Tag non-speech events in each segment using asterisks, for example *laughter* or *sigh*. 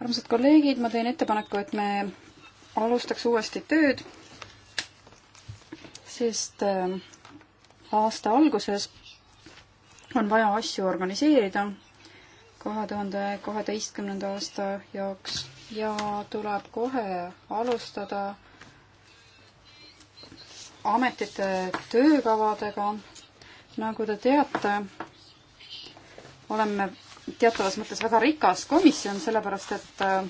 armsad kolleegid, ma teen ettepaneku, et me alustaks uuesti tööd, sest äh, aasta alguses on vaja asju organiseerida kahe tuhande kaheteistkümnenda aasta jaoks ja tuleb kohe alustada ametite töökavadega. nagu te teate, oleme teatavas mõttes väga rikas komisjon, sellepärast et äh,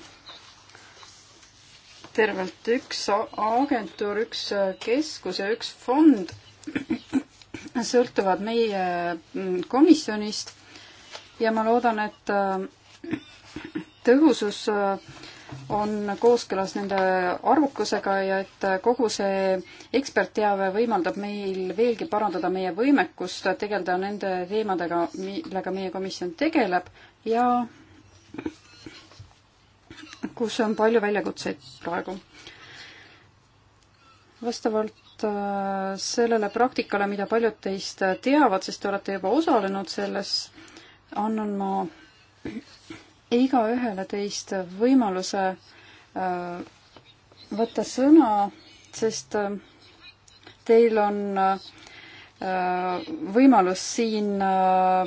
tervelt üks agentuur, üks äh, keskus ja üks fond *clears throat* sõltuvad meie mm, komisjonist ja ma loodan, et äh, *clears throat* tõhusus äh, on kooskõlas nende arvukusega ja et kogu see ekspertteave võimaldab meil veelgi parandada meie võimekust tegeleda nende teemadega, millega meie komisjon tegeleb ja kus on palju väljakutseid praegu. vastavalt äh, sellele praktikale, mida paljud teist teavad, sest te olete juba osalenud selles, annan ma igaühele teist võimaluse äh, võtta sõna, sest äh, teil on äh, võimalus siin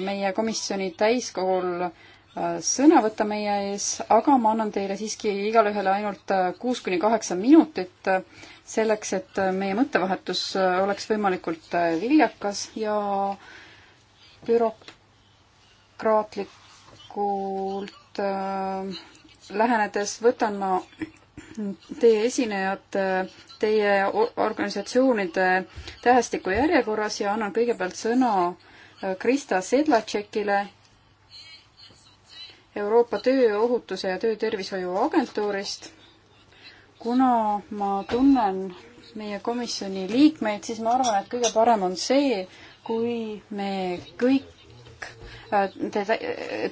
meie komisjoni täiskogul sõna võtta meie ees, aga ma annan teile siiski igale ühele ainult kuus kuni kaheksa minutit selleks, et meie mõttevahetus oleks võimalikult viljakas ja bürokraatlikult poolt äh, lähenedes võtan ma teie esinejate, teie organisatsioonide tähestiku järjekorras ja annan kõigepealt sõna äh, Krista Sedlatšekile Euroopa Tööohutuse ja Töötervishoiu Agentuurist. kuna ma tunnen meie komisjoni liikmeid, siis ma arvan, et kõige parem on see, kui me kõik te,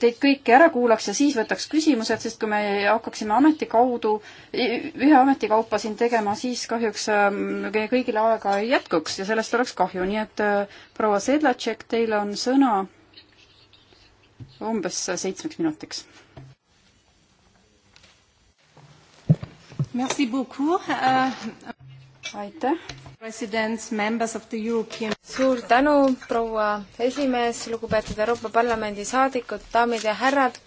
teid kõiki ära kuulaks ja siis võtaks küsimused, sest kui me hakkaksime ameti kaudu, ühe ameti kaupa siin tegema, siis kahjuks ähm, kõigile aega ei jätkuks ja sellest oleks kahju, nii et äh, proua Sedlatšek, teil on sõna umbes seitsmeks minutiks. Merci beaucoup uh.... aitäh European... suur tänu, proua esimees, lugupeetud Euroopa Parlamendi saadikud, daamid ja härrad,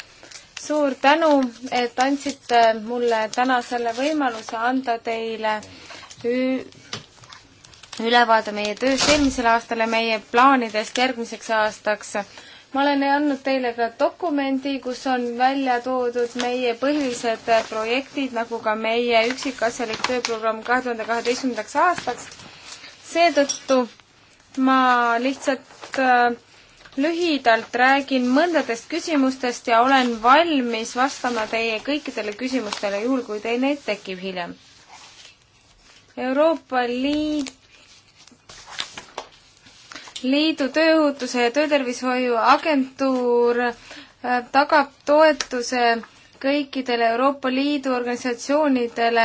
suur tänu, et andsite mulle täna selle võimaluse anda teile ülevaade meie tööst eelmisel aastal ja meie plaanidest järgmiseks aastaks ma olen andnud teile ka dokumendi, kus on välja toodud meie põhilised projektid, nagu ka meie üksikasjalik tööprogramm kahe tuhande kaheteistkümnendaks aastaks. seetõttu ma lihtsalt äh, lühidalt räägin mõndadest küsimustest ja olen valmis vastama teie kõikidele küsimustele, juhul kui teil neid tekib hiljem. Euroopa Liit Liidu Tööohutuse ja Töötervishoiu Agentuur äh, tagab toetuse kõikidele Euroopa Liidu organisatsioonidele,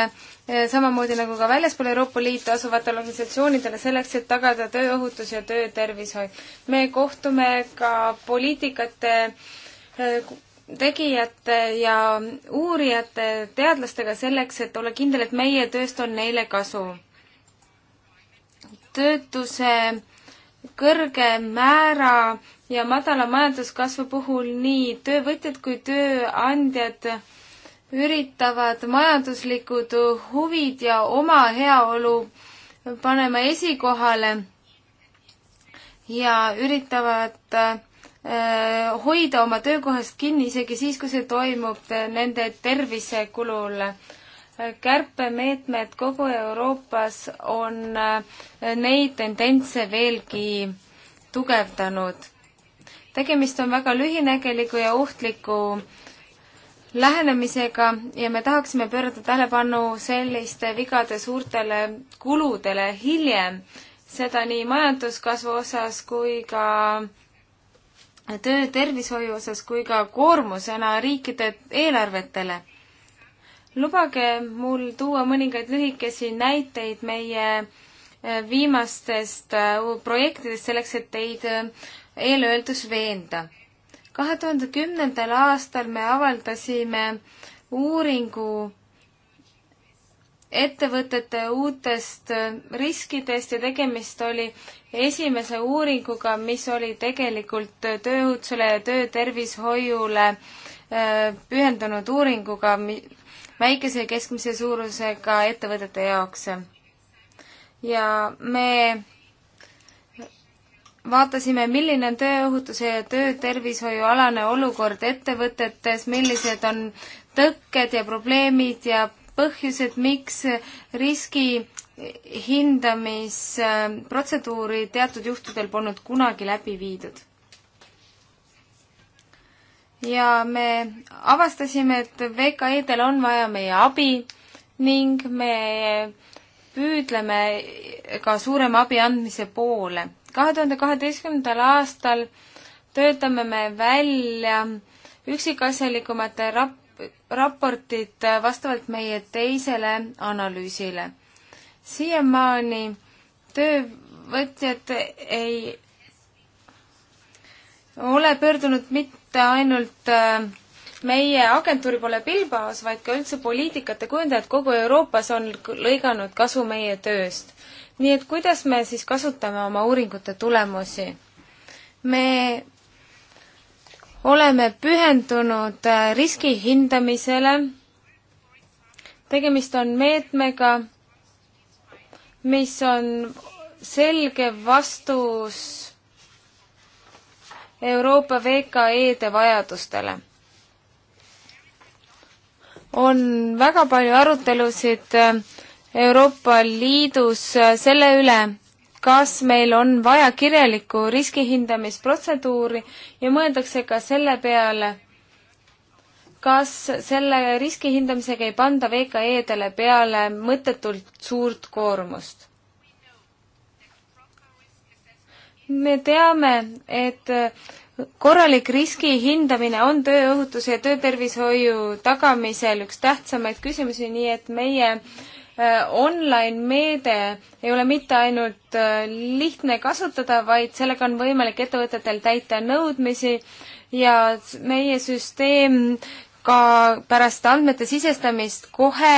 äh, samamoodi nagu ka väljaspool Euroopa Liitu asuvatele organisatsioonidele, selleks, et tagada tööohutus ja töötervishoid. me kohtume ka poliitikate äh, tegijate ja uurijate, teadlastega selleks, et olla kindel, et meie tööst on neile kasu. töötuse kõrge määra ja madala majanduskasvu puhul nii töövõtjad kui tööandjad üritavad majanduslikud huvid ja oma heaolu panema esikohale ja üritavad äh, hoida oma töökohast kinni isegi siis, kui see toimub nende tervisekulul kärpemeetmed kogu Euroopas on äh, neid tendentse veelgi tugevdanud. tegemist on väga lühinägeliku ja ohtliku lähenemisega ja me tahaksime pöörata tähelepanu selliste vigade suurtele kuludele hiljem, seda nii majanduskasvu osas kui ka töötervishoiu osas kui ka koormusena riikide eelarvetele lubage mul tuua mõningaid lühikesi näiteid meie eh, viimastest eh, projektidest selleks, et teid eh, eelöeldus veenda. kahe tuhande kümnendal aastal me avaldasime uuringu ettevõtete uutest riskidest ja tegemist oli esimese uuringuga, mis oli tegelikult tööohutusele ja töötervishoiule pühendunud uuringuga, väikese ja keskmise suurusega ettevõtete jaoks. ja me vaatasime, milline on tööohutuse ja töötervishoiualane olukord ettevõtetes, millised on tõkked ja probleemid ja põhjused, miks riski hindamisprotseduuri teatud juhtudel polnud kunagi läbi viidud ja me avastasime, et VKE-del on vaja meie abi ning me püüdleme ka suurema abi andmise poole. kahe tuhande kaheteistkümnendal aastal töötame me välja üksikasjalikumate rap-, raportid vastavalt meie teisele analüüsile. siiamaani töövõtjad ei ole pöördunud mitte mitte ainult äh, meie agentuuri pole Bilbaos, vaid ka üldse poliitikate kujundajad kogu Euroopas on lõiganud kasu meie tööst. nii et kuidas me siis kasutame oma uuringute tulemusi? me oleme pühendunud äh, riski hindamisele, tegemist on meetmega, mis on selge vastus Euroopa VKE-de vajadustele. on väga palju arutelusid äh, Euroopa Liidus äh, selle üle, kas meil on vaja kirjalikku riskihindamisprotseduuri ja mõeldakse ka selle peale, kas selle riskihindamisega ei panda VKE-dele peale mõttetult suurt koormust? me teame, et korralik riski hindamine on tööohutuse ja töötervishoiu tagamisel üks tähtsamaid küsimusi, nii et meie äh, online meede ei ole mitte ainult äh, lihtne kasutada, vaid sellega on võimalik ettevõtetel täita nõudmisi ja meie süsteem ka pärast andmete sisestamist kohe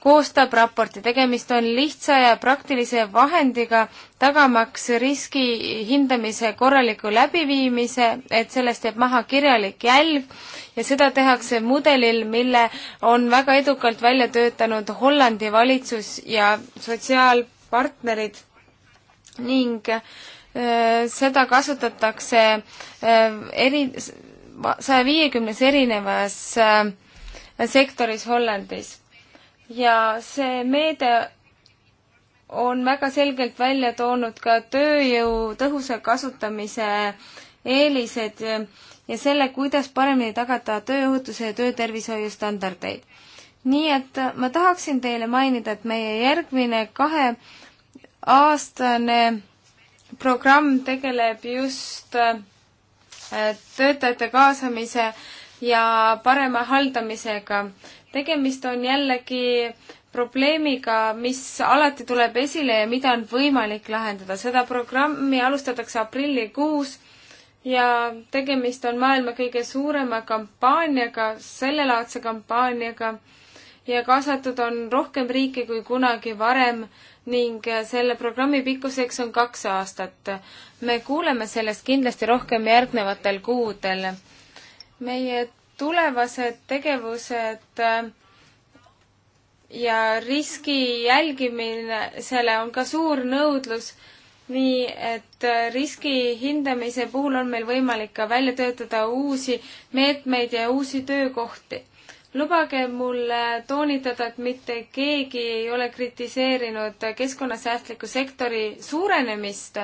koostab raporti. tegemist on lihtsa ja praktilise vahendiga, tagamaks riski hindamise korraliku läbiviimise, et sellest jääb maha kirjalik jälg ja seda tehakse mudelil, mille on väga edukalt välja töötanud Hollandi valitsus ja sotsiaalpartnerid ning äh, seda kasutatakse äh, eri, saja viiekümnes erinevas äh, sektoris Hollandis ja see meede on väga selgelt välja toonud ka tööjõu tõhusa kasutamise eelised ja selle, kuidas paremini tagada tööohutuse ja töötervishoiu standardeid. nii et ma tahaksin teile mainida, et meie järgmine kaheaastane programm tegeleb just äh, töötajate kaasamise ja parema haldamisega tegemist on jällegi probleemiga, mis alati tuleb esile ja mida on võimalik lahendada. seda programmi alustatakse aprillikuus ja tegemist on maailma kõige suurema kampaaniaga, sellelaadse kampaaniaga ja kaasatud on rohkem riike kui kunagi varem ning selle programmi pikkuseks on kaks aastat. me kuuleme sellest kindlasti rohkem järgnevatel kuudel. meie tulevased tegevused äh, ja riski jälgimisele on ka suur nõudlus, nii et äh, riski hindamise puhul on meil võimalik ka välja töötada uusi meetmeid ja uusi töökohti. lubage mulle toonitada, et mitte keegi ei ole kritiseerinud keskkonnasäästliku sektori suurenemist,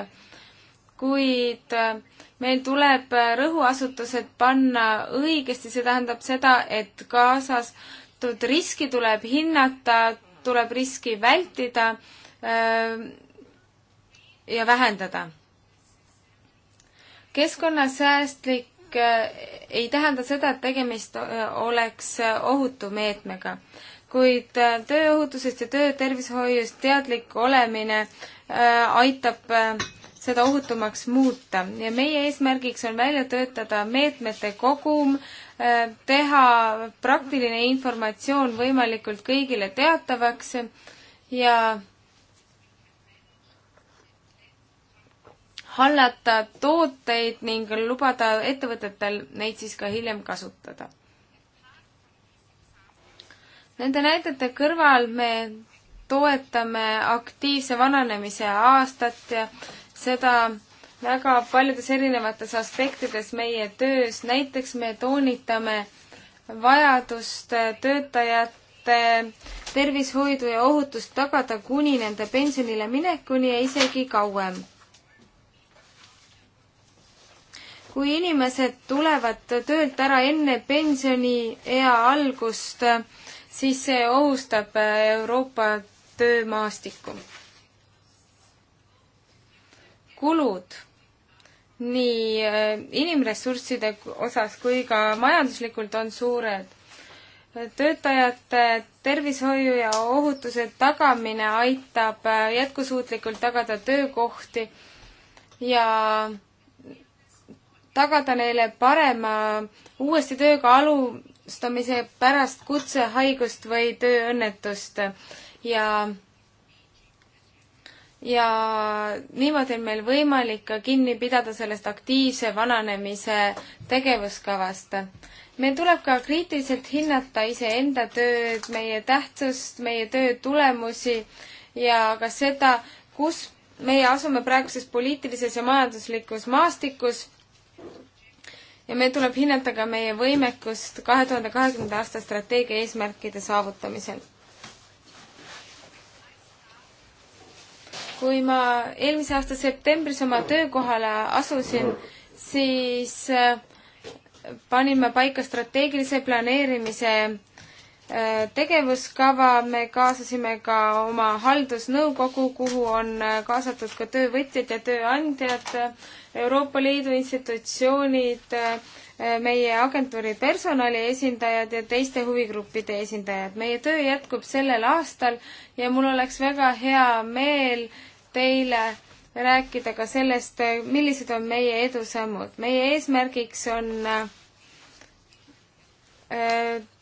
kuid äh, meil tuleb rõhuasutused panna õigesti, see tähendab seda, et kaasatud riski tuleb hinnata, tuleb riski vältida äh, ja vähendada. keskkonnasäästlik äh, ei tähenda seda, et tegemist äh, oleks ohutu meetmega, kuid tööohutusest ja töötervishoiust teadlik olemine aitab seda ohutumaks muuta ja meie eesmärgiks on välja töötada meetmete kogum, äh, teha praktiline informatsioon võimalikult kõigile teatavaks ja hallata tooteid ning lubada ettevõtetel neid siis ka hiljem kasutada. Nende näidete kõrval me toetame aktiivse vananemise aastat ja seda väga paljudes erinevates aspektides meie töös, näiteks me toonitame vajadust töötajate tervishoidu ja ohutust tagada kuni nende pensionile minekuni ja isegi kauem. kui inimesed tulevad töölt ära enne pensioniea algust, siis see ohustab Euroopa töömaastikku kulud nii äh, inimressursside osas kui ka majanduslikult on suured. töötajate tervishoiu ja ohutuse tagamine aitab äh, jätkusuutlikult tagada töökohti ja tagada neile parema uuesti tööga alustamise pärast kutsehaigust või tööõnnetust ja ja niimoodi on meil võimalik ka kinni pidada sellest aktiivse vananemise tegevuskavast. meil tuleb ka kriitiliselt hinnata iseenda tööd, meie tähtsust, meie töö tulemusi ja ka seda, kus meie asume praeguses poliitilises ja majanduslikus maastikus ja meil tuleb hinnata ka meie võimekust kahe tuhande kahekümnenda aasta strateegia eesmärkide saavutamisel kui ma eelmise aasta septembris oma töökohale asusin, siis äh, panin ma paika strateegilise planeerimise äh, tegevuskava, me kaasasime ka oma haldusnõukogu, kuhu on äh, kaasatud ka töövõtjad ja tööandjad, Euroopa Liidu institutsioonid, meie agentuuri personali esindajad ja teiste huvigruppide esindajad. meie töö jätkub sellel aastal ja mul oleks väga hea meel teile rääkida ka sellest, millised on meie edusammud. meie eesmärgiks on äh,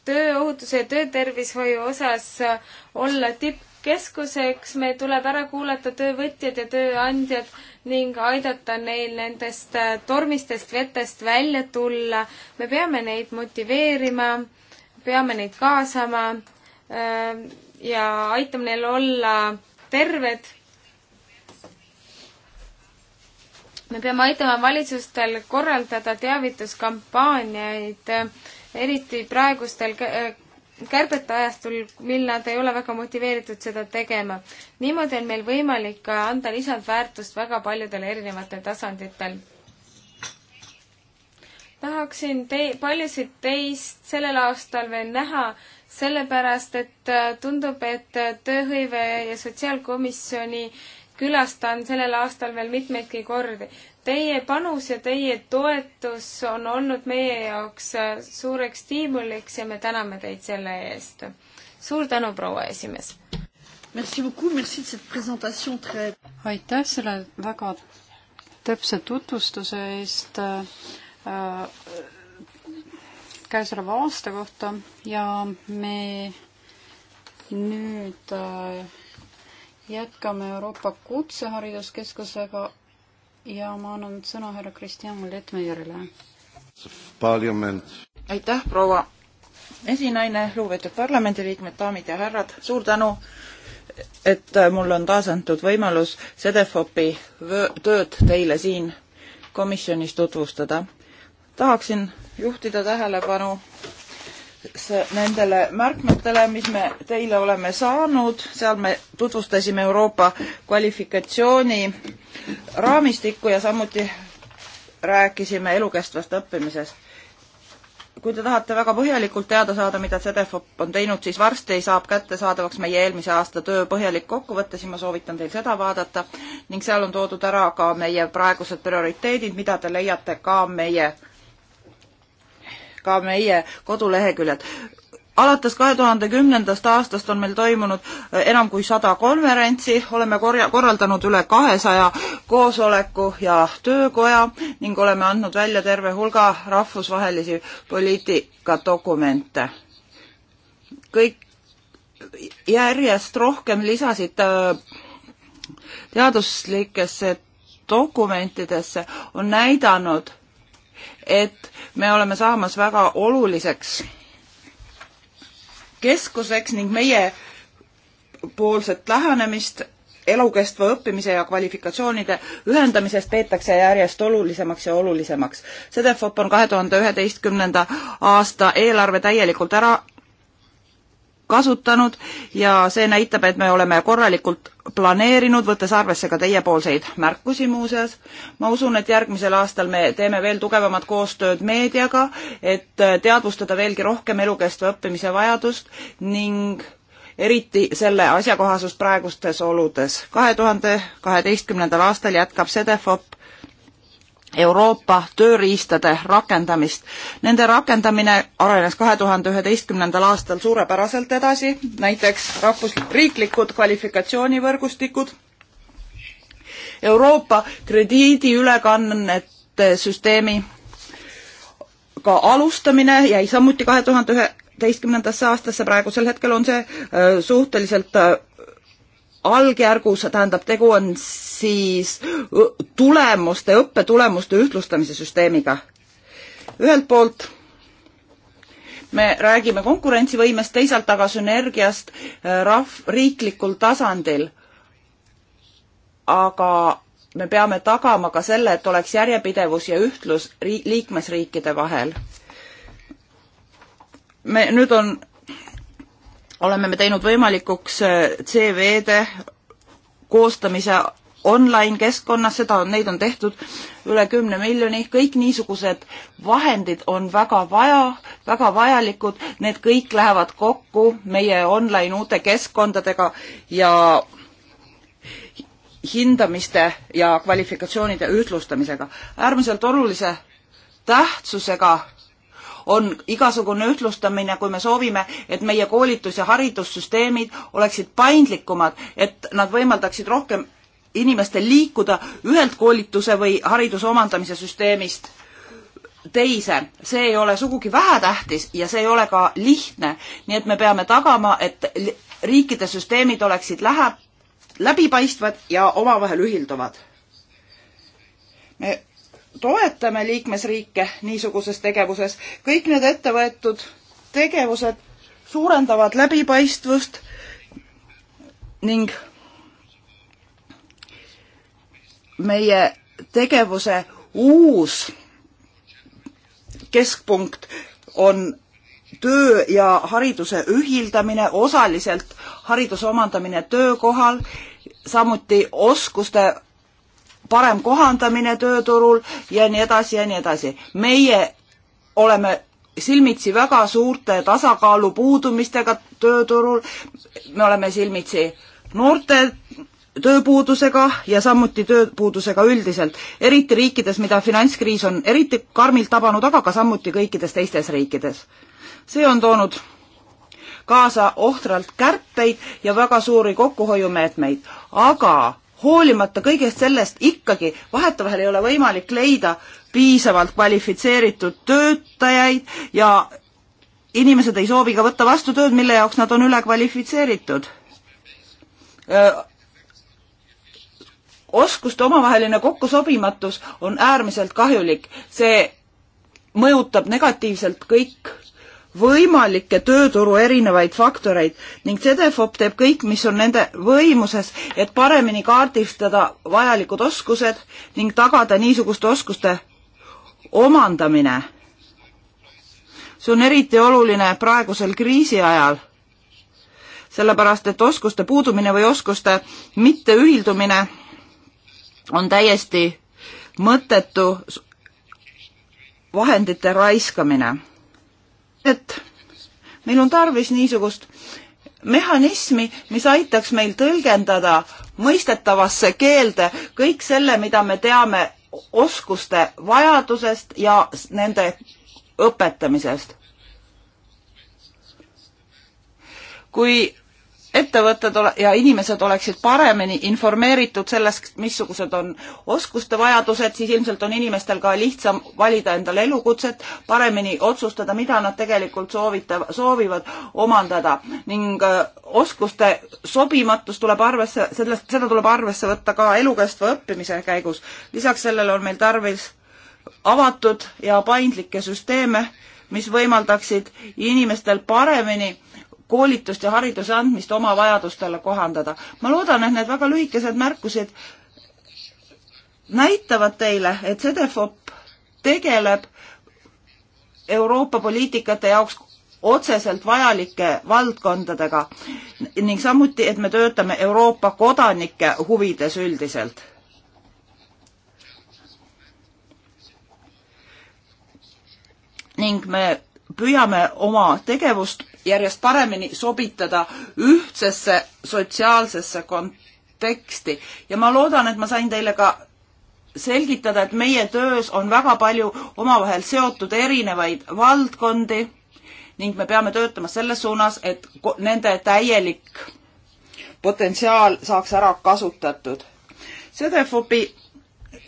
tööohutuse ja töötervishoiu osas olla tipp keskuseks, meil tuleb ära kuulata töövõtjad ja tööandjad ning aidata neil nendest äh, tormistest vetest välja tulla. me peame neid motiveerima, peame neid kaasama äh, ja aitame neil olla terved. me peame aitama valitsustel korraldada teavituskampaaniaid, eriti praegustel äh, kärbete ajastul, mil nad ei ole väga motiveeritud seda tegema. niimoodi on meil võimalik anda lisandväärtust väga paljudel erinevatel tasanditel. tahaksin te-, paljusid teist sellel aastal veel näha, sellepärast et äh, tundub, et äh, tööhõive ja sotsiaalkomisjoni külastan sellel aastal veel mitmeidki kordi. Teie panus ja teie toetus on olnud meie jaoks äh, suureks stiimuliks ja me täname teid selle eest. suur tänu, proua esimees! aitäh selle väga täpse tutvustuse eest äh, käesoleva aasta kohta ja me nüüd äh, jätkame Euroopa Kutsehariduskeskusega ja ma annan sõna härra Kristjan Lettmeirile. aitäh, proua esinaine, lugupeetud parlamendiliikmed, daamid ja härrad, suur tänu, et mul on taas antud võimalus Sedefopi tööd teile siin komisjonis tutvustada. tahaksin juhtida tähelepanu nendele märkmetele, mis me teile oleme saanud, seal me tutvustasime Euroopa kvalifikatsiooni raamistikku ja samuti rääkisime elukestvast õppimisest. kui te tahate väga põhjalikult teada saada, mida CDFOP on teinud, siis varsti saab kättesaadavaks meie eelmise aasta töö põhjalik kokkuvõte, siis ma soovitan teil seda vaadata ning seal on toodud ära ka meie praegused prioriteedid, mida te leiate ka meie ka meie koduleheküljed alates kahe tuhande kümnendast aastast on meil toimunud eh, enam kui sada konverentsi, oleme korja-, korraldanud üle kahesaja koosoleku ja töökoja ning oleme andnud välja terve hulga rahvusvahelisi poliitikadokumente. kõik järjest rohkem lisasid eh, teaduslikesse dokumentidesse on näidanud, et me oleme saamas väga oluliseks keskuseks ning meie poolset lähenemist elukestva õppimise ja kvalifikatsioonide ühendamisest peetakse järjest olulisemaks ja olulisemaks. Cedefop on kahe tuhande üheteistkümnenda aasta eelarve täielikult ära kasutanud ja see näitab, et me oleme korralikult planeerinud, võttes arvesse ka teiepoolseid märkusi muuseas. ma usun, et järgmisel aastal me teeme veel tugevamat koostööd meediaga, et teadvustada veelgi rohkem elukestva õppimise vajadust ning eriti selle asjakohasust praegustes oludes. kahe tuhande kaheteistkümnendal aastal jätkab Cedefop Euroopa tööriistade rakendamist. Nende rakendamine arenes kahe tuhande üheteistkümnendal aastal suurepäraselt edasi, näiteks rahvuslik, riiklikud kvalifikatsioonivõrgustikud, Euroopa krediidiülekannete süsteemi ka alustamine jäi samuti kahe tuhande üheteistkümnendasse aastasse, praegusel hetkel on see äh, suhteliselt äh, algjärgus, tähendab, tegu on siis tulemuste, õppetulemuste ühtlustamise süsteemiga. ühelt poolt me räägime konkurentsivõimest, teisalt aga sünergiast äh, rahv-, riiklikul tasandil. aga me peame tagama ka selle, et oleks järjepidevus ja ühtlus ri-, liikmesriikide vahel. me, nüüd on oleme me teinud võimalikuks äh, CV-de koostamise online keskkonnas, seda on, neid on tehtud üle kümne miljoni, kõik niisugused vahendid on väga vaja, väga vajalikud, need kõik lähevad kokku meie online uute keskkondadega ja hindamiste ja kvalifikatsioonide ühtlustamisega. äärmiselt olulise tähtsusega on igasugune ühtlustamine, kui me soovime, et meie koolitus- ja haridussüsteemid oleksid paindlikumad, et nad võimaldaksid rohkem inimestel liikuda ühelt koolituse või hariduse omandamise süsteemist teise, see ei ole sugugi vähetähtis ja see ei ole ka lihtne, nii et me peame tagama, et riikide süsteemid oleksid lähe-, läbipaistvad ja omavahel ühilduvad. me toetame liikmesriike niisuguses tegevuses. kõik need ette võetud tegevused suurendavad läbipaistvust ning meie tegevuse uus keskpunkt on töö ja hariduse ühildamine, osaliselt hariduse omandamine töökohal, samuti oskuste parem kohandamine tööturul ja nii edasi ja nii edasi. meie oleme silmitsi väga suurte tasakaalu puudumistega tööturul, me oleme silmitsi noorte tööpuudusega ja samuti tööpuudusega üldiselt, eriti riikides, mida finantskriis on eriti karmilt tabanud, aga ka samuti kõikides teistes riikides. see on toonud kaasa ohtralt kärpeid ja väga suuri kokkuhoiumeetmeid, aga hoolimata kõigest sellest ikkagi vahetevahel ei ole võimalik leida piisavalt kvalifitseeritud töötajaid ja inimesed ei soovi ka võtta vastu tööd, mille jaoks nad on ülekvalifitseeritud. oskuste omavaheline kokkusobimatus on äärmiselt kahjulik, see mõjutab negatiivselt kõik võimalikke tööturu erinevaid faktoreid ning CDFOP teeb kõik, mis on nende võimuses, et paremini kaardistada vajalikud oskused ning tagada niisuguste oskuste omandamine. see on eriti oluline praegusel kriisi ajal, sellepärast et oskuste puudumine või oskuste mitteühildumine on täiesti mõttetu vahendite raiskamine et meil on tarvis niisugust mehhanismi, mis aitaks meil tõlgendada mõistetavasse keelde kõik selle, mida me teame oskuste vajadusest ja nende õpetamisest. kui ettevõtted ole- ja inimesed oleksid paremini informeeritud sellest, missugused on oskuste vajadused, siis ilmselt on inimestel ka lihtsam valida endale elukutset, paremini otsustada, mida nad tegelikult soovita-, soovivad omandada ning äh, oskuste sobimatus tuleb arvesse, sellest, seda tuleb arvesse võtta ka elukestva õppimise käigus. lisaks sellele on meil tarvis avatud ja paindlikke süsteeme, mis võimaldaksid inimestel paremini koolitust ja hariduse andmist oma vajadustele kohandada. ma loodan, et need väga lühikesed märkused näitavad teile, et CDFOP tegeleb Euroopa poliitikate jaoks otseselt vajalike valdkondadega ning samuti, et me töötame Euroopa kodanike huvides üldiselt. ning me püüame oma tegevust järjest paremini sobitada ühtsesse sotsiaalsesse konteksti ja ma loodan, et ma sain teile ka selgitada, et meie töös on väga palju omavahel seotud erinevaid valdkondi ning me peame töötama selles suunas, et nende täielik potentsiaal saaks ära kasutatud. CDFOP-i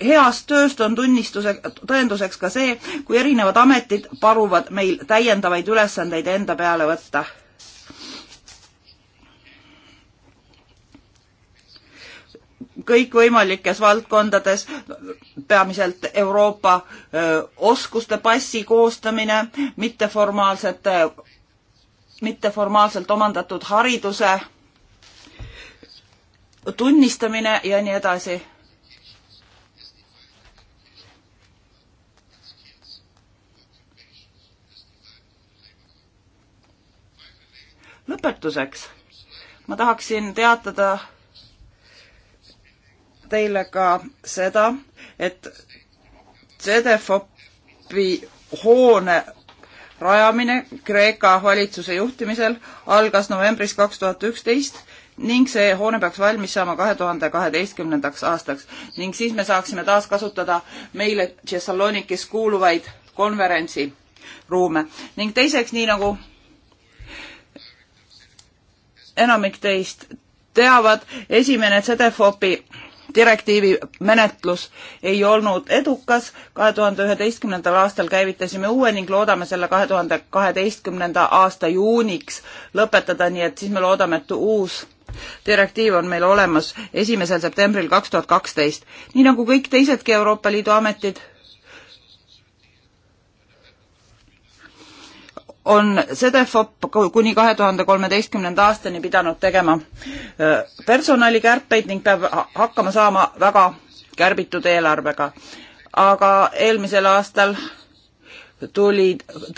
heast tööst on tunnistuse, tõenduseks ka see, kui erinevad ametid paluvad meil täiendavaid ülesandeid enda peale võtta. kõikvõimalikes valdkondades, peamiselt Euroopa oskuste passi koostamine, mitteformaalsete, mitteformaalselt omandatud hariduse tunnistamine ja nii edasi lõpetuseks ma tahaksin teatada teile ka seda, et CDFOP-i hoone rajamine Kreeka valitsuse juhtimisel algas novembris kaks tuhat üksteist ning see hoone peaks valmis saama kahe tuhande kaheteistkümnendaks aastaks ning siis me saaksime taas kasutada meile Thessalonikis kuuluvaid konverentsiruume ning teiseks, nii nagu enamik teist teavad, esimene CDFOP-i direktiivi menetlus ei olnud edukas. kahe tuhande üheteistkümnendal aastal käivitasime uue ning loodame selle kahe tuhande kaheteistkümnenda aasta juuniks lõpetada, nii et siis me loodame, et uus direktiiv on meil olemas esimesel septembril kaks tuhat kaksteist. nii nagu kõik teisedki Euroopa Liidu ametid on Sedefop kuni kahe tuhande kolmeteistkümnenda aastani pidanud tegema personalikärpeid ning peab hakkama saama väga kärbitud eelarvega. aga eelmisel aastal tuli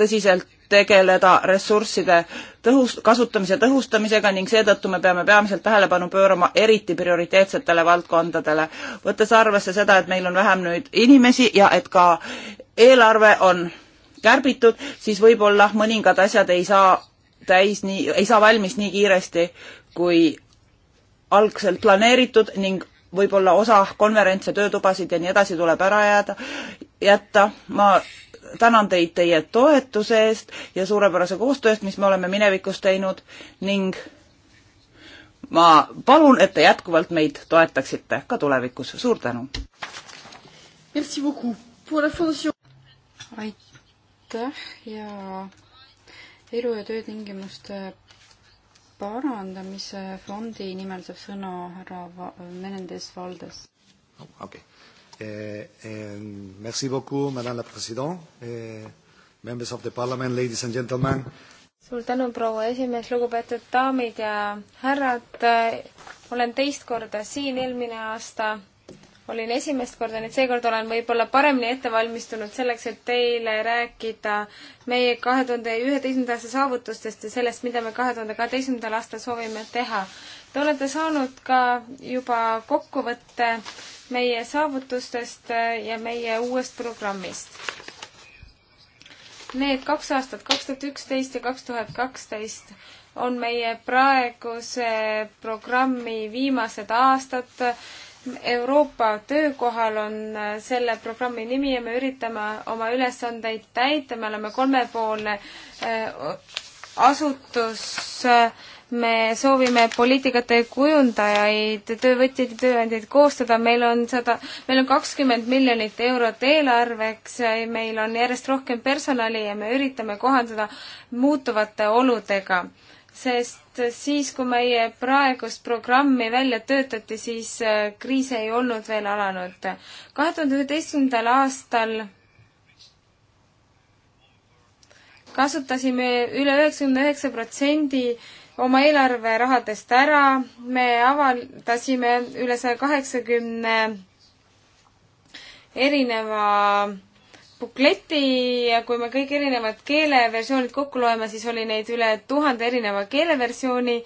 tõsiselt tegeleda ressursside tõhus, kasutamise tõhustamisega ning seetõttu me peame peamiselt tähelepanu pöörama eriti prioriteetsetele valdkondadele, võttes arvesse seda, et meil on vähem nüüd inimesi ja et ka eelarve on kärbitud, siis võib-olla mõningad asjad ei saa täis nii, ei saa valmis nii kiiresti, kui algselt planeeritud ning võib-olla osa konverentse, töötubasid ja nii edasi tuleb ära jääda, jätta. ma tänan teid teie toetuse eest ja suurepärase koostöö eest, mis me oleme minevikus teinud ning ma palun, et te jätkuvalt meid toetaksite ka tulevikus. suur tänu! aitäh! aitäh ja elu ja töötingimuste parandamise fondi nimel saab sõna härra Menendez Valdes. okei oh, okay. eh,. Eh, merci beaucoup, madame la president eh,, members of the parliament, ladies and gentlemen. suur tänu, proua esimees, lugupeetud daamid ja härrad. Eh, olen teist korda siin, eelmine aasta olin esimest korda, nii et seekord olen võib-olla paremini ette valmistunud selleks, et teile rääkida meie kahe tuhande üheteistkümnenda aasta saavutustest ja sellest, mida me kahe tuhande kaheteistkümnendal aastal soovime teha. Te olete saanud ka juba kokkuvõtte meie saavutustest ja meie uuest programmist. Need kaks aastat, kaks tuhat üksteist ja kaks tuhat kaksteist, on meie praeguse programmi viimased aastad Euroopa töökohal on äh, selle programmi nimi ja me üritame oma ülesandeid täita, me oleme kolmepoolne äh, asutus, me soovime poliitikate kujundajaid, töövõtjaid ja tööandjaid koostada, meil on sada, meil on kakskümmend miljonit eurot eelarveks, meil on järjest rohkem personali ja me üritame kohandada muutuvate oludega sest siis, kui meie praegust programmi välja töötati, siis äh, kriis ei olnud veel alanud. kahe tuhande üheteistkümnendal aastal kasutasime üle üheksakümne üheksa protsendi oma eelarverahadest ära, me avaldasime üle saja kaheksakümne erineva bukleti ja kui me kõik erinevad keeleversioonid kokku loeme, siis oli neid üle tuhande erineva keeleversiooni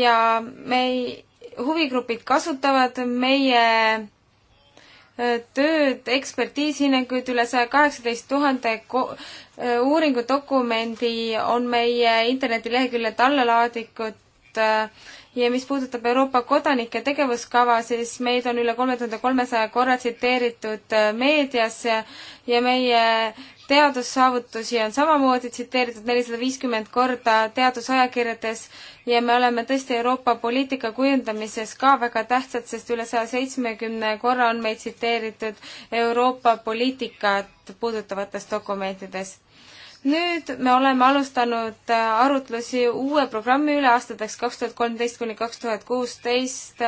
ja me ei, huvigrupid kasutavad meie tööd, ekspertiishinnanguid üle saja kaheksateist tuhande uuringudokumendi on meie internetileheküljelt alla laaditud äh, ja mis puudutab Euroopa kodanike tegevuskava, siis meid on üle kolme tuhande kolmesaja korra tsiteeritud äh, meedias ja meie teadussaavutusi on samamoodi tsiteeritud nelisada viiskümmend korda teadusajakirjades ja me oleme tõesti Euroopa poliitika kujundamises ka väga tähtsad, sest üle saja seitsmekümne korra on meid tsiteeritud Euroopa poliitikat puudutavates dokumentides nüüd me oleme alustanud äh, arutlusi uue programmi üle aastateks kaks tuhat kolmteist kuni kaks tuhat kuusteist.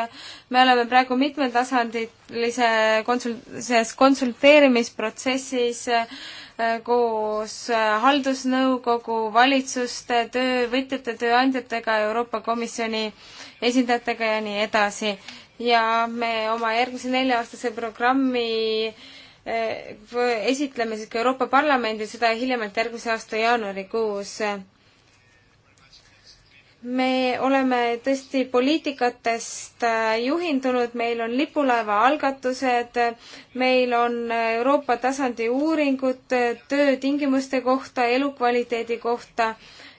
me oleme praegu mitmetasandilise konsul-, konsulteerimisprotsessis äh, koos äh, haldusnõukogu, valitsuste, töövõtjate, tööandjatega, Euroopa Komisjoni esindajatega ja nii edasi. ja me oma järgmise nelja-aastase programmi äh, Eh, esitleme siis ka Euroopa Parlamendil seda hiljemalt järgmise aasta jaanuarikuus. me oleme tõesti poliitikatest eh, juhindunud, meil on lipulaeva algatused, meil on eh, Euroopa tasandi uuringud töötingimuste kohta, elukvaliteedi kohta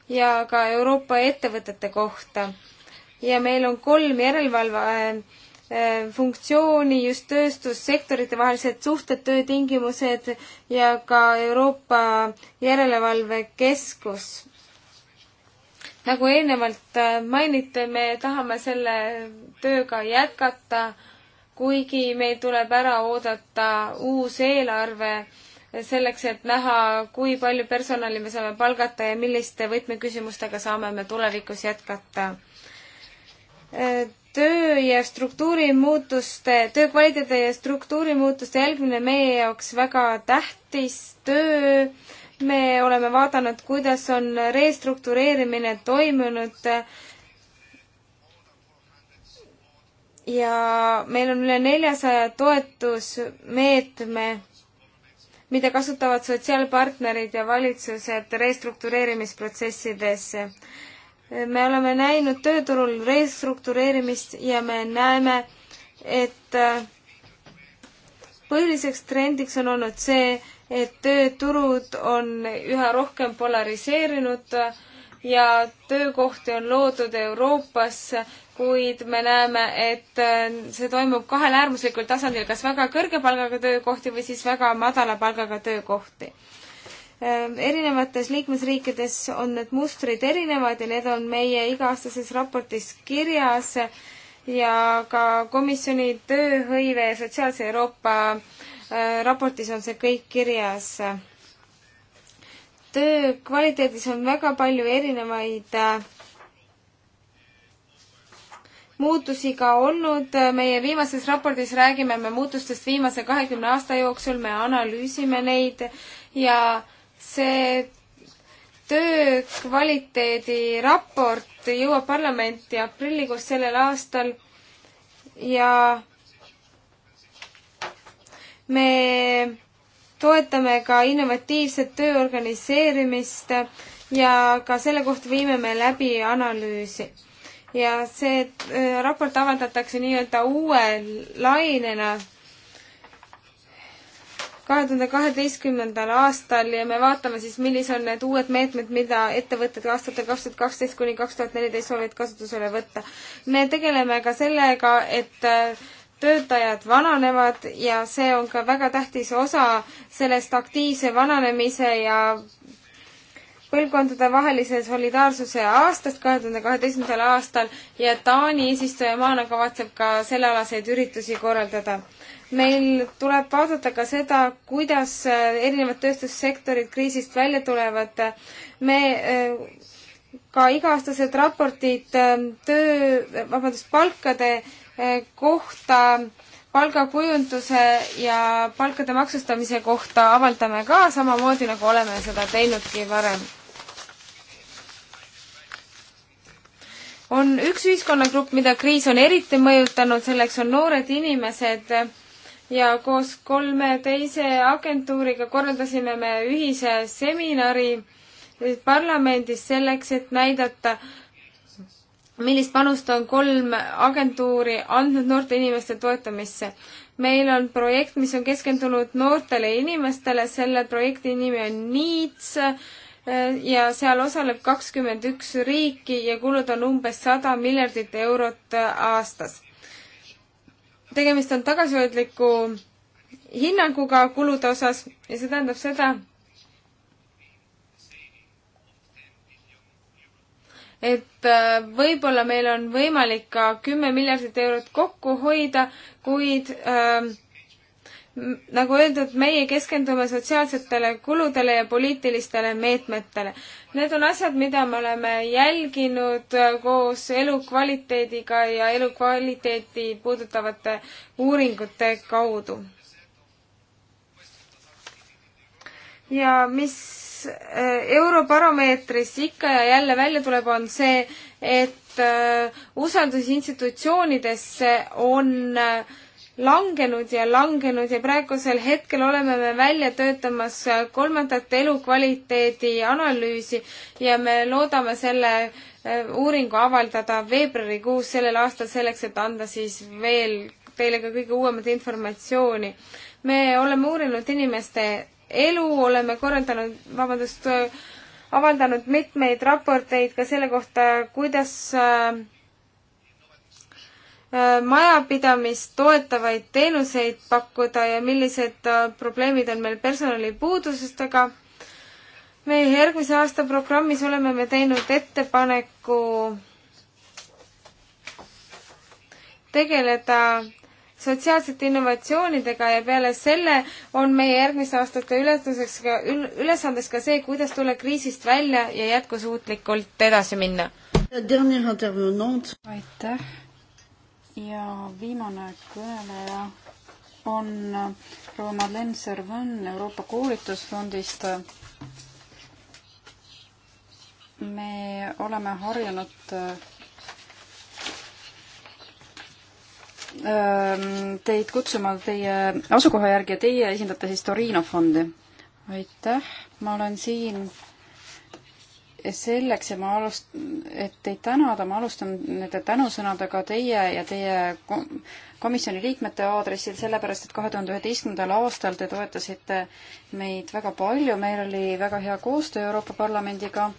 ja ka Euroopa ettevõtete kohta. ja meil on kolm järelevalve Äh, funktsiooni, just tööstussektorite vahelised suhted, töötingimused ja ka Euroopa Järelevalvekeskus. nagu eelnevalt äh, mainiti, me tahame selle tööga jätkata, kuigi meil tuleb ära oodata uus eelarve selleks, et näha, kui palju personali me saame palgata ja milliste võtmeküsimustega saame me tulevikus jätkata äh, töö ja struktuurimuutuste, töö kvaliteedi ja struktuurimuutuste jälgimine meie jaoks väga tähtis töö. me oleme vaadanud, kuidas on restruktureerimine toimunud. ja meil on üle neljasaja toetusmeetme, mida kasutavad sotsiaalpartnerid ja valitsused restruktureerimisprotsessides me oleme näinud tööturul restruktureerimist ja me näeme, et äh, põhiliseks trendiks on olnud see, et tööturud on üha rohkem polariseerinud äh, ja töökohti on loodud Euroopas, kuid me näeme, et äh, see toimub kahel äärmuslikul tasandil, kas väga kõrge palgaga töökohti või siis väga madala palgaga töökohti Äh, erinevates liikmesriikides on need mustrid erinevad ja need on meie iga-aastases raportis kirjas ja ka komisjoni tööhõive ja sotsiaalse Euroopa äh, raportis on see kõik kirjas. töö kvaliteedis on väga palju erinevaid äh, muutusi ka olnud. meie viimases raportis räägime me muutustest viimase kahekümne aasta jooksul, me analüüsime neid ja see töö kvaliteedi raport jõuab parlamenti aprillikuus sellel aastal ja me toetame ka innovatiivset töö organiseerimist ja ka selle kohta viime me läbi analüüsi. ja see äh, raport avaldatakse nii-öelda uue lainena kahe tuhande kaheteistkümnendal aastal ja me vaatame siis, millised on need uued meetmed, mida ettevõtted aastatel kaks tuhat kaksteist kuni kaks tuhat neliteist soovivad kasutusele võtta. me tegeleme ka sellega, et äh, töötajad vananevad ja see on ka väga tähtis osa sellest aktiivse vananemise ja põlvkondadevahelise solidaarsuse aastast kahe tuhande kaheteistkümnendal aastal ja Taani eesistujamaana kavatseb ka sellealaseid üritusi korraldada meil tuleb vaadata ka seda, kuidas äh, erinevad tööstussektorid kriisist välja tulevad. me äh, ka iga-aastased raportid äh, töö, vabandust, palkade kohta, palgakujunduse ja palkade maksustamise kohta avaldame ka samamoodi, nagu oleme seda teinudki varem on üks ühiskonnagrupp, mida kriis on eriti mõjutanud, selleks on noored inimesed ja koos kolme teise agentuuriga korraldasime me ühise seminari parlamendis selleks, et näidata, millist panust on kolm agentuuri andnud noorte inimeste toetamisse. meil on projekt, mis on keskendunud noortele inimestele, selle projekti nimi on Needs e, ja seal osaleb kakskümmend üks riiki ja kulud on umbes sada miljardit eurot aastas tegemist on tagasihoidliku hinnanguga kulude osas ja see tähendab seda, et äh, võib-olla meil on võimalik ka kümme miljardit eurot kokku hoida, kuid äh, nagu öeldud, meie keskendume sotsiaalsetele kuludele ja poliitilistele meetmetele. Need on asjad, mida me oleme jälginud koos elukvaliteediga ja elukvaliteeti puudutavate uuringute kaudu. ja mis eh, Eurobaromeetris ikka ja jälle välja tuleb, on see, et eh, usaldus institutsioonidesse on äh, langenud ja langenud ja praegusel hetkel oleme me välja töötamas kolmandat elukvaliteedi analüüsi ja me loodame selle eh, uuringu avaldada veebruarikuus sellel aastal selleks, et anda siis veel teile ka kõige uuemat informatsiooni. me oleme uurinud inimeste elu, oleme korraldanud, vabandust, avaldanud mitmeid raporteid ka selle kohta, kuidas äh, Äh, majapidamist toetavaid teenuseid pakkuda ja millised äh, probleemid on meil personalipuudusestega. meie järgmise aasta programmis oleme me teinud ettepaneku tegeleda sotsiaalsete innovatsioonidega ja peale selle on meie järgmiste aastate ülesandeks ka, ülesandes ka see, kuidas tulla kriisist välja ja jätkusuutlikult edasi minna. aitäh ja viimane kõneleja on proua Madeleine Servan Euroopa koolitusfondist. me oleme harjunud ähm, teid kutsuma teie asukoha järgi ja teie esindate siis Torino fondi. aitäh, ma olen siin selleks ja ma alust-, et teid tänada, ma alustan nende tänusõnadega teie ja teie komisjoni liikmete aadressil, sellepärast et kahe tuhande üheteistkümnendal aastal te toetasite meid väga palju, meil oli väga hea koostöö Euroopa Parlamendiga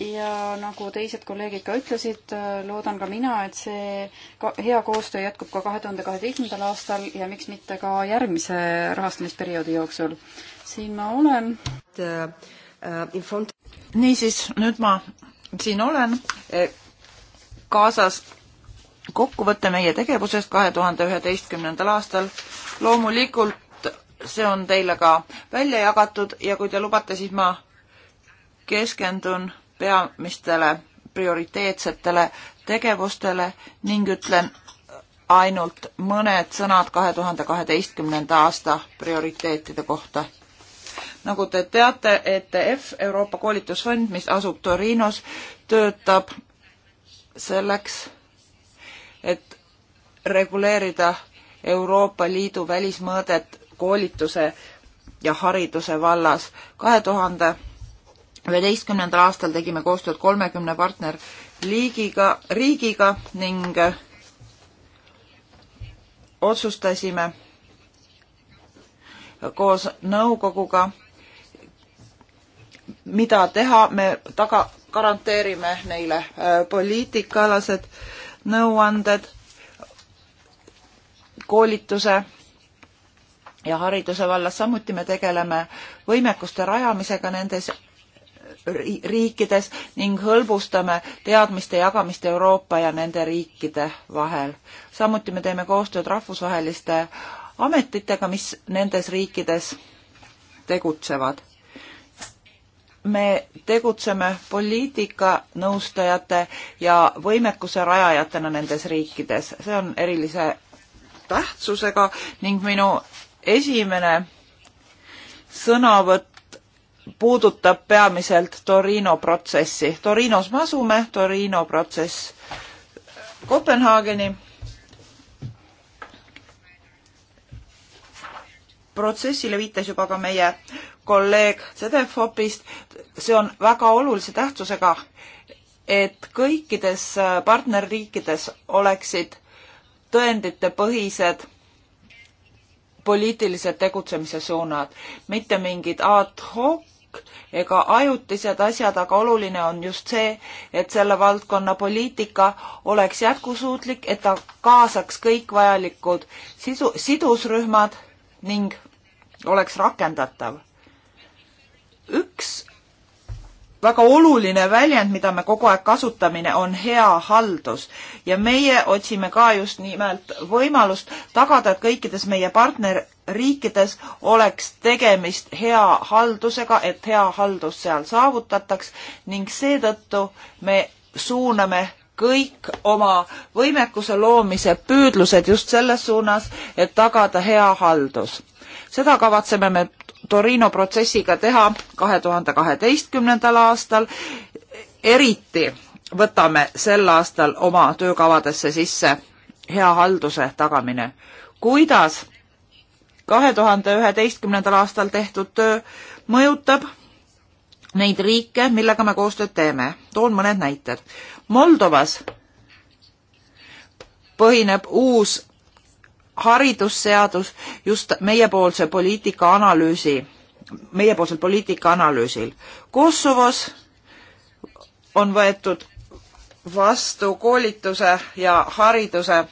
ja nagu teised kolleegid ka ütlesid, loodan ka mina, et see ka hea koostöö jätkub ka kahe tuhande kaheteistkümnendal aastal ja miks mitte ka järgmise rahastamisperioodi jooksul. siin ma olen. Uh, in front niisiis, nüüd ma siin olen eh, kaasas kokkuvõte meie tegevusest kahe tuhande üheteistkümnendal aastal. loomulikult see on teile ka välja jagatud ja kui te lubate, siis ma keskendun peamistele prioriteetsetele tegevustele ning ütlen ainult mõned sõnad kahe tuhande kaheteistkümnenda aasta prioriteetide kohta nagu te teate, ETF, Euroopa koolitusfond, mis asub Torinos, töötab selleks, et reguleerida Euroopa Liidu välismõõdet koolituse ja hariduse vallas. kahe tuhande üheteistkümnendal aastal tegime koostööd kolmekümne partnerliigiga, riigiga ning otsustasime koos nõukoguga mida teha, me taga, garanteerime neile äh, poliitikaalased nõuanded, koolituse ja hariduse vallas, samuti me tegeleme võimekuste rajamisega nendes riikides ning hõlbustame teadmiste jagamist Euroopa ja nende riikide vahel. samuti me teeme koostööd rahvusvaheliste ametitega, mis nendes riikides tegutsevad me tegutseme poliitikanõustajate ja võimekuse rajajatena nendes riikides. see on erilise tähtsusega ning minu esimene sõnavõtt puudutab peamiselt Torino protsessi. Torinos me asume, Torino protsess Kopenhaageni. protsessile viitas juba ka meie kolleeg Sedefopist, see on väga olulise tähtsusega, et kõikides äh, partnerriikides oleksid tõenditepõhised poliitilised tegutsemise suunad, mitte mingid ad hoc ega ajutised asjad, aga oluline on just see, et selle valdkonna poliitika oleks jätkusuutlik, et ta kaasaks kõik vajalikud sisu, sidusrühmad ning oleks rakendatav üks väga oluline väljend, mida me kogu aeg kasutamine, on hea haldus ja meie otsime ka just nimelt võimalust tagada, et kõikides meie partnerriikides oleks tegemist hea haldusega, et hea haldus seal saavutataks ning seetõttu me suuname kõik oma võimekuse loomise püüdlused just selles suunas, et tagada hea haldus. seda kavatseme me Torino protsessiga teha kahe tuhande kaheteistkümnendal aastal. eriti võtame sel aastal oma töökavadesse sisse hea halduse tagamine. kuidas kahe tuhande üheteistkümnendal aastal tehtud töö mõjutab neid riike, millega me koostööd teeme. toon mõned näited. Moldovas põhineb uus haridusseadus just meiepoolse poliitika analüüsi, meiepoolsel poliitika analüüsil. Kosovos on võetud vastu koolituse ja hariduse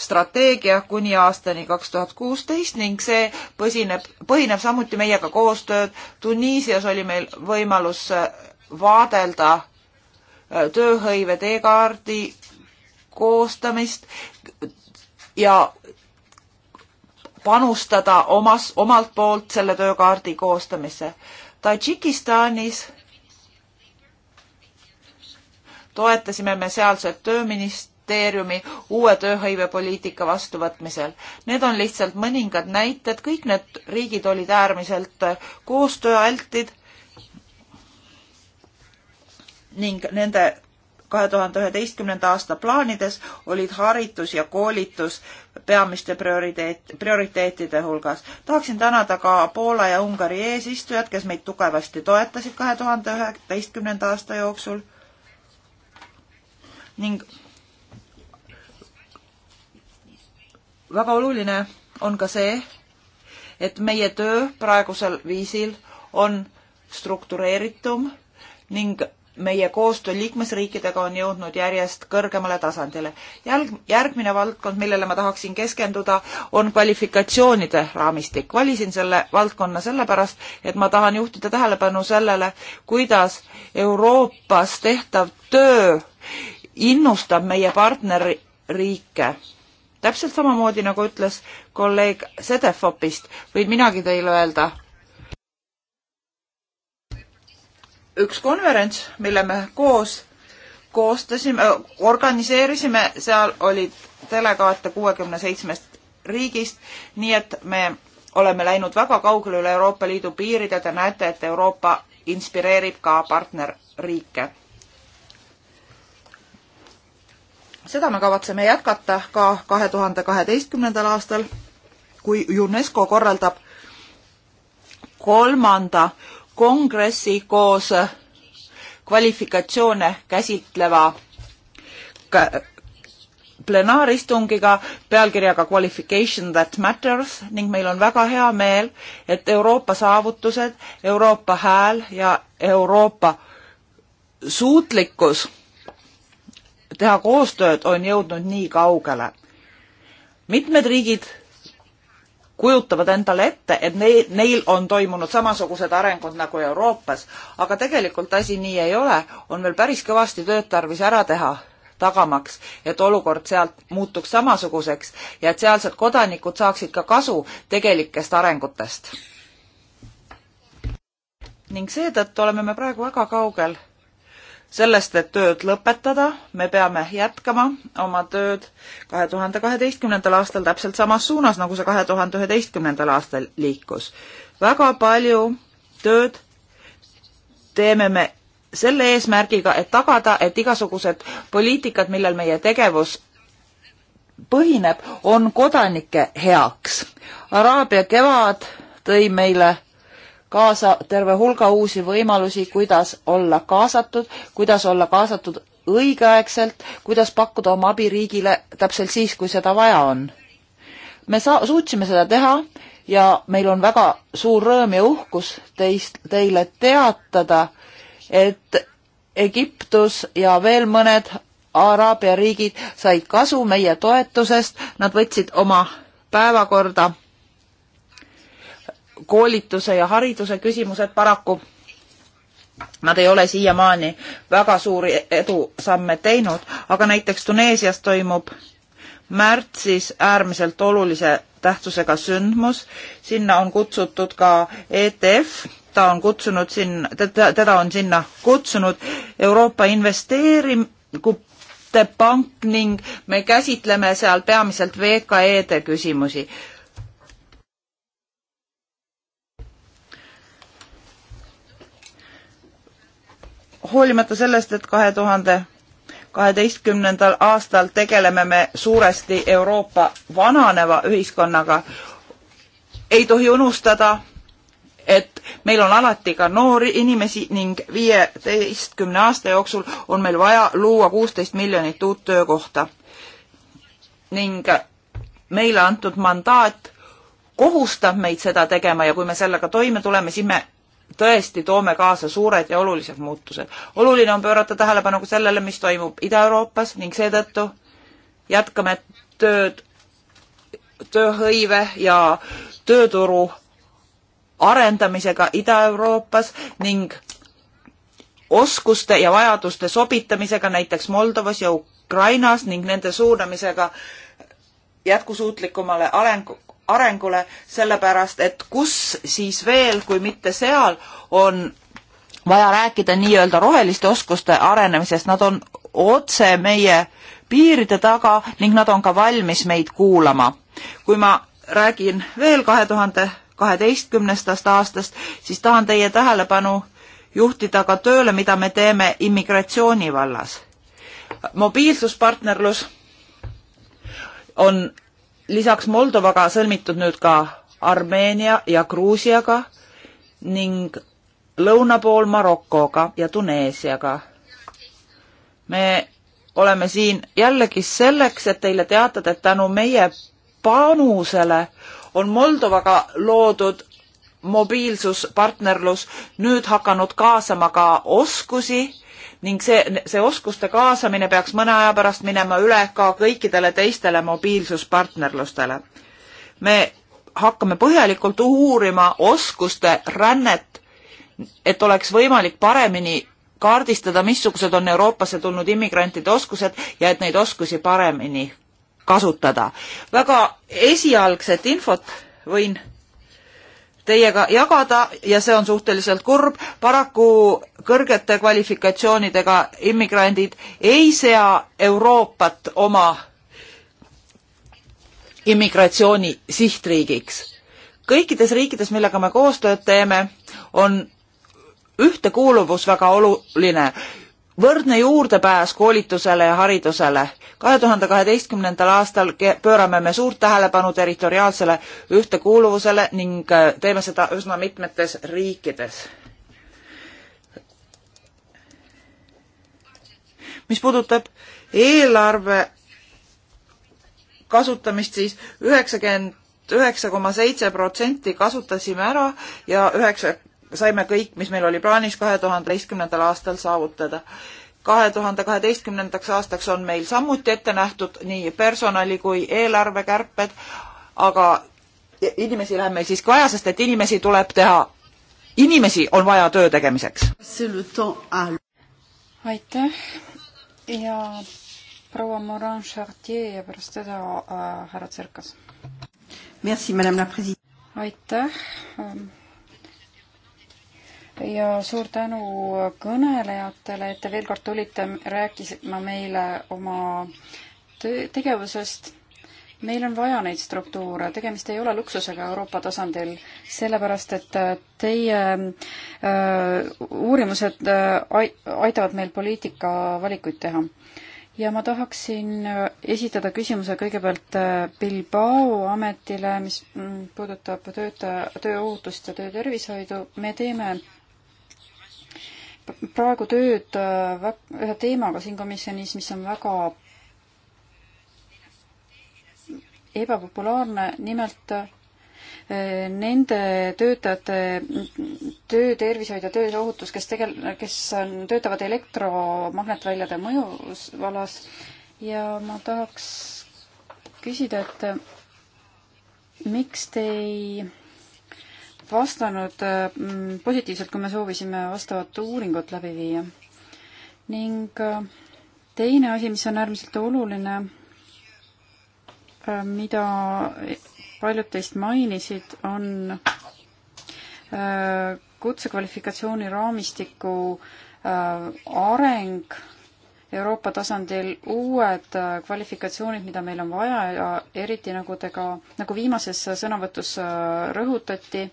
strateegia kuni aastani kaks tuhat kuusteist ning see põsineb, põhineb samuti meiega koostööd. Tuniisias oli meil võimalus äh, vaadelda äh, tööhõive teekaardi koostamist ja panustada omas, omalt poolt selle töökaardi koostamisse. Tadžikistanis toetasime me sealset tööministeeriumi uue tööhõivepoliitika vastuvõtmisel. Need on lihtsalt mõningad näited, kõik need riigid olid äärmiselt koostööaltid ning nende kahe tuhande üheteistkümnenda aasta plaanides olid haritus ja koolitus peamiste prioriteet, prioriteetide hulgas. tahaksin tänada ka Poola ja Ungari eesistujad, kes meid tugevasti toetasid kahe tuhande üheksateistkümnenda aasta jooksul ning väga oluline on ka see, et meie töö praegusel viisil on struktureeritum ning meie koostöö liikmesriikidega on jõudnud järjest kõrgemale tasandile. Jälg-, järgmine valdkond, millele ma tahaksin keskenduda, on kvalifikatsioonide raamistik. valisin selle valdkonna sellepärast, et ma tahan juhtida tähelepanu sellele, kuidas Euroopas tehtav töö innustab meie partnerriike. täpselt samamoodi, nagu ütles kolleeg Sedefopist, võin minagi teile öelda, üks konverents, mille me koos koostasime, organiseerisime, seal olid delegaate kuuekümne seitsmest riigist, nii et me oleme läinud väga kaugele üle Euroopa Liidu piiride, te näete, et Euroopa inspireerib ka partnerriike. seda me kavatseme jätkata ka kahe tuhande kaheteistkümnendal aastal, kui UNESCO korraldab kolmanda kongressi koos kvalifikatsioone käsitleva plenaaristungiga pealkirjaga Qualification that matters ning meil on väga hea meel, et Euroopa saavutused, Euroopa hääl ja Euroopa suutlikkus teha koostööd on jõudnud nii kaugele. mitmed riigid kujutavad endale ette, et neil, neil on toimunud samasugused arengud nagu Euroopas, aga tegelikult asi nii ei ole, on veel päris kõvasti tööd tarvis ära teha, tagamaks, et olukord sealt muutuks samasuguseks ja et sealsed kodanikud saaksid ka kasu tegelikest arengutest. ning seetõttu oleme me praegu väga kaugel sellest, et tööd lõpetada, me peame jätkama oma tööd kahe tuhande kaheteistkümnendal aastal täpselt samas suunas, nagu see kahe tuhande üheteistkümnendal aastal liikus. väga palju tööd teeme me selle eesmärgiga, et tagada, et igasugused poliitikad, millel meie tegevus põhineb, on kodanike heaks. Araabia kevad tõi meile kaasa terve hulga uusi võimalusi, kuidas olla kaasatud, kuidas olla kaasatud õigeaegselt, kuidas pakkuda oma abi riigile täpselt siis, kui seda vaja on. me saa-, suutsime seda teha ja meil on väga suur rõõm ja uhkus teist, teile teatada, et Egiptus ja veel mõned Araabia riigid said kasu meie toetusest, nad võtsid oma päevakorda koolituse ja hariduse küsimused paraku Nad ei ole siiamaani väga suuri edusamme teinud, aga näiteks Tuneesias toimub märtsis äärmiselt olulise tähtsusega sündmus. Sinna on kutsutud ka ETF, ta on kutsunud sinna, teda on sinna kutsunud Euroopa investeeringute pank ning me käsitleme seal peamiselt VKE-de küsimusi. hoolimata sellest, et kahe tuhande kaheteistkümnendal aastal tegeleme me suuresti Euroopa vananeva ühiskonnaga, ei tohi unustada, et meil on alati ka noori inimesi ning viieteistkümne aasta jooksul on meil vaja luua kuusteist miljonit uut töökohta. ning meile antud mandaat kohustab meid seda tegema ja kui me sellega toime tuleme, siis me tõesti toome kaasa suured ja olulised muutused. oluline on pöörata tähelepanu ka sellele, mis toimub Ida-Euroopas ning seetõttu jätkame tööd, tööhõive ja tööturu arendamisega Ida-Euroopas ning oskuste ja vajaduste sobitamisega näiteks Moldovas ja Ukrainas ning nende suunamisega jätkusuutlikumale arengu, arengule, sellepärast et kus siis veel, kui mitte seal, on vaja rääkida nii-öelda roheliste oskuste arenemisest, nad on otse meie piiride taga ning nad on ka valmis meid kuulama. kui ma räägin veel kahe tuhande kaheteistkümnestast aastast, siis tahan teie tähelepanu juhtida ka tööle, mida me teeme immigratsiooni vallas. mobiilsuspartnerlus on lisaks Moldovaga sõlmitud nüüd ka Armeenia ja Gruusiaga ning lõuna pool Marokoga ja Tuneesiaga. me oleme siin jällegi selleks, et teile teatada, et tänu meie panusele on Moldovaga loodud mobiilsuspartnerlus nüüd hakanud kaasama ka oskusi ning see, see oskuste kaasamine peaks mõne aja pärast minema üle ka kõikidele teistele mobiilsuspartnerlustele. me hakkame põhjalikult uurima oskuste rännet, et oleks võimalik paremini kaardistada, missugused on Euroopasse tulnud immigrantide oskused ja et neid oskusi paremini kasutada. väga esialgset infot võin teiega jagada ja see on suhteliselt kurb. paraku kõrgete kvalifikatsioonidega immigrandid ei sea Euroopat oma immigratsiooni sihtriigiks. kõikides riikides, millega me koostööd teeme, on ühtekuuluvus väga oluline võrdne juurdepääs koolitusele ja haridusele. kahe tuhande kaheteistkümnendal aastal pöörame me suurt tähelepanu territoriaalsele ühtekuuluvusele ning äh, teeme seda üsna mitmetes riikides. mis puudutab eelarve kasutamist siis, siis üheksakümmend üheksa koma seitse protsenti kasutasime ära ja üheksa saime kõik, mis meil oli plaanis kahe tuhande teistkümnendal aastal saavutada. kahe tuhande kaheteistkümnendaks aastaks on meil samuti ette nähtud nii personali kui eelarvekärped, aga inimesi läheb meil siiski vaja, sest et inimesi tuleb teha, inimesi on vaja töö tegemiseks. aitäh ja proua Morin Chartier ja pärast teda äh, härra Tserkas. aitäh ähm ja suur tänu kõnelejatele, et te veel kord tulite rääkima meile oma tegevusest. meil on vaja neid struktuure, tegemist ei ole luksusega Euroopa tasandil, sellepärast et äh, teie äh, uurimused äh, aitavad meil poliitika valikuid teha ja ma tahaksin äh, esitada küsimuse kõigepealt äh, Bilbao ametile, mis mm, puudutab töötaja, tööohutust ja töötervishoidu. me teeme praegu tööd äh, ühe teemaga siin komisjonis, mis on väga ebapopulaarne, nimelt äh, nende töötajate töötervishoid ja tööohutus, kes tegel-, kes on, töötavad elektromagnetväljade mõjuvalas ja ma tahaks küsida, et miks te ei vastanud mm, positiivselt, kui me soovisime vastavat uuringut läbi viia. ning äh, teine asi, mis on äärmiselt oluline, äh, mida paljud teist mainisid, on äh, kutsekvalifikatsiooni raamistiku areng Euroopa tasandil uued kvalifikatsioonid, mida meil on vaja ja eriti nagu te ka, nagu viimases sõnavõtus rõhutati,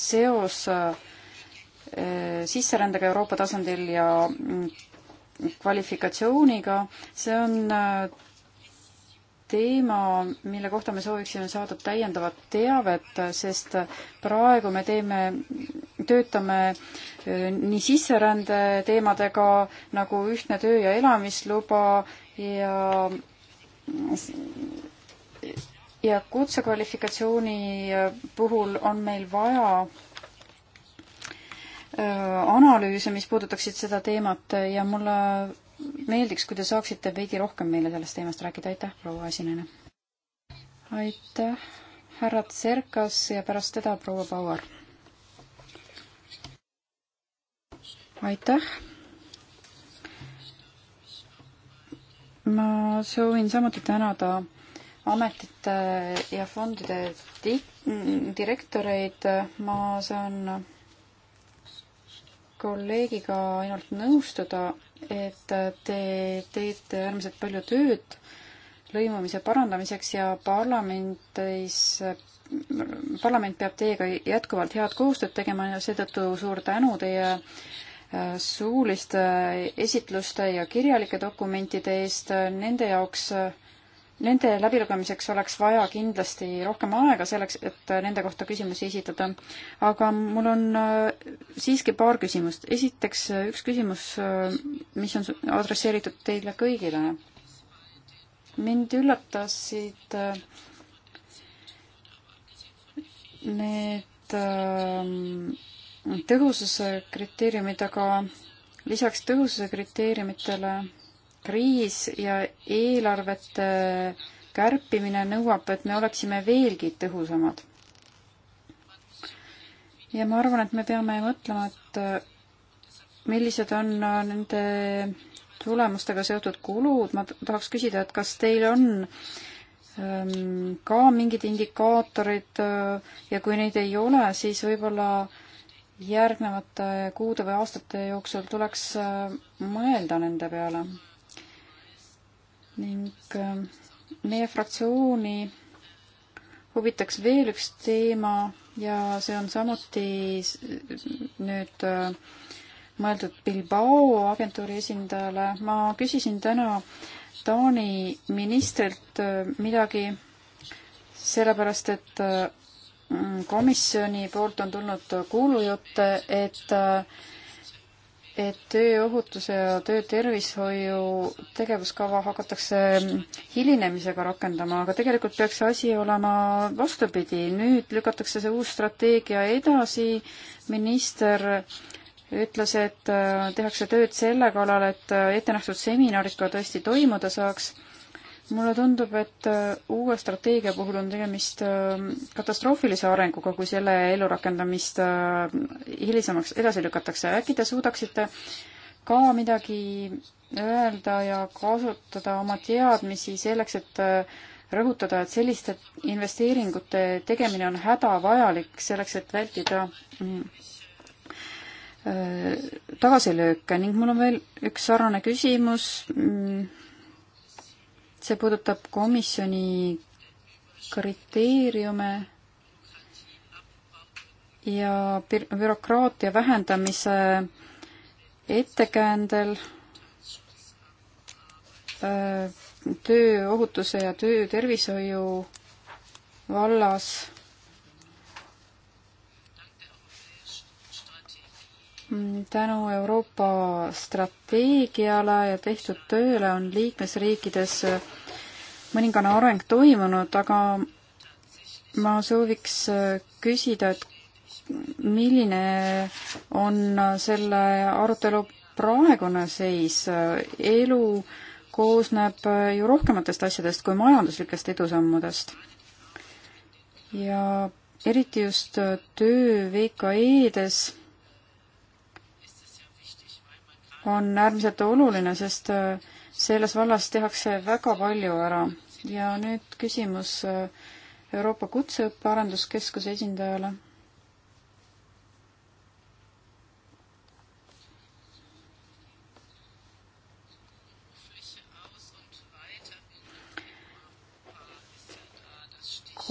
seos äh, sisserändega Euroopa tasandil ja mm, kvalifikatsiooniga, see on äh, teema, mille kohta me sooviksime saada täiendavat teavet, sest praegu me teeme, töötame äh, nii sisserände teemadega nagu ühtne töö- ja elamisluba ja mm, ja kutsekvalifikatsiooni äh, puhul on meil vaja äh, analüüse, mis puudutaksid seda teemat ja mulle meeldiks, kui te saaksite veidi rohkem meile sellest teemast rääkida, aitäh, proua esinejana. aitäh, härra Tserkas ja pärast teda proua Bauer. aitäh. ma soovin samuti tänada ametite äh, ja fondide di-, mm, direktoreid, äh, ma saan kolleegiga ainult nõustuda, et äh, te teete äärmiselt palju tööd lõimumise parandamiseks ja parlamendis, parlament peab teiega jätkuvalt head koostööd tegema ja seetõttu suur tänu teie suuliste esitluste ja kirjalike dokumentide eest, nende jaoks äh, Nende läbilugemiseks oleks vaja kindlasti rohkem aega selleks, et nende kohta küsimusi esitada. aga mul on äh, siiski paar küsimust. esiteks äh, üks küsimus, äh, mis on adresseeritud teile kõigile. mind üllatasid need tõhususe kriteeriumid, aga lisaks tõhususe kriteeriumitele kriis ja eelarvete kärpimine nõuab, et me oleksime veelgi tõhusamad. ja ma arvan, et me peame mõtlema, et millised on nende tulemustega seotud kulud, ma tahaks küsida, et kas teil on ähm, ka mingid indikaatorid äh, ja kui neid ei ole, siis võib-olla järgnevate kuude või aastate jooksul tuleks äh, mõelda nende peale ning äh, meie fraktsiooni huvitaks veel üks teema ja see on samuti nüüd äh, mõeldud Bilbao agentuuri esindajale. ma küsisin täna Taani ministrilt äh, midagi, sellepärast et mm, komisjoni poolt on tulnud kuulujutte, et et tööohutuse ja töötervishoiu tegevuskava hakatakse hilinemisega rakendama, aga tegelikult peaks see asi olema vastupidi. nüüd lükatakse see uus strateegia edasi, minister ütles, et äh, tehakse tööd selle kallal, et äh, ettenähtud seminarid ka tõesti toimuda saaks mulle tundub, et äh, uue strateegia puhul on tegemist ähm, katastroofilise arenguga, kui selle ellurakendamist äh, hilisemaks edasi lükatakse. äkki te suudaksite ka midagi öelda ja kasutada oma teadmisi selleks, et äh, rõhutada, et selliste investeeringute tegemine on hädavajalik selleks, et vältida mm, tagasilööke ning mul on veel üks sarnane küsimus mm, see puudutab komisjoni kriteeriume ja bürokraatia vähendamise ettekäändel äh, tööohutuse ja töötervishoiu vallas tänu Euroopa strateegiale ja tehtud tööle on liikmesriikides mõningane areng toimunud, aga ma sooviks küsida, et milline on selle arutelu praegune seis, elu koosneb ju rohkematest asjadest kui majanduslikest edusammudest. ja eriti just töö VKE-des on äärmiselt oluline, sest äh, selles vallas tehakse väga palju ära. ja nüüd küsimus äh, Euroopa Kutseõppe Arenduskeskuse esindajale.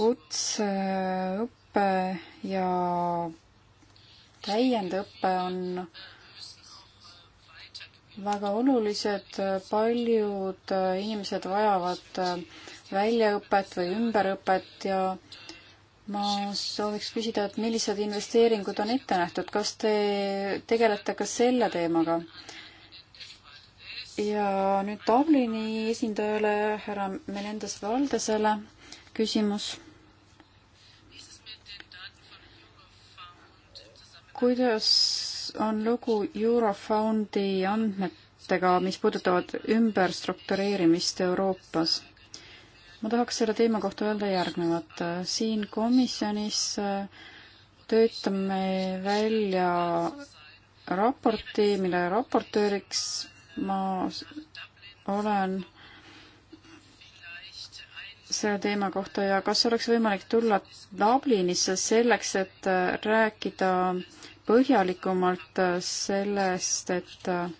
kutseõpe ja täiendõpe on väga olulised, paljud äh, inimesed vajavad äh, väljaõpet või ümberõpet ja ma sooviks küsida, et millised investeeringud on ette nähtud, kas te tegelete ka selle teemaga? ja nüüd Dublini esindajale, härra Menendez Valdesele küsimus kuidas on lugu Eurofondi andmetega, mis puudutavad ümberstruktureerimist Euroopas. ma tahaks selle teema kohta öelda järgnevat. siin komisjonis äh, töötame välja raporti, mille raportööriks ma olen selle teema kohta ja kas oleks võimalik tulla Dublinisse selleks, et äh, rääkida äh, põhjalikumalt äh, sellest, et äh,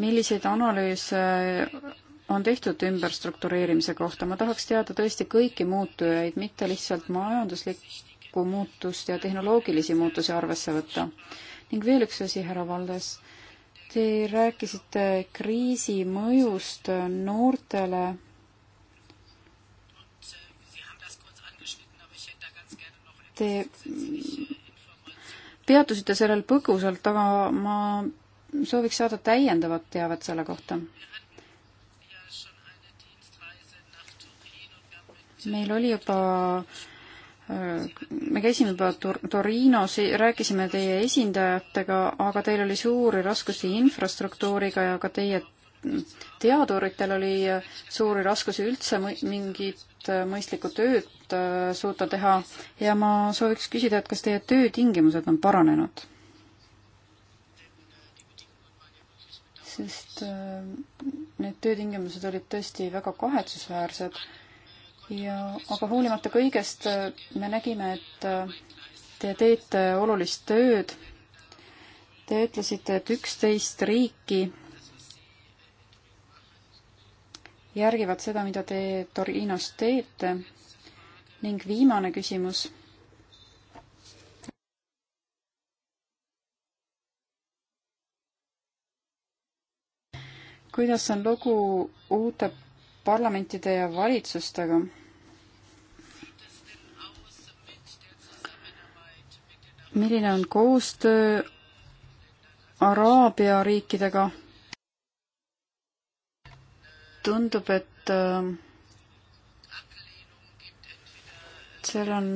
milliseid analüüse äh, on tehtud ümberstruktureerimise kohta, ma tahaks teada tõesti kõiki muutujaid, mitte lihtsalt majanduslikku muutust ja tehnoloogilisi muutusi arvesse võtta. ning veel üks asi, härra Valdes, te rääkisite kriisi mõjust noortele. Te peatusite sellel põgusalt, aga ma sooviks saada täiendavat teavet selle kohta. meil oli juba me käisime juba Tor-, Torinos, rääkisime teie esindajatega, aga teil oli suuri raskusi infrastruktuuriga ja ka teie teaduritel oli suuri raskusi üldse mingi Äh, mõistlikku tööd äh, suuta teha ja ma sooviks küsida, et kas teie töötingimused on paranenud? sest äh, need töötingimused olid tõesti väga kahetsusväärsed ja aga hoolimata kõigest me nägime, et te teete olulist tööd. Te ütlesite, et üksteist riiki järgivad seda, mida te Torinos teete. ning viimane küsimus. kuidas on lugu uute parlamentide ja valitsustega? milline on koostöö Araabia riikidega? tundub, et äh, seal on,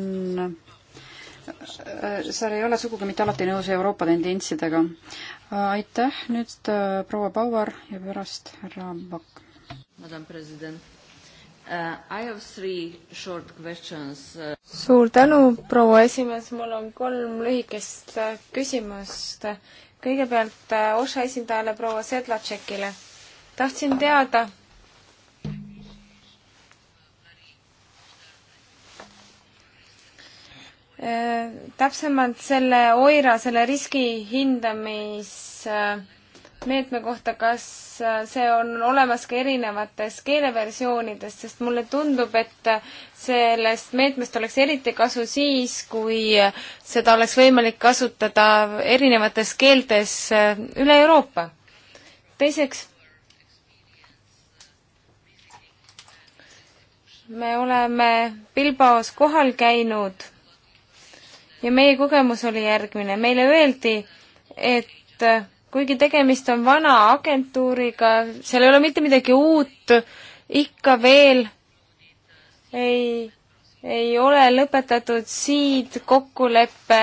äh, seal ei ole sugugi mitte alati nõus Euroopa tendentsidega. aitäh, nüüd äh, proua Bauer ja pärast härra Pakk. Madam president uh, uh, suur tänu, proua esimees, mul on kolm lühikest küsimust. kõigepealt OSHA esindajale proua Sedlatšekile. tahtsin teada, Äh, täpsemalt selle OIRA, selle riski hindamismeetme kohta, kas äh, see on olemas ka erinevates keeleversioonides, sest mulle tundub, et sellest meetmest oleks eriti kasu siis, kui seda oleks võimalik kasutada erinevates keeltes äh, üle Euroopa. teiseks, me oleme Bilbaos kohal käinud ja meie kogemus oli järgmine, meile öeldi, et äh, kuigi tegemist on vana agentuuriga, seal ei ole mitte midagi uut, ikka veel ei, ei ole lõpetatud siid kokkuleppe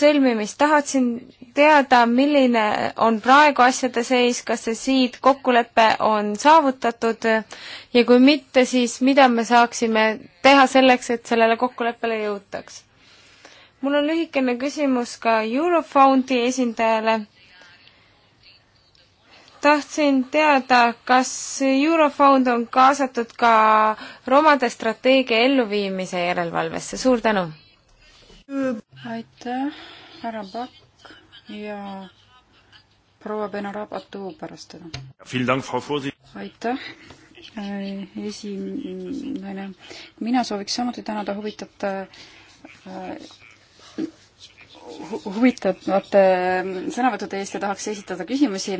sõlmimist. tahaksin teada, milline on praegu asjade seis, kas see siid kokkulepe on saavutatud ja kui mitte, siis mida me saaksime teha selleks, et sellele kokkuleppele jõutaks? mul on lühikene küsimus ka Eurofondi esindajale. tahtsin teada, kas Eurofond on kaasatud ka romade strateegia elluviimise järelevalvesse, suur tänu! aitäh, härra Pakk ja proua Benarabatu pärast teda. aitäh, äh, esimene. mina sooviks samuti tänada huvitavat äh, huvitavate sõnavõttude eest ja tahaks esitada küsimusi.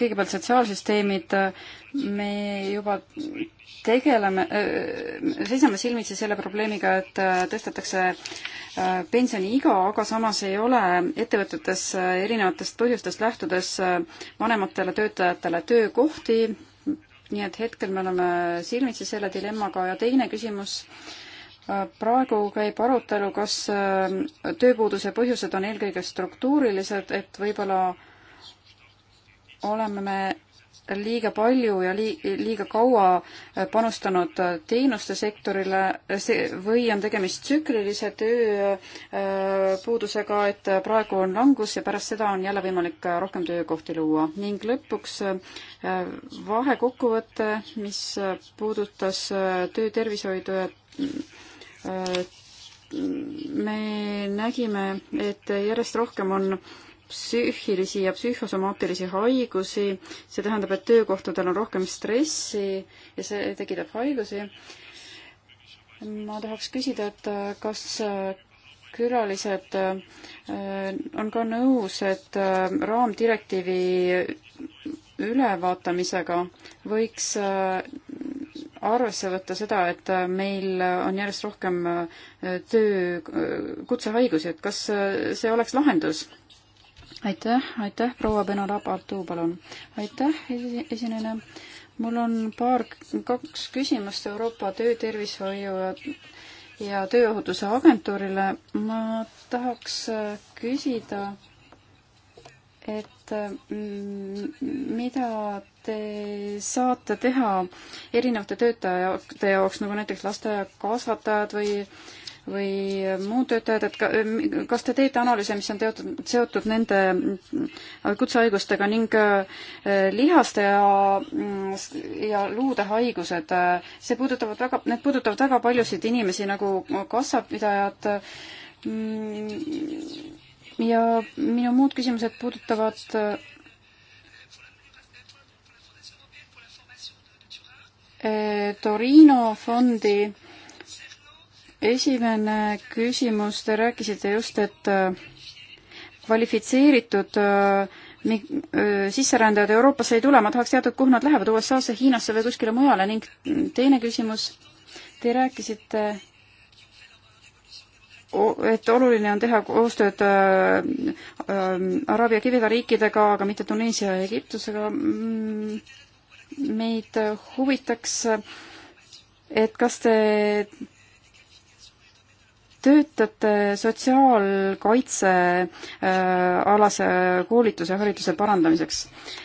kõigepealt sotsiaalsüsteemid, me juba tegeleme, seisame silmitsi selle probleemiga, et äh, tõstetakse äh, pensioniiga, aga samas ei ole ettevõtetes äh, erinevatest põhjustest lähtudes vanematele töötajatele töökohti, nii et hetkel me oleme silmitsi selle dilemmaga ja teine küsimus äh, praegu käib arutelu, kas äh, tööpuuduse põhjused on eelkõige struktuurilised, et võib-olla oleme me liiga palju ja lii-, liiga kaua äh, panustanud äh, teenuste sektorile see, või on tegemist tsüklilise tööpuudusega, et praegu on langus ja pärast seda on jälle võimalik rohkem töökohti luua. ning lõpuks vahekokkuvõte, mis puudutas töötervishoidu ja mm, me nägime, et järjest rohkem on psüühilisi ja psühhosomaatilisi haigusi, see tähendab, et töökohtadel on rohkem stressi ja see tekitab haigusi. ma tahaks küsida, et kas külalised äh, on ka nõus, et äh, raamdirektiivi ülevaatamisega võiks äh, arvesse võtta seda, et äh, meil on järjest rohkem äh, töö äh, kutsehaigusi, et kas see oleks lahendus? aitäh, aitäh, proua Benarab-Artu, palun. aitäh, esineja. mul on paar, kaks küsimust Euroopa Töötervishoiu ja, ja Tööohutuse Agentuurile. ma tahaks küsida äh, et mm, mida te saate teha erinevate töötajate jaoks, nagu näiteks lasteaiakasvatajad või või muud töötajad, et ka, kas te teete analüüse, mis on teotud, seotud nende kutsehaigustega ning äh, lihaste ja, mm, ja luude haigused, see puudutavad väga, need puudutavad väga paljusid inimesi, nagu kassapidajad, mm, ja minu muud küsimused puudutavad äh, Torino fondi esimene küsimus, te rääkisite just, et äh, kvalifitseeritud äh, sisserändajad Euroopasse ei tule, ma tahaks teada, kuhu nad lähevad, USA-sse, Hiinasse või kuskile mujale ning teine küsimus, te rääkisite et oluline on teha koostööd äh, äh, Araabia kivega riikidega, aga mitte Tuneesia ja Egiptusega. Mm, meid huvitaks, et kas te töötate sotsiaalkaitsealase äh, koolituse ja hariduse parandamiseks äh,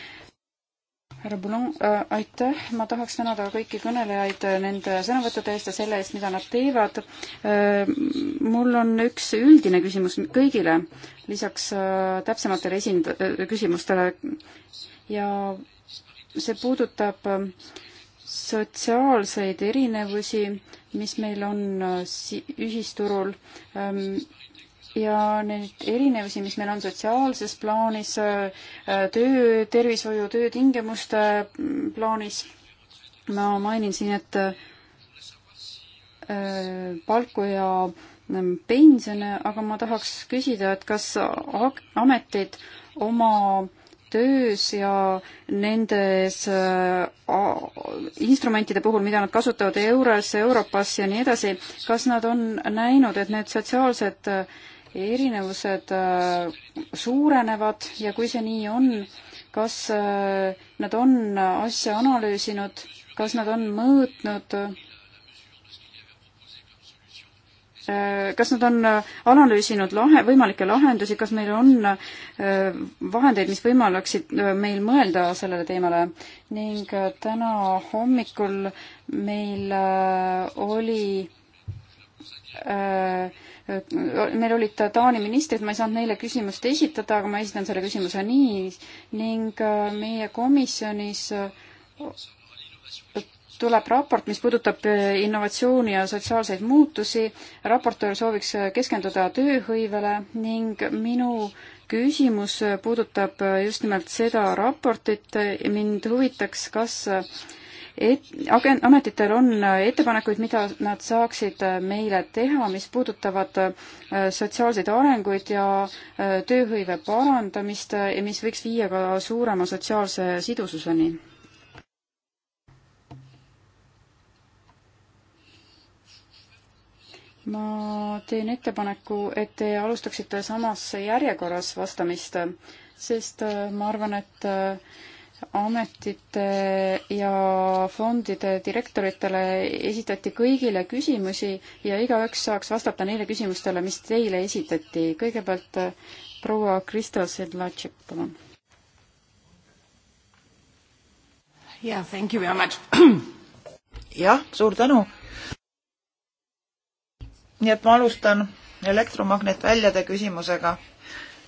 härra Boulon, äh, aitäh, ma tahaks tänada kõiki kõnelejaid äh, nende sõnavõttude eest ja selle eest, mida nad teevad. Äh, mul on üks üldine küsimus kõigile, lisaks täpsematele esind-, küsimustele ja see puudutab sotsiaalseid erinevusi, mis meil on ühisturul. Ähm, ja neid erinevusi, mis meil on sotsiaalses plaanis, äh, töö, tervishoiu, töötingimuste mm, plaanis, ma mainin siin, et äh, palku ja mm, pensione, aga ma tahaks küsida, et kas ametid oma töös ja nendes äh, instrumentide puhul, mida nad kasutavad EURES, Europass ja nii edasi, kas nad on näinud, et need sotsiaalsed äh, erinevused äh, suurenevad ja kui see nii on, kas äh, nad on asja analüüsinud, kas nad on mõõtnud äh, kas nad on analüüsinud lahe, võimalikke lahendusi, kas meil on vahendeid, mis võimaldaksid meil mõelda sellele teemale ning täna hommikul meil oli äh, meil olid Taani ministrid, ma ei saanud neile küsimust esitada, aga ma esitan selle küsimuse nii ning äh, meie komisjonis äh, tuleb raport, mis puudutab äh, innovatsiooni ja sotsiaalseid muutusi. raportöör sooviks keskenduda tööhõivele ning minu küsimus puudutab just nimelt seda raportit. mind huvitaks, kas et agen-, ametitel on äh, ettepanekuid, mida nad saaksid äh, meile teha, mis puudutavad äh, sotsiaalseid arenguid ja tööhõive parandamist ja mis võiks viia ka suurema sotsiaalse sidususeni. ma teen ettepaneku, et te alustaksite samas järjekorras vastamist, sest ma arvan, et ametite ja fondide direktoritele esitati kõigile küsimusi ja igaüks saaks vastata neile küsimustele, mis teile esitati. kõigepealt äh, proua Kristo Sedlatšek, palun. jaa, thank you very much. *clears throat* jah, suur tänu. nii et ma alustan elektromagnetväljade küsimusega.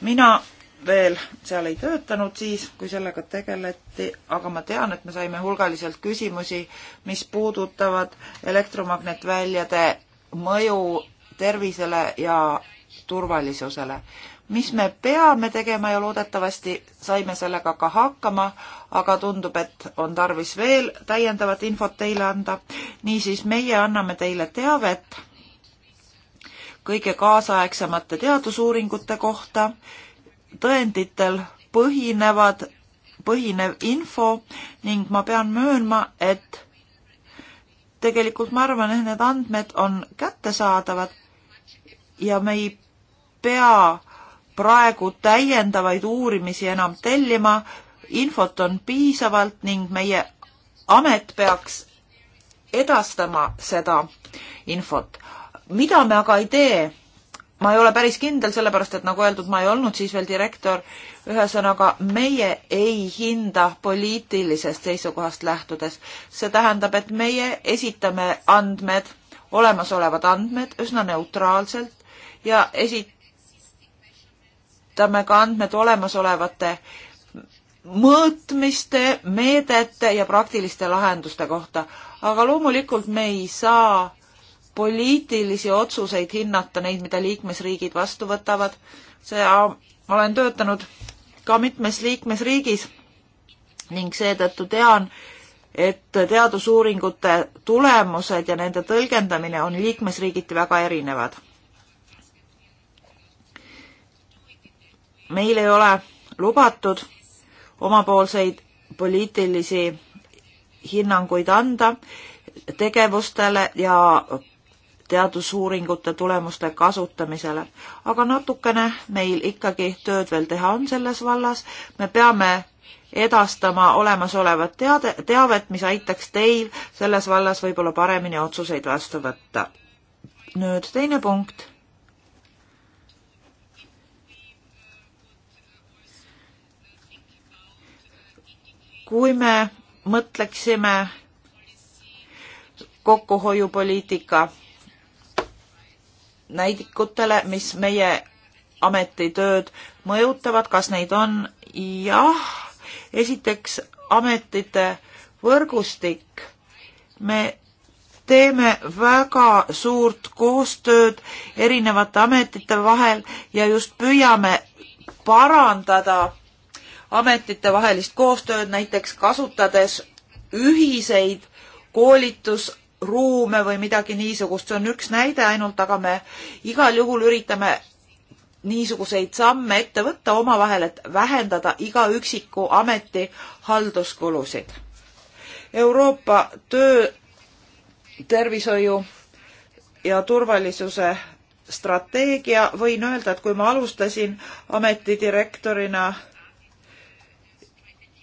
mina veel seal ei töötanud siis, kui sellega tegeleti, aga ma tean, et me saime hulgaliselt küsimusi, mis puudutavad elektromagnetväljade mõju tervisele ja turvalisusele. mis me peame tegema ja loodetavasti saime sellega ka hakkama, aga tundub, et on tarvis veel täiendavat infot teile anda. niisiis, meie anname teile teavet kõige kaasaegsemate teadusuuringute kohta tõenditel põhinevad, põhinev info ning ma pean möönma, et tegelikult ma arvan, et need andmed on kättesaadavad ja me ei pea praegu täiendavaid uurimisi enam tellima, infot on piisavalt ning meie amet peaks edastama seda infot. mida me aga ei tee, ma ei ole päris kindel, sellepärast et nagu öeldud, ma ei olnud siis veel direktor. ühesõnaga, meie ei hinda poliitilisest seisukohast lähtudes. see tähendab, et meie esitame andmed, olemasolevad andmed üsna neutraalselt ja esitame ka andmed olemasolevate mõõtmiste, meedete ja praktiliste lahenduste kohta. aga loomulikult me ei saa poliitilisi otsuseid hinnata, neid, mida liikmesriigid vastu võtavad. see, ma olen töötanud ka mitmes liikmesriigis ning seetõttu tean, et teadusuuringute tulemused ja nende tõlgendamine on liikmesriigiti väga erinevad. meil ei ole lubatud omapoolseid poliitilisi hinnanguid anda tegevustele ja teadusuuringute tulemuste kasutamisele. aga natukene meil ikkagi tööd veel teha on selles vallas, me peame edastama olemasolevat teade, teavet, mis aitaks teil selles vallas võib-olla paremini otsuseid vastu võtta. nüüd teine punkt. kui me mõtleksime kokkuhoiupoliitika näidikutele, mis meie ametitööd mõjutavad, kas neid on? jah, esiteks ametite võrgustik. me teeme väga suurt koostööd erinevate ametite vahel ja just püüame parandada ametitevahelist koostööd, näiteks kasutades ühiseid koolitus ruume või midagi niisugust, see on üks näide ainult, aga me igal juhul üritame niisuguseid samme ette võtta omavahel, et vähendada iga üksiku ameti halduskulusid. Euroopa töötervishoiu ja turvalisuse strateegia, võin öelda, et kui ma alustasin ametidirektorina,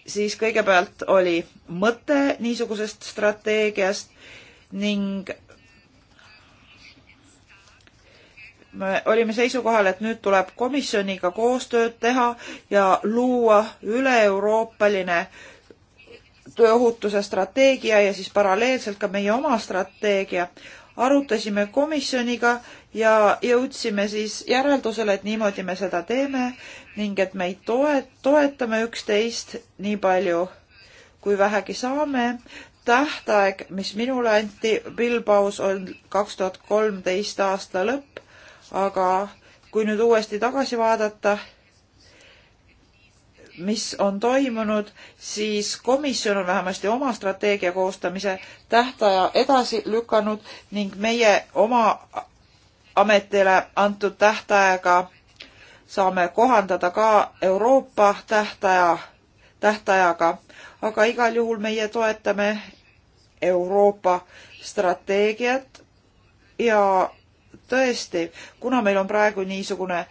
siis kõigepealt oli mõte niisugusest strateegiast ning me olime seisukohal, et nüüd tuleb komisjoniga koostööd teha ja luua üle-euroopaline tööohutuse strateegia ja siis paralleelselt ka meie oma strateegia. arutasime komisjoniga ja jõudsime siis järeldusele, et niimoodi me seda teeme ning et me toet-, toetame üksteist nii palju, kui vähegi saame tähtaeg, mis minule anti Bilbaos, on kaks tuhat kolmteist aasta lõpp, aga kui nüüd uuesti tagasi vaadata, mis on toimunud, siis komisjon on vähemasti oma strateegia koostamise tähtaja edasi lükanud ning meie oma ametile antud tähtaega saame kohandada ka Euroopa tähtaja, tähtajaga aga igal juhul meie toetame Euroopa strateegiat ja tõesti, kuna meil on praegu niisugune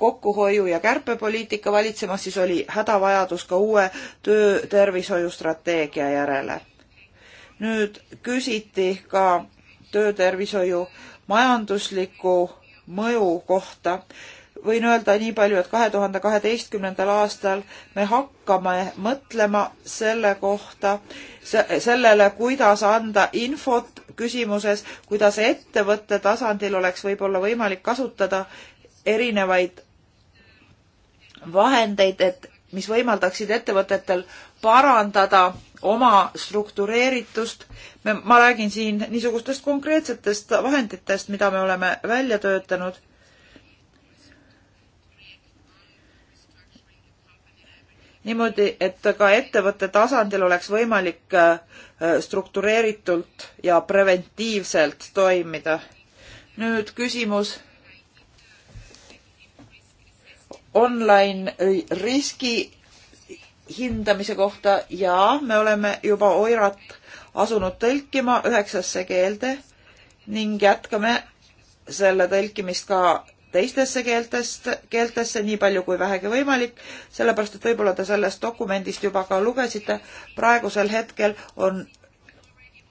kokkuhoiu ja kärpepoliitika valitsemas, siis oli hädavajadus ka uue töötervishoiustrateegia järele. nüüd küsiti ka töötervishoiu majandusliku mõju kohta võin öelda nii palju, et kahe tuhande kaheteistkümnendal aastal me hakkame mõtlema selle kohta, sellele, kuidas anda infot küsimuses, kuidas ettevõtte tasandil oleks võib-olla võimalik kasutada erinevaid vahendeid, et mis võimaldaksid ettevõtetel parandada oma struktureeritust. ma räägin siin niisugustest konkreetsetest vahenditest, mida me oleme välja töötanud niimoodi, et ka ettevõtte tasandil oleks võimalik äh, äh, struktureeritult ja preventiivselt toimida. nüüd küsimus online riski hindamise kohta ja me oleme juba Oirat asunud tõlkima üheksasse keelde ning jätkame selle tõlkimist ka teistesse keeltest, keeltesse nii palju kui vähegi võimalik, sellepärast et võib-olla te sellest dokumendist juba ka lugesite, praegusel hetkel on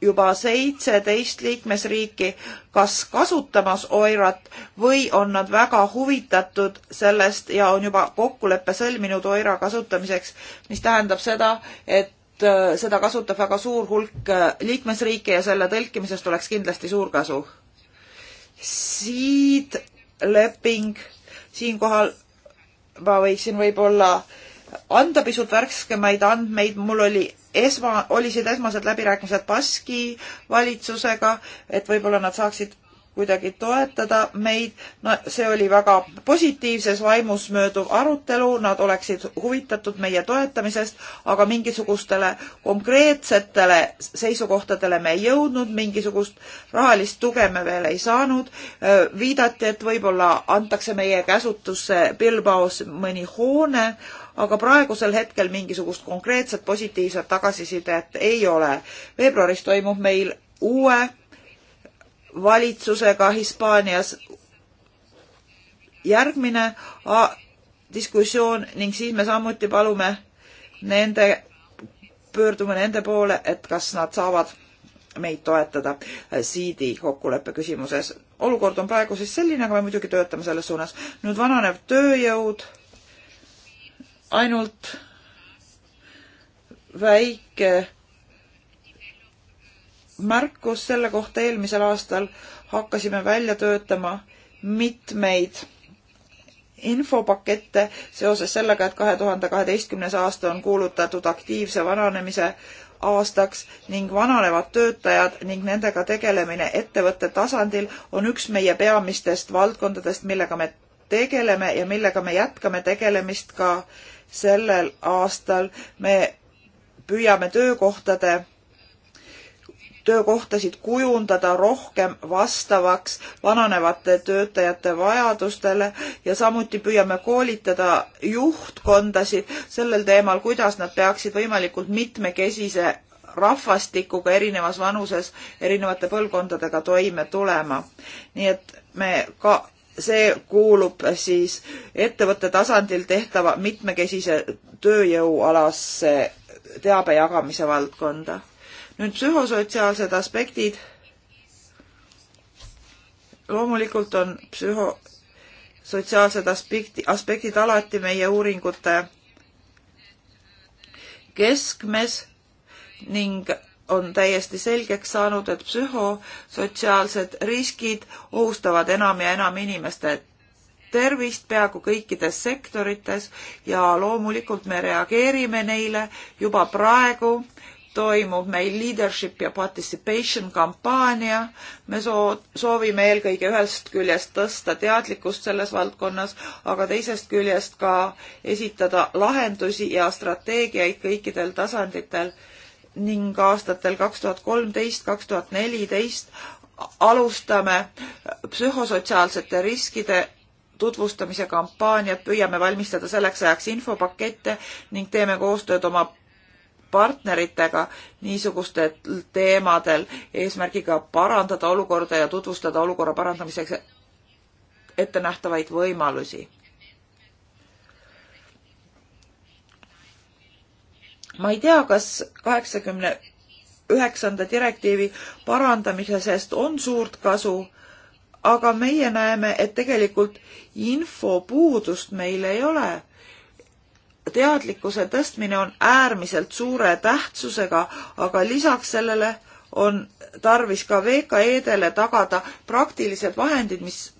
juba seitseteist liikmesriiki kas kasutamas OIRAT või on nad väga huvitatud sellest ja on juba kokkuleppe sõlminud OIRA kasutamiseks, mis tähendab seda, et äh, seda kasutab väga suur hulk äh, liikmesriike ja selle tõlkimisest oleks kindlasti suur kasu. siit leping, siinkohal ma võiksin võib-olla anda pisut värskemaid andmeid, mul oli esma, olisid esmased läbirääkimised Baski valitsusega, et võib-olla nad saaksid kuidagi toetada meid. no see oli väga positiivses vaimus mööduv arutelu, nad oleksid huvitatud meie toetamisest, aga mingisugustele konkreetsetele seisukohtadele me ei jõudnud, mingisugust rahalist tuge me veel ei saanud. Äh, viidati, et võib-olla antakse meie käsutusse Bilbaos mõni hoone, aga praegusel hetkel mingisugust konkreetset positiivset tagasisidet ei ole. veebruaris toimub meil uue valitsusega Hispaanias järgmine diskussioon ning siis me samuti palume nende, pöördume nende poole, et kas nad saavad meid toetada siidi kokkuleppe küsimuses. olukord on praegu siis selline, aga me muidugi töötame selles suunas. nüüd vananev tööjõud, ainult väike märkus selle kohta eelmisel aastal hakkasime välja töötama mitmeid infopakette seoses sellega, et kahe tuhande kaheteistkümnes aasta on kuulutatud aktiivse vananemise aastaks ning vananevad töötajad ning nendega tegelemine ettevõtte tasandil on üks meie peamistest valdkondadest, millega me tegeleme ja millega me jätkame tegelemist ka sellel aastal. me püüame töökohtade töökohtasid kujundada rohkem vastavaks vananevate töötajate vajadustele ja samuti püüame koolitada juhtkondasid sellel teemal, kuidas nad peaksid võimalikult mitmekesise rahvastikuga erinevas vanuses erinevate põlvkondadega toime tulema. nii et me ka see kuulub siis ettevõtte tasandil tehtava mitmekesise tööjõualasse teabe jagamise valdkonda nüüd psühhosotsiaalsed aspektid. loomulikult on psühhosotsiaalsed aspekti, aspektid alati meie uuringute keskmes ning on täiesti selgeks saanud, et psühhosotsiaalsed riskid ohustavad enam ja enam inimeste tervist peaaegu kõikides sektorites ja loomulikult me reageerime neile juba praegu toimub meil leadership ja participation kampaania. me soo-, soovime eelkõige ühest küljest tõsta teadlikkust selles valdkonnas, aga teisest küljest ka esitada lahendusi ja strateegiaid kõikidel tasanditel ning aastatel kaks tuhat kolmteist, kaks tuhat neliteist alustame psühhosotsiaalsete riskide tutvustamise kampaaniat, püüame valmistada selleks ajaks infopakette ning teeme koostööd oma partneritega niisugustel teemadel eesmärgiga parandada olukorda ja tutvustada olukorra parandamiseks ettenähtavaid võimalusi. ma ei tea, kas kaheksakümne üheksanda direktiivi parandamisest on suurt kasu, aga meie näeme, et tegelikult infopuudust meil ei ole teadlikkuse tõstmine on äärmiselt suure tähtsusega, aga lisaks sellele on tarvis ka VKE-dele tagada praktilised vahendid, mis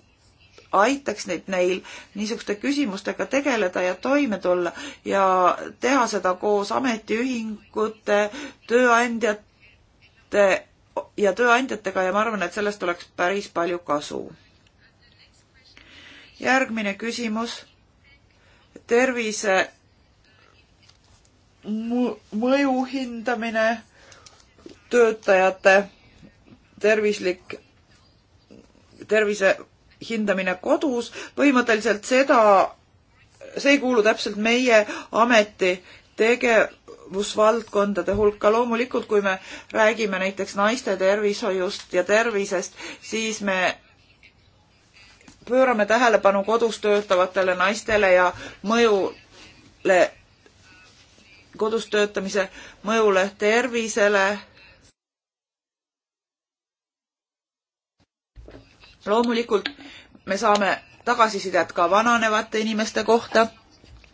aitaks neid neil niisuguste küsimustega tegeleda ja toime tulla ja teha seda koos ametiühingute, tööandjate ja tööandjatega ja ma arvan, et sellest oleks päris palju kasu. järgmine küsimus. tervise mõju hindamine, töötajate tervislik, tervise hindamine kodus, põhimõtteliselt seda, see ei kuulu täpselt meie ameti tegevusvaldkondade hulka. loomulikult, kui me räägime näiteks naiste tervishoiust ja tervisest, siis me pöörame tähelepanu kodus töötavatele naistele ja mõjule kodus töötamise mõjule tervisele. loomulikult me saame tagasisidet ka vananevate inimeste kohta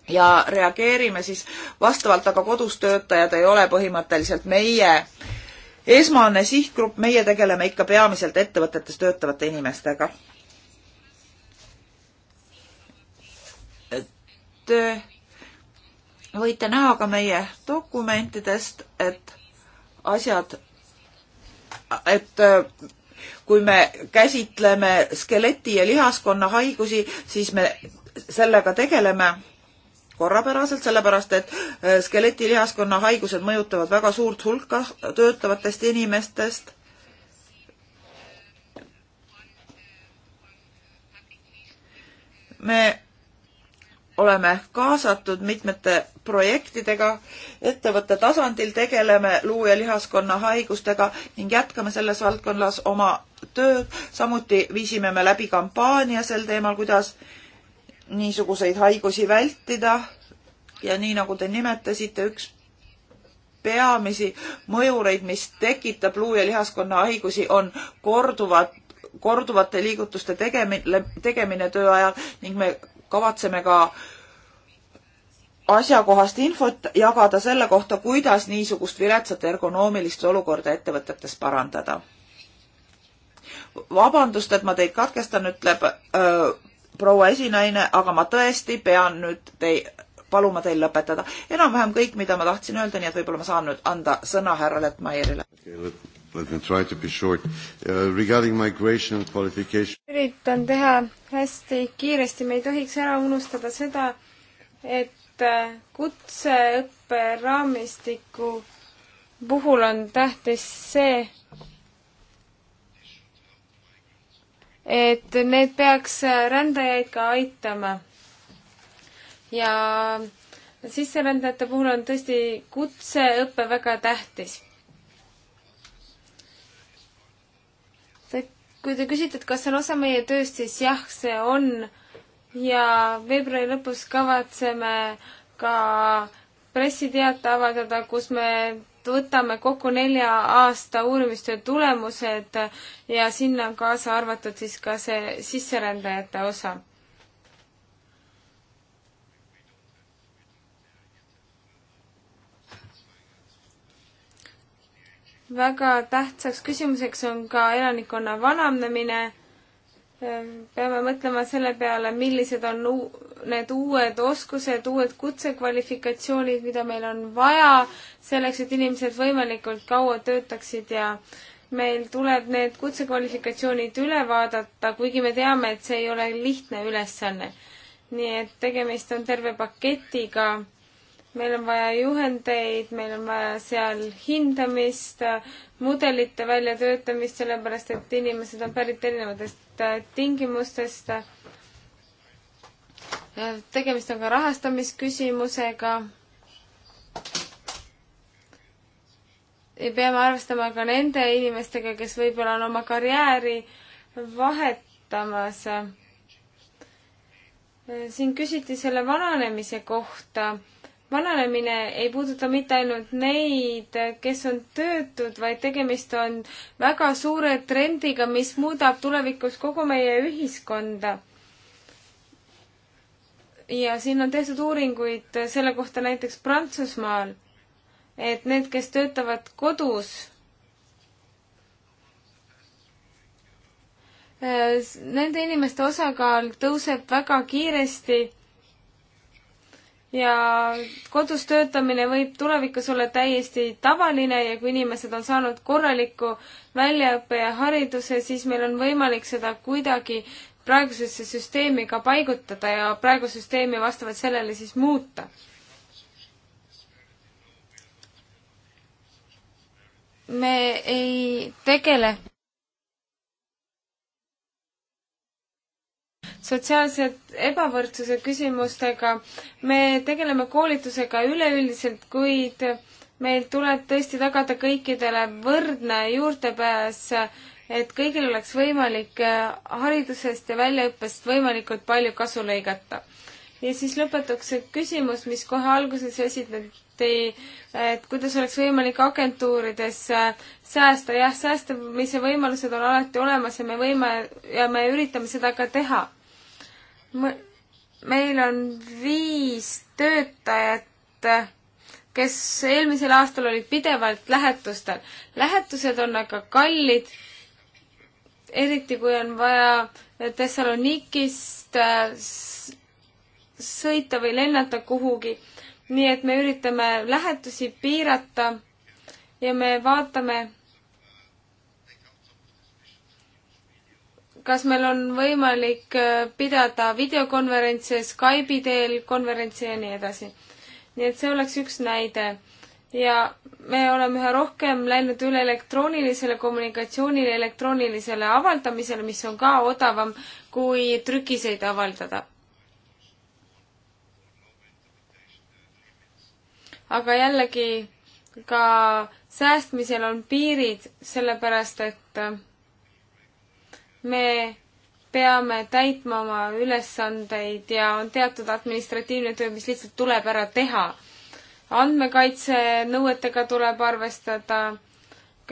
ja reageerime siis vastavalt, aga kodus töötajad ei ole põhimõtteliselt meie esmane sihtgrupp, meie tegeleme ikka peamiselt ettevõtetes töötavate inimestega. et võite näha ka meie dokumentidest, et asjad, et äh, kui me käsitleme skeleti ja lihaskonna haigusi, siis me sellega tegeleme korrapäraselt, sellepärast et äh, skeleti lihaskonna haigused mõjutavad väga suurt hulka töötavatest inimestest. me oleme kaasatud mitmete projektidega, ettevõtte tasandil tegeleme luu- ja lihaskonna haigustega ning jätkame selles valdkonnas oma tööd. samuti viisime me läbi kampaania sel teemal, kuidas niisuguseid haigusi vältida. ja nii nagu te nimetasite, üks peamisi mõjureid, mis tekitab luu- ja lihaskonna haigusi, on korduvad korduvate liigutuste tegemine, tegemine töö ajal ning me kavatseme ka asjakohast infot jagada selle kohta, kuidas niisugust viletsat ergonoomilist olukorda ettevõtetes parandada. vabandust, et ma teid katkestan, ütleb öö, proua esinaine, aga ma tõesti pean nüüd tei-, paluma teil lõpetada. enam-vähem kõik, mida ma tahtsin öelda, nii et võib-olla ma saan nüüd anda sõna härra Lettmaierile okay,. Let me try to be short. Uh, regarding migration and qualification. üritan teha hästi kiiresti, me ei tohiks ära unustada seda, et äh, kutseõppe raamistiku puhul on tähtis see, et need peaks äh, rändajaid ka aitama. ja sisserändajate puhul on tõesti kutseõpe väga tähtis kui te küsite, et kas see on osa meie tööst, siis jah, see on ja veebruari lõpus kavatseme ka pressiteate avaldada, kus me võtame kokku nelja aasta uurimistöö tulemused ja sinna on kaasa arvatud siis ka see sisserändajate osa väga tähtsaks küsimuseks on ka elanikkonna vananemine. Ehm, peame mõtlema selle peale, millised on need uued oskused, uued kutsekvalifikatsioonid, mida meil on vaja selleks, et inimesed võimalikult kaua töötaksid ja meil tuleb need kutsekvalifikatsioonid üle vaadata, kuigi me teame, et see ei ole lihtne ülesanne. nii et tegemist on terve paketiga meil on vaja juhendeid, meil on vaja seal hindamist, mudelite väljatöötamist, sellepärast et inimesed on pärit erinevatest äh, tingimustest. tegemist on ka rahastamisküsimusega. ja peame arvestama ka nende inimestega, kes võib-olla on oma karjääri vahetamas. siin küsiti selle vananemise kohta vananemine ei puuduta mitte ainult neid, kes on töötud, vaid tegemist on väga suure trendiga, mis muudab tulevikus kogu meie ühiskonda. ja siin on tehtud uuringuid selle kohta näiteks Prantsusmaal, et need, kes töötavad kodus, nende inimeste osakaal tõuseb väga kiiresti ja kodus töötamine võib tulevikus olla täiesti tavaline ja kui inimesed on saanud korraliku väljaõppe ja hariduse, siis meil on võimalik seda kuidagi praegusesse süsteemi ka paigutada ja praegust süsteemi vastavalt sellele siis muuta. me ei tegele sotsiaalse ebavõrdsuse küsimustega. me tegeleme koolitusega üleüldiselt, kuid meil tuleb tõesti tagada kõikidele võrdne juurdepääs, et kõigil oleks võimalik haridusest ja väljaõppest võimalikult palju kasu lõigata. ja siis lõpetuks see küsimus, mis kohe alguses esitati, et kuidas oleks võimalik agentuurides säästa. jah, säästamise võimalused on alati olemas ja me võime ja me üritame seda ka teha meil on viis töötajat, kes eelmisel aastal olid pidevalt lähetustel. lähetused on aga kallid, eriti kui on vaja Thessalonikist äh, sõita või lennata kuhugi. nii et me üritame lähetusi piirata ja me vaatame, kas meil on võimalik äh, pidada videokonverentse Skype'i teel, konverentse ja nii edasi. nii et see oleks üks näide. ja me oleme üha rohkem läinud üle elektroonilisele kommunikatsioonile, elektroonilisele avaldamisele, mis on ka odavam kui trükiseid avaldada. aga jällegi, ka säästmisel on piirid, sellepärast et äh, me peame täitma oma ülesandeid ja on teatud administratiivne töö, mis lihtsalt tuleb ära teha. andmekaitse nõuetega tuleb arvestada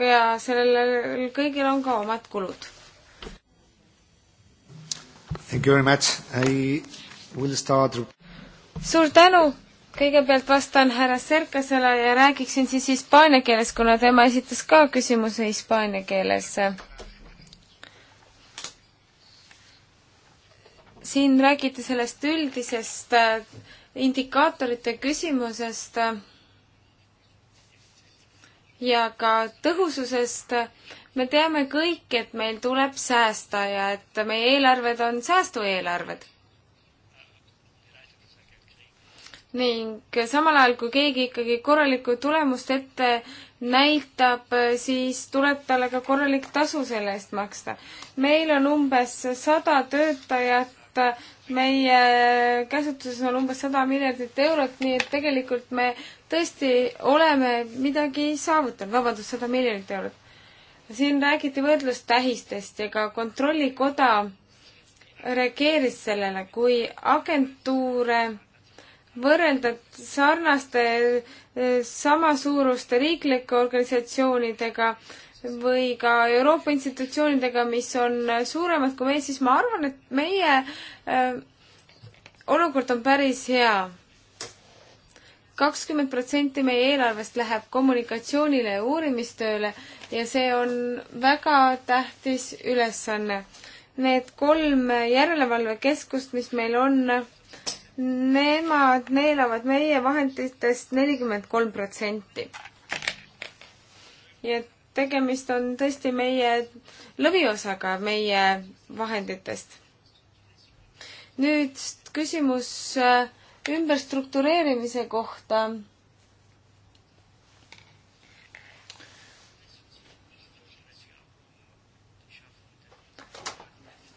ja sellel kõigil on ka omad kulud. Thank you very much, I will start. suur tänu, kõigepealt vastan härra Serkasele ja räägiksin siis hispaania keeles, kuna tema esitas ka küsimuse hispaania keeles siin räägiti sellest üldisest äh, indikaatorite küsimusest äh, ja ka tõhususest. me teame kõik, et meil tuleb säästa ja et meie eelarved on säästueelarved. ning samal ajal, kui keegi ikkagi korralikku tulemust ette näitab, siis tuleb talle ka korralik tasu selle eest maksta. meil on umbes sada töötajat, et meie käsutuses on umbes sada miljardit eurot, nii et tegelikult me tõesti oleme midagi saavutanud, vabandust, sada miljonit eurot. siin räägiti võrdlustähistest ja ka Kontrollikoda reageeris sellele, kui agentuure võrreldad sarnaste eh, sama suuruste riiklike organisatsioonidega, või ka Euroopa institutsioonidega, mis on suuremad kui meie, siis ma arvan, et meie äh, olukord on päris hea. kakskümmend protsenti meie eelarvest läheb kommunikatsioonile ja uurimistööle ja see on väga tähtis ülesanne. Need kolm järelevalvekeskust, mis meil on, nemad neelavad meie vahenditest nelikümmend kolm protsenti. nii et tegemist on tõesti meie lõviosaga meie vahenditest. nüüd küsimus äh, ümberstruktureerimise kohta.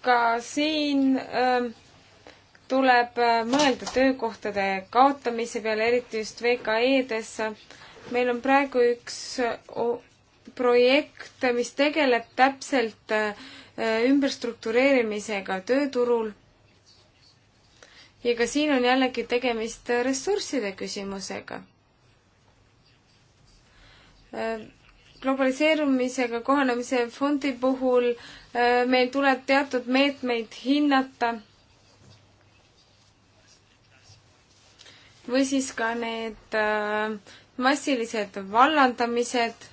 ka siin öö, äh, tuleb äh, mõelda töökohtade kaotamise peale, eriti just VKE-des. meil on praegu üks projekt, mis tegeleb täpselt äh, ümberstruktureerimisega tööturul. ja ka siin on jällegi tegemist äh, ressursside küsimusega. Äh, globaliseerumisega kohanemise fondi puhul meil tuleb teatud meetmeid hinnata või siis ka need äh, massilised vallandamised.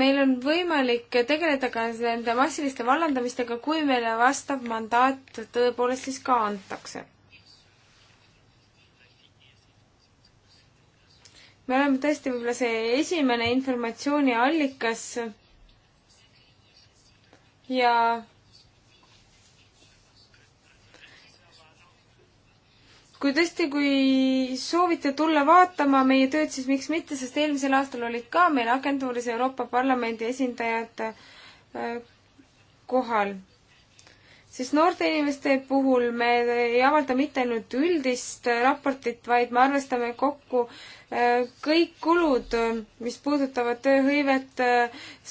meil on võimalik tegeleda ka nende massiliste vallandamistega, kui meile vastav mandaat tõepoolest siis ka antakse. me oleme tõesti võib-olla see esimene informatsiooniallikas ja kui tõesti, kui soovite tulla vaatama meie tööd, siis miks mitte, sest eelmisel aastal olid ka meil agentuuris Euroopa Parlamendi esindajad äh, kohal. sest noorte inimeste puhul me ei avalda mitte ainult üldist äh, raportit, vaid me arvestame kokku äh, kõik kulud, mis puudutavad tööhõivet,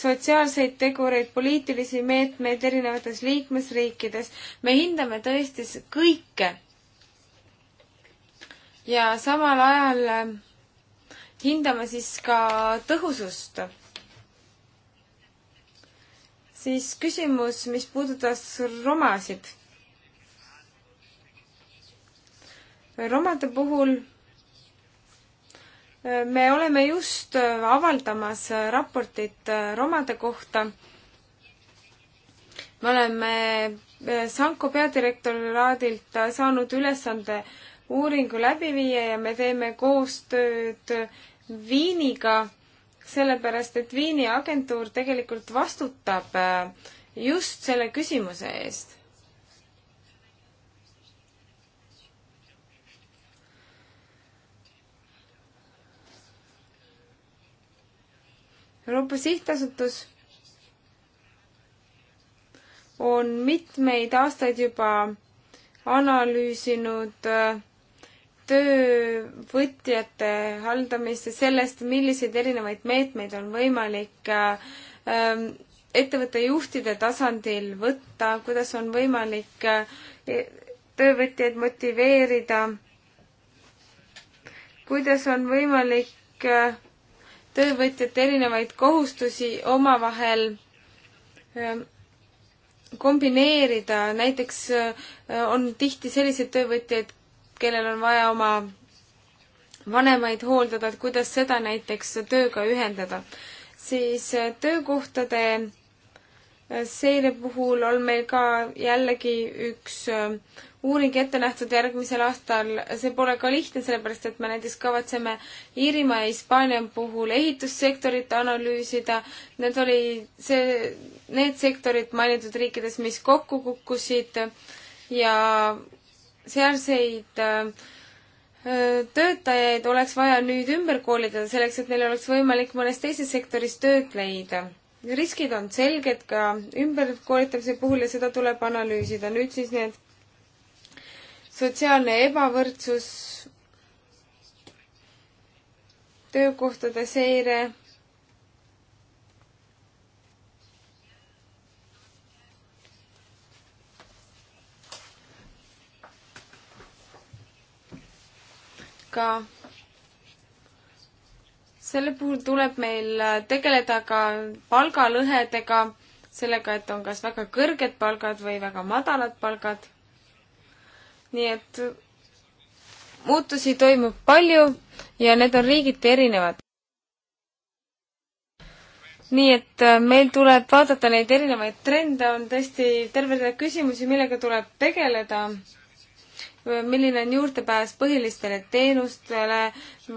sotsiaalseid tegureid, poliitilisi meetmeid erinevates liikmesriikides. me hindame tõesti kõike ja samal ajal eh, hindame siis ka tõhusust. siis küsimus, mis puudutas romasid. romade puhul eh, me oleme just eh, avaldamas raportit romade kohta. me oleme Sanko peadirektoraadilt saanud ülesande uuringu läbi viia ja me teeme koostööd Viiniga, sellepärast et Viini agentuur tegelikult vastutab äh, just selle küsimuse eest. Euroopa Sihtasutus on mitmeid aastaid juba analüüsinud äh, töövõtjate haldamist ja sellest, milliseid erinevaid meetmeid on võimalik ähm, ettevõtte juhtide tasandil võtta, kuidas on võimalik äh, töövõtjaid motiveerida, kuidas on võimalik äh, töövõtjate erinevaid kohustusi omavahel ähm, kombineerida, näiteks äh, on tihti selliseid töövõtjaid, kellel on vaja oma vanemaid hooldada, et kuidas seda näiteks tööga ühendada. siis äh, töökohtade äh, seire puhul on meil ka jällegi üks äh, uuring ette nähtud järgmisel aastal, see pole ka lihtne, sellepärast et me näiteks kavatseme Iirimaa ja Hispaania puhul ehitussektorit analüüsida. Need oli see, need sektorid mainitud riikides, mis kokku kukkusid ja sealseid äh, äh, töötajaid oleks vaja nüüd ümber koolitada selleks, et neil oleks võimalik mõnes teises sektoris tööd leida. riskid on selged ka ümberkoolitamise puhul ja seda tuleb analüüsida. nüüd siis need sotsiaalne ebavõrdsus, töökohtade seire aga selle puhul tuleb meil tegeleda ka palgalõhedega, sellega, et on kas väga kõrged palgad või väga madalad palgad. nii et muutusi toimub palju ja need on riigiti erinevad. nii et äh, meil tuleb vaadata neid erinevaid trende, on tõesti terve rida küsimusi, millega tuleb tegeleda milline on juurdepääs põhilistele teenustele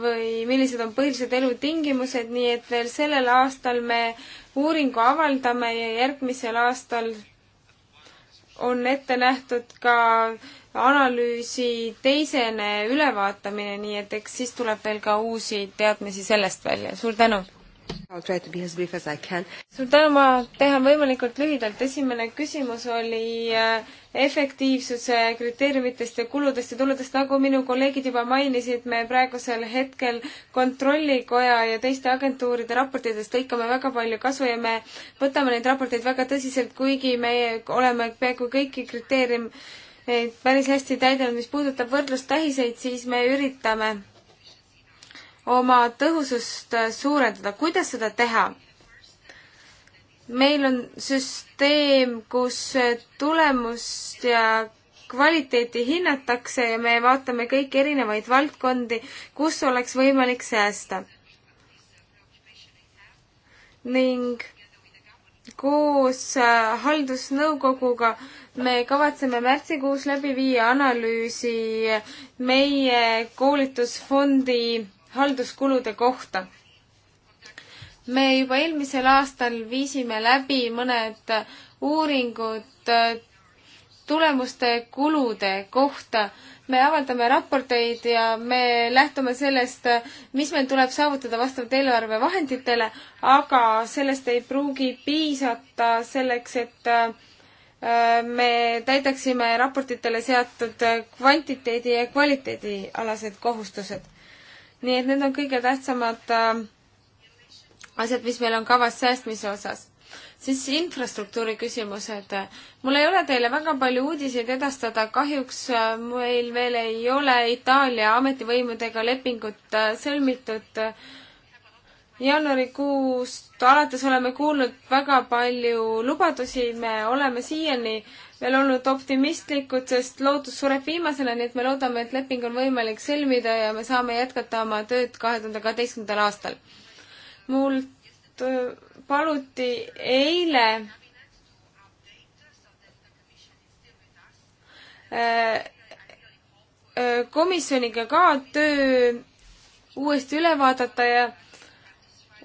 või millised on põhilised elutingimused, nii et veel sellel aastal me uuringu avaldame ja järgmisel aastal on ette nähtud ka analüüsi teisene ülevaatamine, nii et eks siis tuleb veel ka uusi teadmisi sellest välja. suur tänu! suur tänu, ma tean võimalikult lühidalt. esimene küsimus oli äh, efektiivsuse kriteeriumitest ja kuludest ja tuludest. nagu minu kolleegid juba mainisid, me praegusel hetkel Kontrollikoja ja teiste agentuuride raportitest lõikame väga palju kasu ja me võtame neid raporteid väga tõsiselt, kuigi me oleme peaaegu kõiki kriteeriume päris hästi täidanud. mis puudutab võrdlustähiseid, siis me üritame oma tõhusust suurendada, kuidas seda teha? meil on süsteem, kus tulemust ja kvaliteeti hinnatakse ja me vaatame kõiki erinevaid valdkondi, kus oleks võimalik säästa. ning koos äh, haldusnõukoguga me kavatseme märtsikuus läbi viia analüüsi meie koolitusfondi halduskulude kohta. me juba eelmisel aastal viisime läbi mõned uuringud äh, tulemuste kulude kohta. me avaldame raporteid ja me lähtume sellest, mis meil tuleb saavutada vastavalt eelarvevahenditele, aga sellest ei pruugi piisata selleks, et äh, me täidaksime raportitele seatud kvantiteedi ja kvaliteedi alased kohustused nii et need on kõige tähtsamad äh, asjad, mis meil on kavas säästmise osas. siis infrastruktuuri küsimused. mul ei ole teile väga palju uudiseid edastada, kahjuks äh, meil veel ei ole Itaalia ametivõimudega lepingut äh, sõlmitud äh, jaanuarikuust alates oleme kuulnud väga palju lubadusi, me oleme siiani veel olnud optimistlikud, sest lootus sureb viimasena, nii et me loodame, et leping on võimalik sõlmida ja me saame jätkata oma tööd kahe tuhande kaheteistkümnendal aastal. mult paluti eile komisjoniga ka töö uuesti üle vaadata ja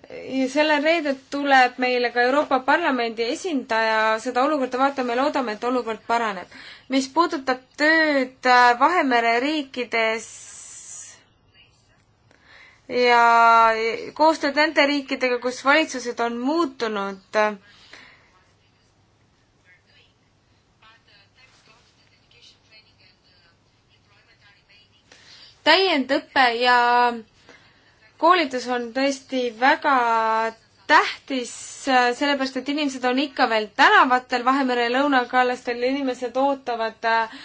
ja sellel reedel tuleb meile ka Euroopa Parlamendi esindaja seda olukorda vaatama ja loodame, et olukord paraneb. mis puudutab tööd äh, Vahemere riikides ja koostööd nende riikidega, kus valitsused on muutunud, täiendõpe ja äh, koolitus on tõesti väga tähtis, sellepärast et inimesed on ikka veel tänavatel, Vahemere lõunakallastel inimesed ootavad äh,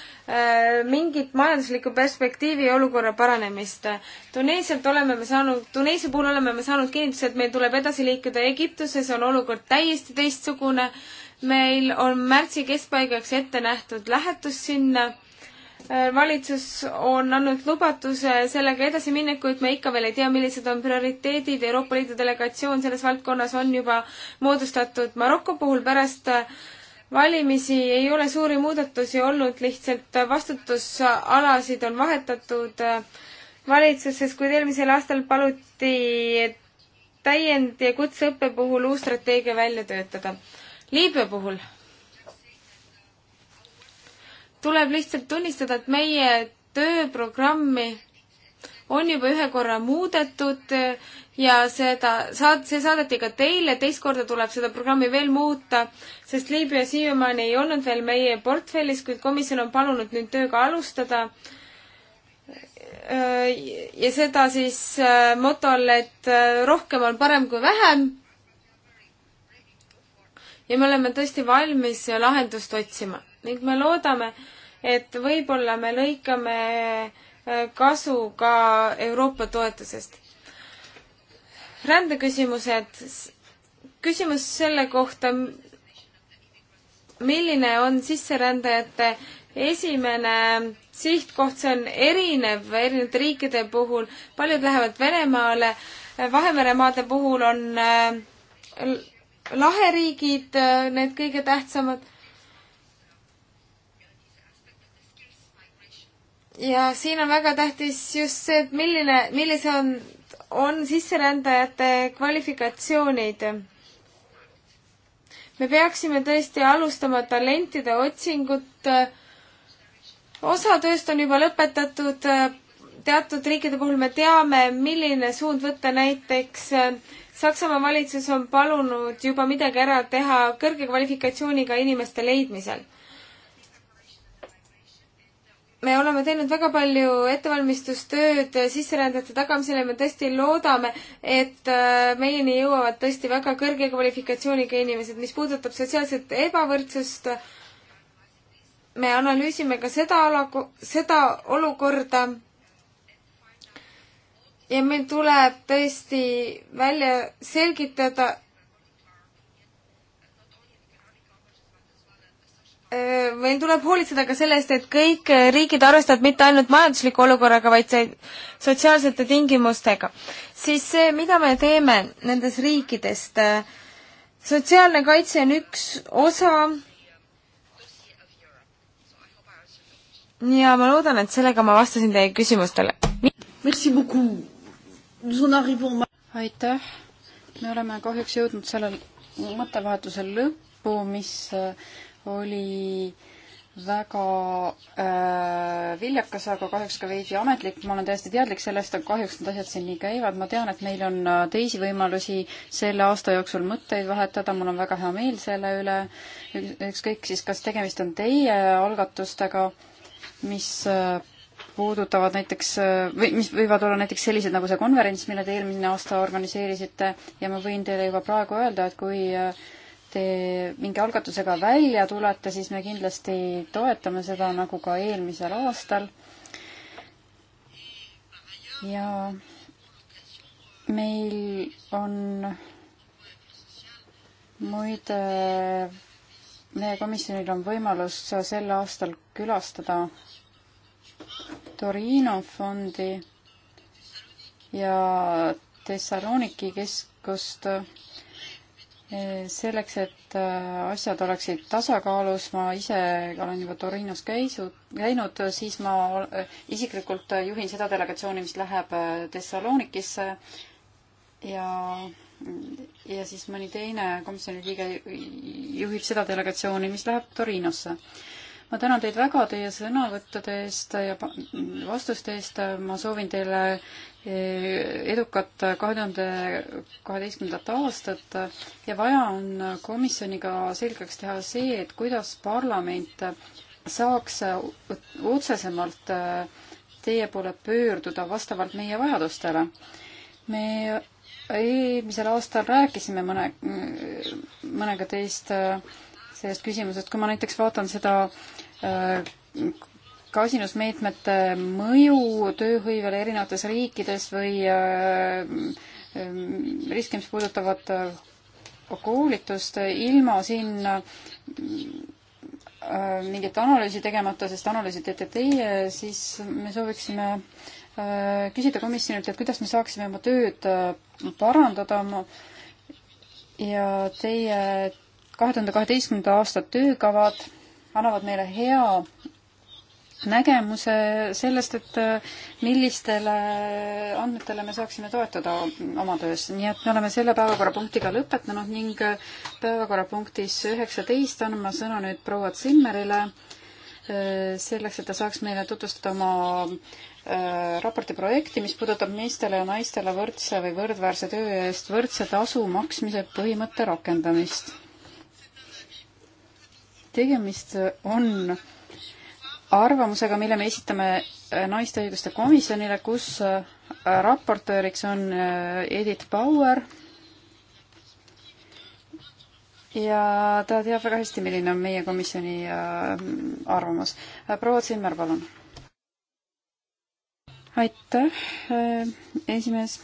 mingit majanduslikku perspektiivi ja olukorra paranemist. Tuneesialt oleme me saanud, Tuneesia puhul oleme me saanud kinnituse, et meil tuleb edasi liikuda Egiptuses, on olukord täiesti teistsugune. meil on märtsi keskpaigaks ette nähtud lähetus sinna Äh, valitsus on andnud lubatuse sellega edasi minna, kuid me ikka veel ei tea, millised on prioriteedid. Euroopa Liidu delegatsioon selles valdkonnas on juba moodustatud Maroko puhul pärast äh, valimisi ei ole suuri muudatusi olnud, lihtsalt vastutusalasid on vahetatud äh, valitsuses, kuid eelmisel aastal paluti täiend- ja kutseõppe puhul uus strateegia välja töötada. Liibüa puhul tuleb lihtsalt tunnistada, et meie tööprogrammi on juba ühe korra muudetud ja seda saad-, see saadeti ka teile, teist korda tuleb seda programmi veel muuta, sest Liibüa siiamaani ei olnud veel meie portfellis, kuid komisjon on palunud nüüd tööga alustada. ja seda siis äh, motol, et äh, rohkem on parem kui vähem. ja me oleme tõesti valmis lahendust otsima ning me loodame, et võib-olla me lõikame äh, kasu ka Euroopa toetusest. rändeküsimused, küsimus selle kohta, milline on sisserändajate esimene sihtkoht, see on erinev erinevate riikide puhul, paljud lähevad Venemaale, Vahemere maade puhul on äh, laheriigid äh, need kõige tähtsamad ja siin on väga tähtis just see, et milline, millised on, on sisserändajate kvalifikatsioonid. me peaksime tõesti alustama talentide otsingut. osa tööst on juba lõpetatud. teatud riikide puhul me teame, milline suund võtta näiteks Saksamaa valitsus on palunud juba midagi ära teha kõrge kvalifikatsiooniga inimeste leidmisel me oleme teinud väga palju ettevalmistustööd sisserändajate tagamisel ja me tõesti loodame, et äh, meieni jõuavad tõesti väga kõrge kvalifikatsiooniga inimesed. mis puudutab sotsiaalset ebavõrdsust, me analüüsime ka seda ala, seda olukorda. ja meil tuleb tõesti välja selgitada, meil äh, tuleb hoolitseda ka selle eest, et kõik äh, riigid arvestavad mitte ainult majandusliku olukorraga, vaid sotsiaalsete tingimustega. siis see, mida me teeme nendes riikidest, äh, sotsiaalne kaitse on üks osa ja ma loodan, et sellega ma vastasin teie küsimustele. aitäh, me oleme kahjuks jõudnud sellel mõttevahetusel lõppu, mis oli väga äh, viljakas, aga kahjuks ka veidi ametlik, ma olen täiesti teadlik sellest, aga kahjuks need asjad siin nii käivad, ma tean, et meil on äh, teisi võimalusi selle aasta jooksul mõtteid vahetada, mul on väga hea meel selle üle, ükskõik siis, kas tegemist on teie algatustega, mis äh, puudutavad näiteks äh, või mis võivad olla näiteks sellised nagu see konverents, mille te eelmine aasta organiseerisite ja ma võin teile juba praegu öelda, et kui äh, te mingi algatusega välja tulete, siis me kindlasti toetame seda, nagu ka eelmisel aastal. ja meil on muide, meie komisjonil on võimalus sel aastal külastada Torino fondi ja Thessaloniki keskust selleks, et äh, asjad oleksid tasakaalus, ma ise olen juba Torinos käisud, käinud, siis ma isiklikult juhin seda delegatsiooni, mis läheb äh, Thessalonikisse ja, ja siis mõni teine komisjoni liige juhib seda delegatsiooni, mis läheb Torinosse. ma tänan teid väga teie sõnavõttude eest ja vastuste eest, ma soovin teile edukat kahe tuhande kaheteistkümnendat aastat ja vaja on komisjoniga selgeks teha see, et kuidas parlament saaks otsesemalt teie poole pöörduda vastavalt meie vajadustele. me eelmisel aastal rääkisime mõne, mõnega teist sellest küsimusest, kui ma näiteks vaatan seda äh, kasinusmeetmete mõju tööhõivele erinevates riikides või äh, mm, riske, mis puudutavad äh, koolitust, ilma siin äh, mingit analüüsi tegemata, sest analüüsi teete teie, siis me sooviksime küsida komisjonilt, et kuidas me saaksime oma tööd parandada oma ja teie kahe tuhande kaheteistkümnenda aasta töökavad annavad meile hea nägemuse sellest, et äh, millistele andmetele me saaksime toetuda oma töös. nii et me oleme selle päevakorrapunktiga lõpetanud ning äh, päevakorrapunktis üheksateist annan ma sõna nüüd proua Zimmerile äh, selleks, et ta saaks meile tutvustada oma raporti projekti, mis puudutab meestele ja naistele võrdse või võrdväärse töö eest võrdse tasu maksmise põhimõtte rakendamist. tegemist on arvamusega, mille me esitame äh, naiste õiguste komisjonile, kus äh, raportööriks on äh, Edith Bauer. ja ta teab väga hästi, milline on meie komisjoni arvamus. proua Zimmer, palun. aitäh, esimees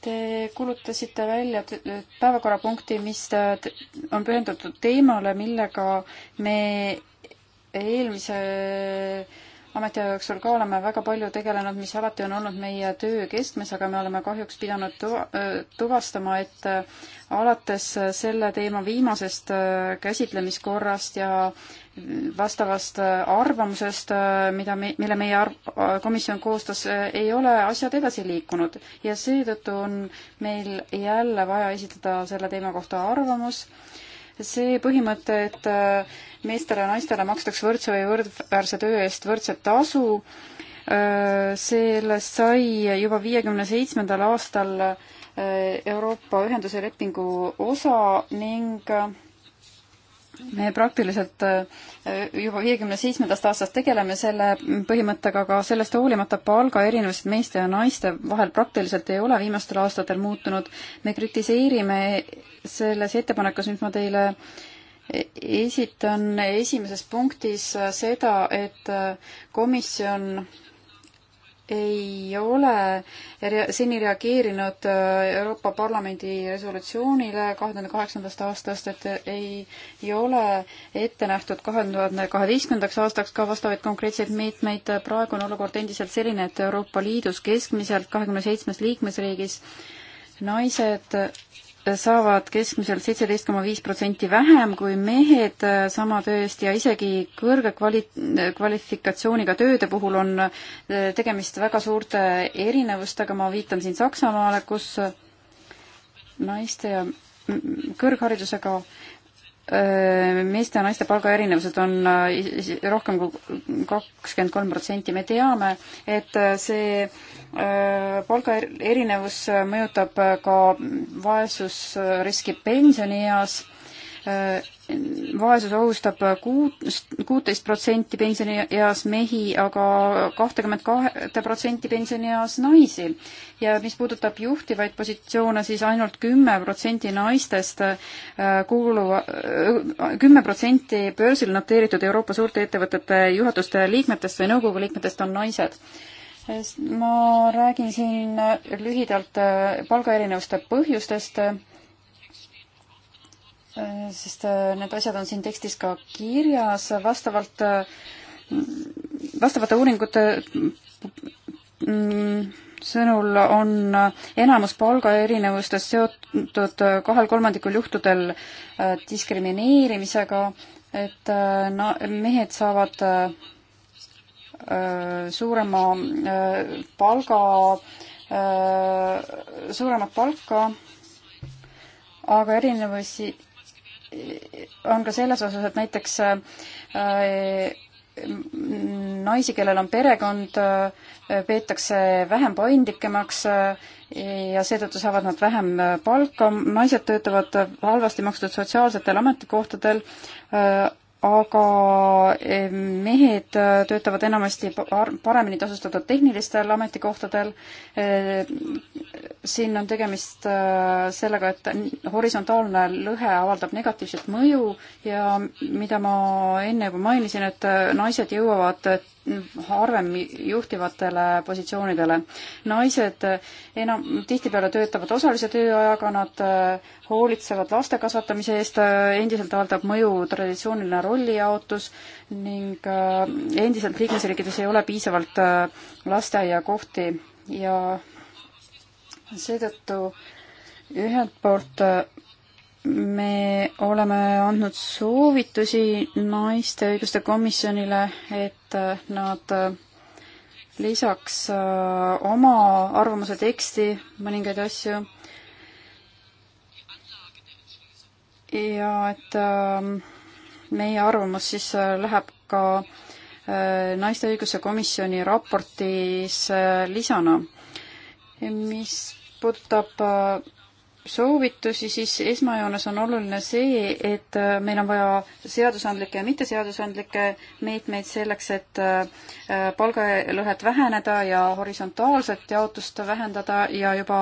Te kulutasite välja päevakorrapunkti, mis on pühendatud teemale, millega me eelmise ametiaja jooksul ka oleme väga palju tegelenud, mis alati on olnud meie töö keskmes, aga me oleme kahjuks pidanud tuva, tuvastama, et alates selle teema viimasest äh, käsitlemiskorrast ja äh, vastavast äh, arvamusest, äh, mida me, mille meie arv-, äh, komisjon koostas, ei ole asjad edasi liikunud ja seetõttu on meil jälle vaja esitada selle teema kohta arvamus. see põhimõte, et meestele ja naistele makstaks võrdse või võrdväärse töö eest võrdset tasu, sellest sai juba viiekümne seitsmendal aastal Euroopa ühenduse lepingu osa ning me praktiliselt äh, juba viiekümne seitsmendast aastast tegeleme selle põhimõttega, aga sellest hoolimata palgaerinevused meeste ja naiste vahel praktiliselt ei ole viimastel aastatel muutunud. me kritiseerime selles ettepanekus, mis ma teile esitan esimeses punktis seda, et komisjon ei ole seni reageerinud äh, Euroopa Parlamendi resolutsioonile kahe tuhande kaheksandast aastast, et ei, ei ole ette nähtud kahe tuhande kaheteistkümnendaks aastaks ka vastavaid konkreetseid meetmeid. praegu on olukord endiselt selline, et Euroopa Liidus keskmiselt kahekümne seitsmes liikmesriigis naised saavad keskmiselt seitseteist koma viis protsenti vähem kui mehed äh, sama töö eest ja isegi kõrge kvali-, kvalifikatsiooniga tööde puhul on äh, tegemist väga suurte erinevustega, ma viitan siin Saksamaale, kus naiste ja kõrgharidusega Äh, meeste ja naiste palgaerinevused on äh, rohkem kui kakskümmend kolm protsenti. me teame, et äh, see palgaerinevus er-, mõjutab ka vaesusriski pensionieas vaesus ohustab kuut, kuuteist protsenti pensionieas mehi aga, aga kahtekümmet kahte protsenti pensionieas naisi. ja mis puudutab juhtivaid positsioone, siis ainult kümme protsenti naistest äh, kuuluva, äh, kümme protsenti börsil noteeritud Euroopa suurte ettevõtete juhatuste liikmetest või nõukogu liikmetest on naised ma räägin siin lühidalt äh, palgaerinevuste põhjustest sest äh, need asjad on siin tekstis ka kirjas, vastavalt, äh, vastavate uuringute mm, sõnul on enamus palgaerinevustest seotud kahel kolmandikul juhtudel äh, diskrimineerimisega, et na-, mehed saavad suurema palga, suuremat palka, aga erinevusi on ka selles osas, et näiteks äh, naisi, kellel on perekond, äh, peetakse vähem paindlikemaks äh, ja seetõttu saavad nad vähem palka, naised töötavad halvasti makstud sotsiaalsetel ametikohtadel, aga eh, mehed äh, töötavad enamasti paremini tasustatud tehnilistel ametikohtadel. Eh, siin on tegemist äh, sellega, et horisontaalne lõhe avaldab negatiivset mõju ja mida ma enne juba mainisin, et äh, naised jõuavad harvem juhtivatele positsioonidele. naised enam, tihtipeale töötavad osalise tööajaga, nad äh, hoolitsevad laste kasvatamise eest, äh, endiselt avaldab mõju traditsiooniline rollijaotus ning äh, endiselt liikmesriikides ei ole piisavalt lasteaiakohti ja seetõttu ühelt poolt me oleme andnud soovitusi naiste õiguste komisjonile, et nad lisaks äh, oma arvamuse teksti mõningaid asju ja et äh, meie arvamus siis äh, läheb ka naiste õiguse komisjoni raportis lisana, mis puudutab soovitusi, siis esmajoones on oluline see, et äh, meil on vaja seadusandlikke ja mitteseadusandlikke meetmeid selleks, et äh, palgalõhet väheneda ja horisontaalset jaotust vähendada ja juba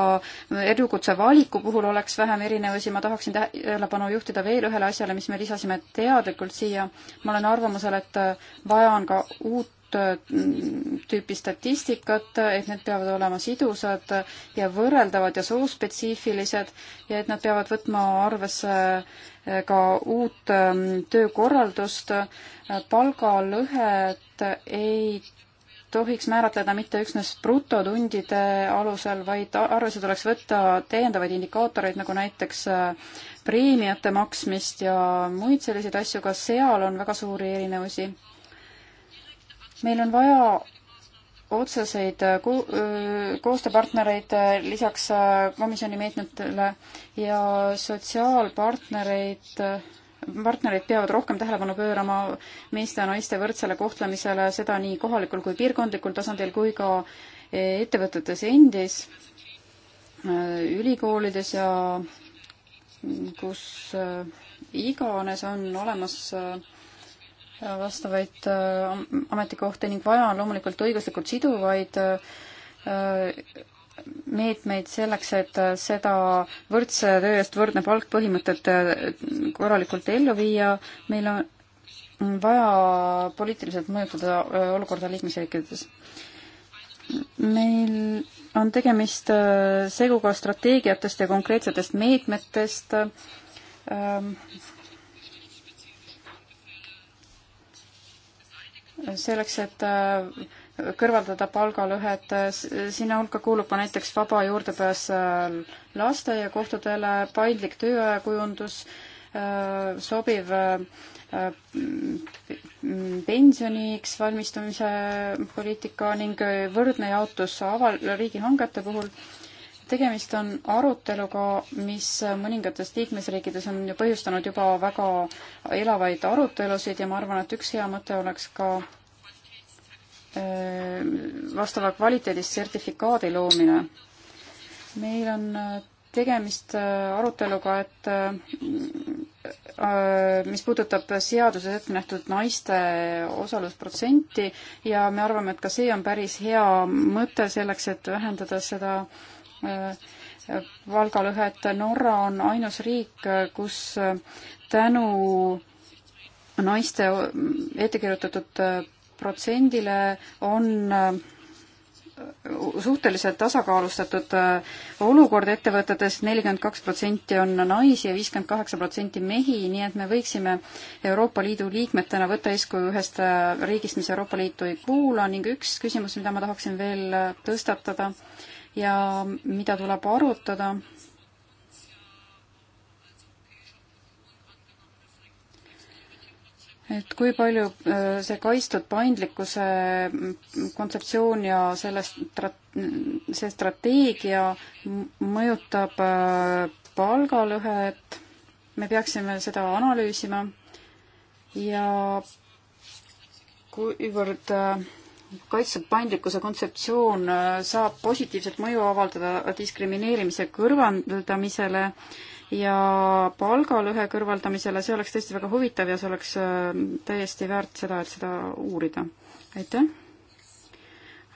elukutse valiku puhul oleks vähem erinevusi. ma tahaksin tähelepanu juhtida veel ühele asjale, mis me lisasime teadlikult siia. ma olen arvamusel, et äh, vaja on ka uut Äh, tüüpi statistikat, et need peavad olema sidusad ja võrreldavad ja soospetsiifilised ja et nad peavad võtma arvesse äh, ka uut ähm, töökorraldust. Äh, palgalõhet ei tohiks määratleda mitte üksnes brutotundide alusel, vaid arvesse tuleks võtta täiendavaid indikaatoreid, nagu näiteks preemiate maksmist ja muid selliseid asju, ka seal on väga suuri erinevusi meil on vaja otseseid äh, ko äh, koostööpartnereid äh, lisaks komisjoni meetmetele ja sotsiaalpartnereid partnerid peavad rohkem tähelepanu pöörama meeste ja naiste võrdsele kohtlemisele, seda nii kohalikul kui piirkondlikul tasandil kui ka ettevõtetes endis, ülikoolides ja mm, kus iganes on olemas äh, vastavaid äh, ametikohti ning vaja on loomulikult õiguslikult siduvaid äh, meetmeid selleks, et äh, seda võrdse töö eest võrdne palk põhimõtet korralikult ellu viia. meil on vaja poliitiliselt mõjutada olukorda liikmesriikides. meil on tegemist seguga strateegiatest ja konkreetsetest meetmetest selleks, et äh, kõrvaldada palgalõhet, äh, sinna hulka kuulub ka näiteks vaba juurdepääs äh, lasteaiakohtadele, paindlik tööaja kujundus, sobiv mm, pensioniks valmistumise poliitika ning võrdne jaotus aval-, riigihangete puhul tegemist on aruteluga, mis mõningates liikmesriikides on põhjustanud juba väga elavaid arutelusid ja ma arvan, et üks hea mõte oleks ka äh, vastava kvaliteedist sertifikaadi loomine. meil on äh, tegemist äh, aruteluga, et mis puudutab seaduses ette nähtud naiste osalusprotsenti ja me arvame, et ka see on päris hea mõte selleks, et vähendada seda äh, palgalõhet. Norra on ainus riik, kus tänu naiste ettekirjutatud protsendile on suhteliselt tasakaalustatud olukord ettevõtetes, nelikümmend kaks protsenti on naisi ja viiskümmend kaheksa protsenti mehi, nii et me võiksime Euroopa Liidu liikmetena võtta eeskuju ühest riigist, mis Euroopa Liitu ei kuula ning üks küsimus, mida ma tahaksin veel tõstatada, ja mida tuleb arutada. et kui palju äh, see kaitstud paindlikkuse kontseptsioon ja sellest, see strateegia mõjutab äh, palgalõhet, me peaksime seda analüüsima ja kuivõrd äh, kaitstud paindlikkuse kontseptsioon äh, saab positiivset mõju avaldada diskrimineerimise kõrvaldamisele ja palgalõhe kõrvaldamisele, see oleks tõesti väga huvitav ja see oleks äh, täiesti väärt seda, et seda uurida. aitäh!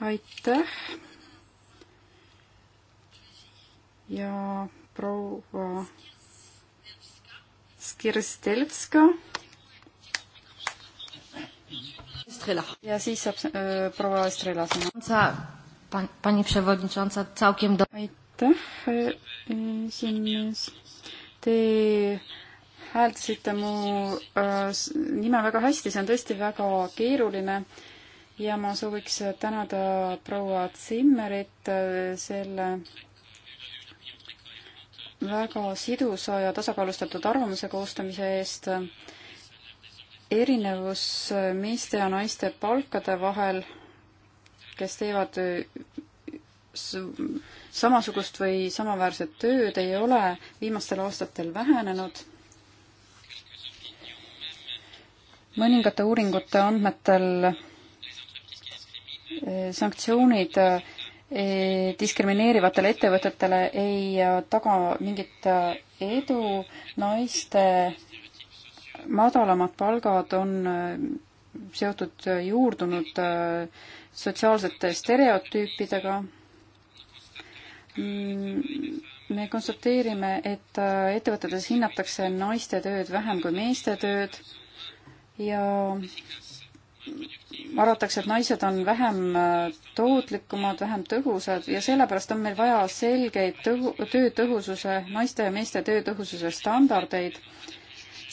aitäh! ja proua Skirstelska Estrela. ja siis saab äh, proua Estrela sõna. Pan-, pani przewodnicząca całkiem do-. aitäh, äh, esimees. Te hääldasite mu äh, nime väga hästi, see on tõesti väga keeruline ja ma sooviks tänada proua Zimmerit äh, selle väga sidusa ja tasakaalustatud arvamuse koostamise eest äh, erinevus meeste ja naiste palkade vahel, kes teevad samasugust või samaväärset tööd, ei ole viimastel aastatel vähenenud. mõningate uuringute andmetel eh, sanktsioonid eh, diskrimineerivatele ettevõtetele ei taga mingit eh, edu, naiste madalamad palgad on äh, seotud äh, juurdunud äh, sotsiaalsete stereotüüpidega. Mm, me konstateerime, et ettevõtetes hinnatakse naiste tööd vähem kui meeste tööd ja arvatakse, et naised on vähem tootlikumad, vähem tõhusad ja sellepärast on meil vaja selgeid tõhu-, töötõhususe, naiste ja meeste töötõhususe standardeid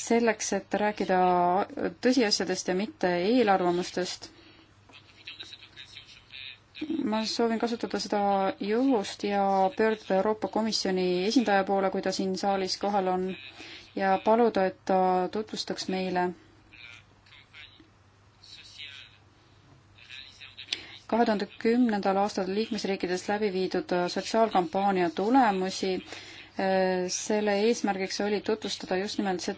selleks, et rääkida tõsiasjadest ja mitte eelarvamustest. ma soovin kasutada seda juhust ja pöörduda Euroopa Komisjoni esindaja poole, kui ta siin saalis kohal on, ja paluda, et ta tutvustaks meile kahe tuhande kümnendal aastal liikmesriikides läbi viidud sotsiaalkampaania tulemusi selle eesmärgiks oli tutvustada just nimelt see,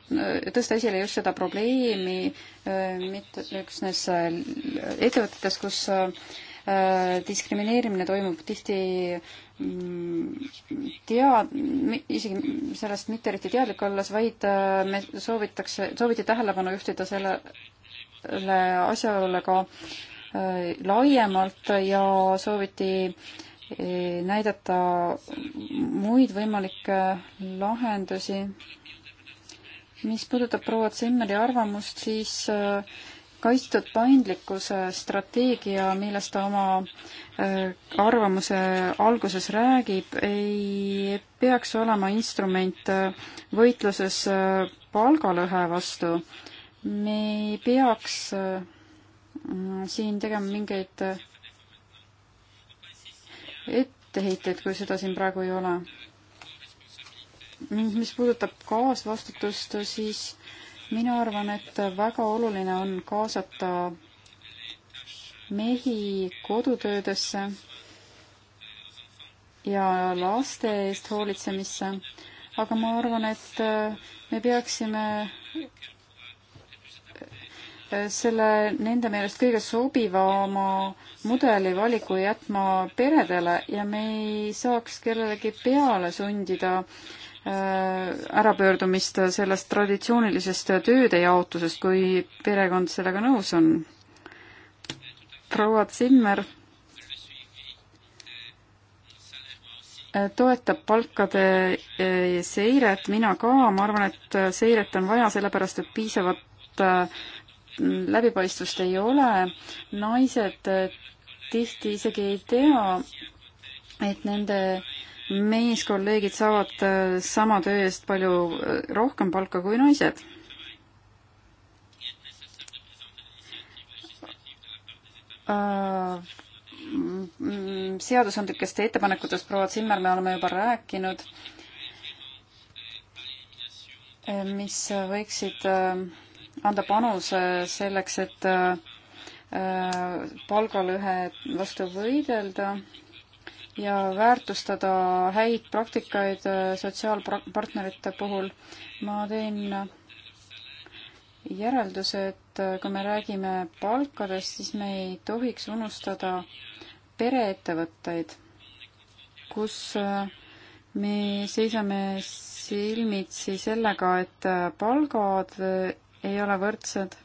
tõsta esile just seda probleemi, äh, mitte üksnes äh, ettevõtetes, kus äh, diskrimineerimine toimub tihti mm, tead-, isegi sellest mitte eriti teadlik olles, vaid me soovitakse, sooviti tähelepanu juhtida sellele asjaolule ka laiemalt ja sooviti äh, näidata muid võimalikke lahendusi. mis puudutab proua Zimmeri arvamust, siis äh, kaitstud paindlikkuse strateegia, millest ta oma äh, arvamuse alguses räägib, ei peaks olema instrument äh, võitluses palgalõhe vastu. me ei peaks siin tegema mingeid etteheited, kui seda siin praegu ei ole. ning mis puudutab kaasvastutust, siis mina arvan, et väga oluline on kaasata mehi kodutöödesse ja laste eest hoolitsemisse, aga ma arvan, et me peaksime selle nende meelest kõige sobivama mudeli valiku jätma peredele ja me ei saaks kellelegi peale sundida äh, ärapöördumist sellest traditsioonilisest tööde jaotusest, kui perekond sellega nõus on. proua Zimmer äh, toetab palkade äh, seiret, mina ka, ma arvan, et seiret on vaja, sellepärast et piisavat läbipaistvust ei ole, naised tihti isegi ei tea, et nende meeskolleegid saavad äh, sama töö eest palju äh, rohkem palka kui naised. Äh, mm, seadusandlikest ettepanekutest proua Zimmer me oleme juba rääkinud, mis võiksid äh, anda panuse selleks, et äh, palgalõhe vastu võidelda ja väärtustada häid praktikaid äh, sotsiaalpartnerite puhul. ma teen järelduse, et äh, kui me räägime palkadest, siis me ei tohiks unustada pereettevõtteid, kus me seisame silmitsi sellega, et palgad ei ole võrdsed,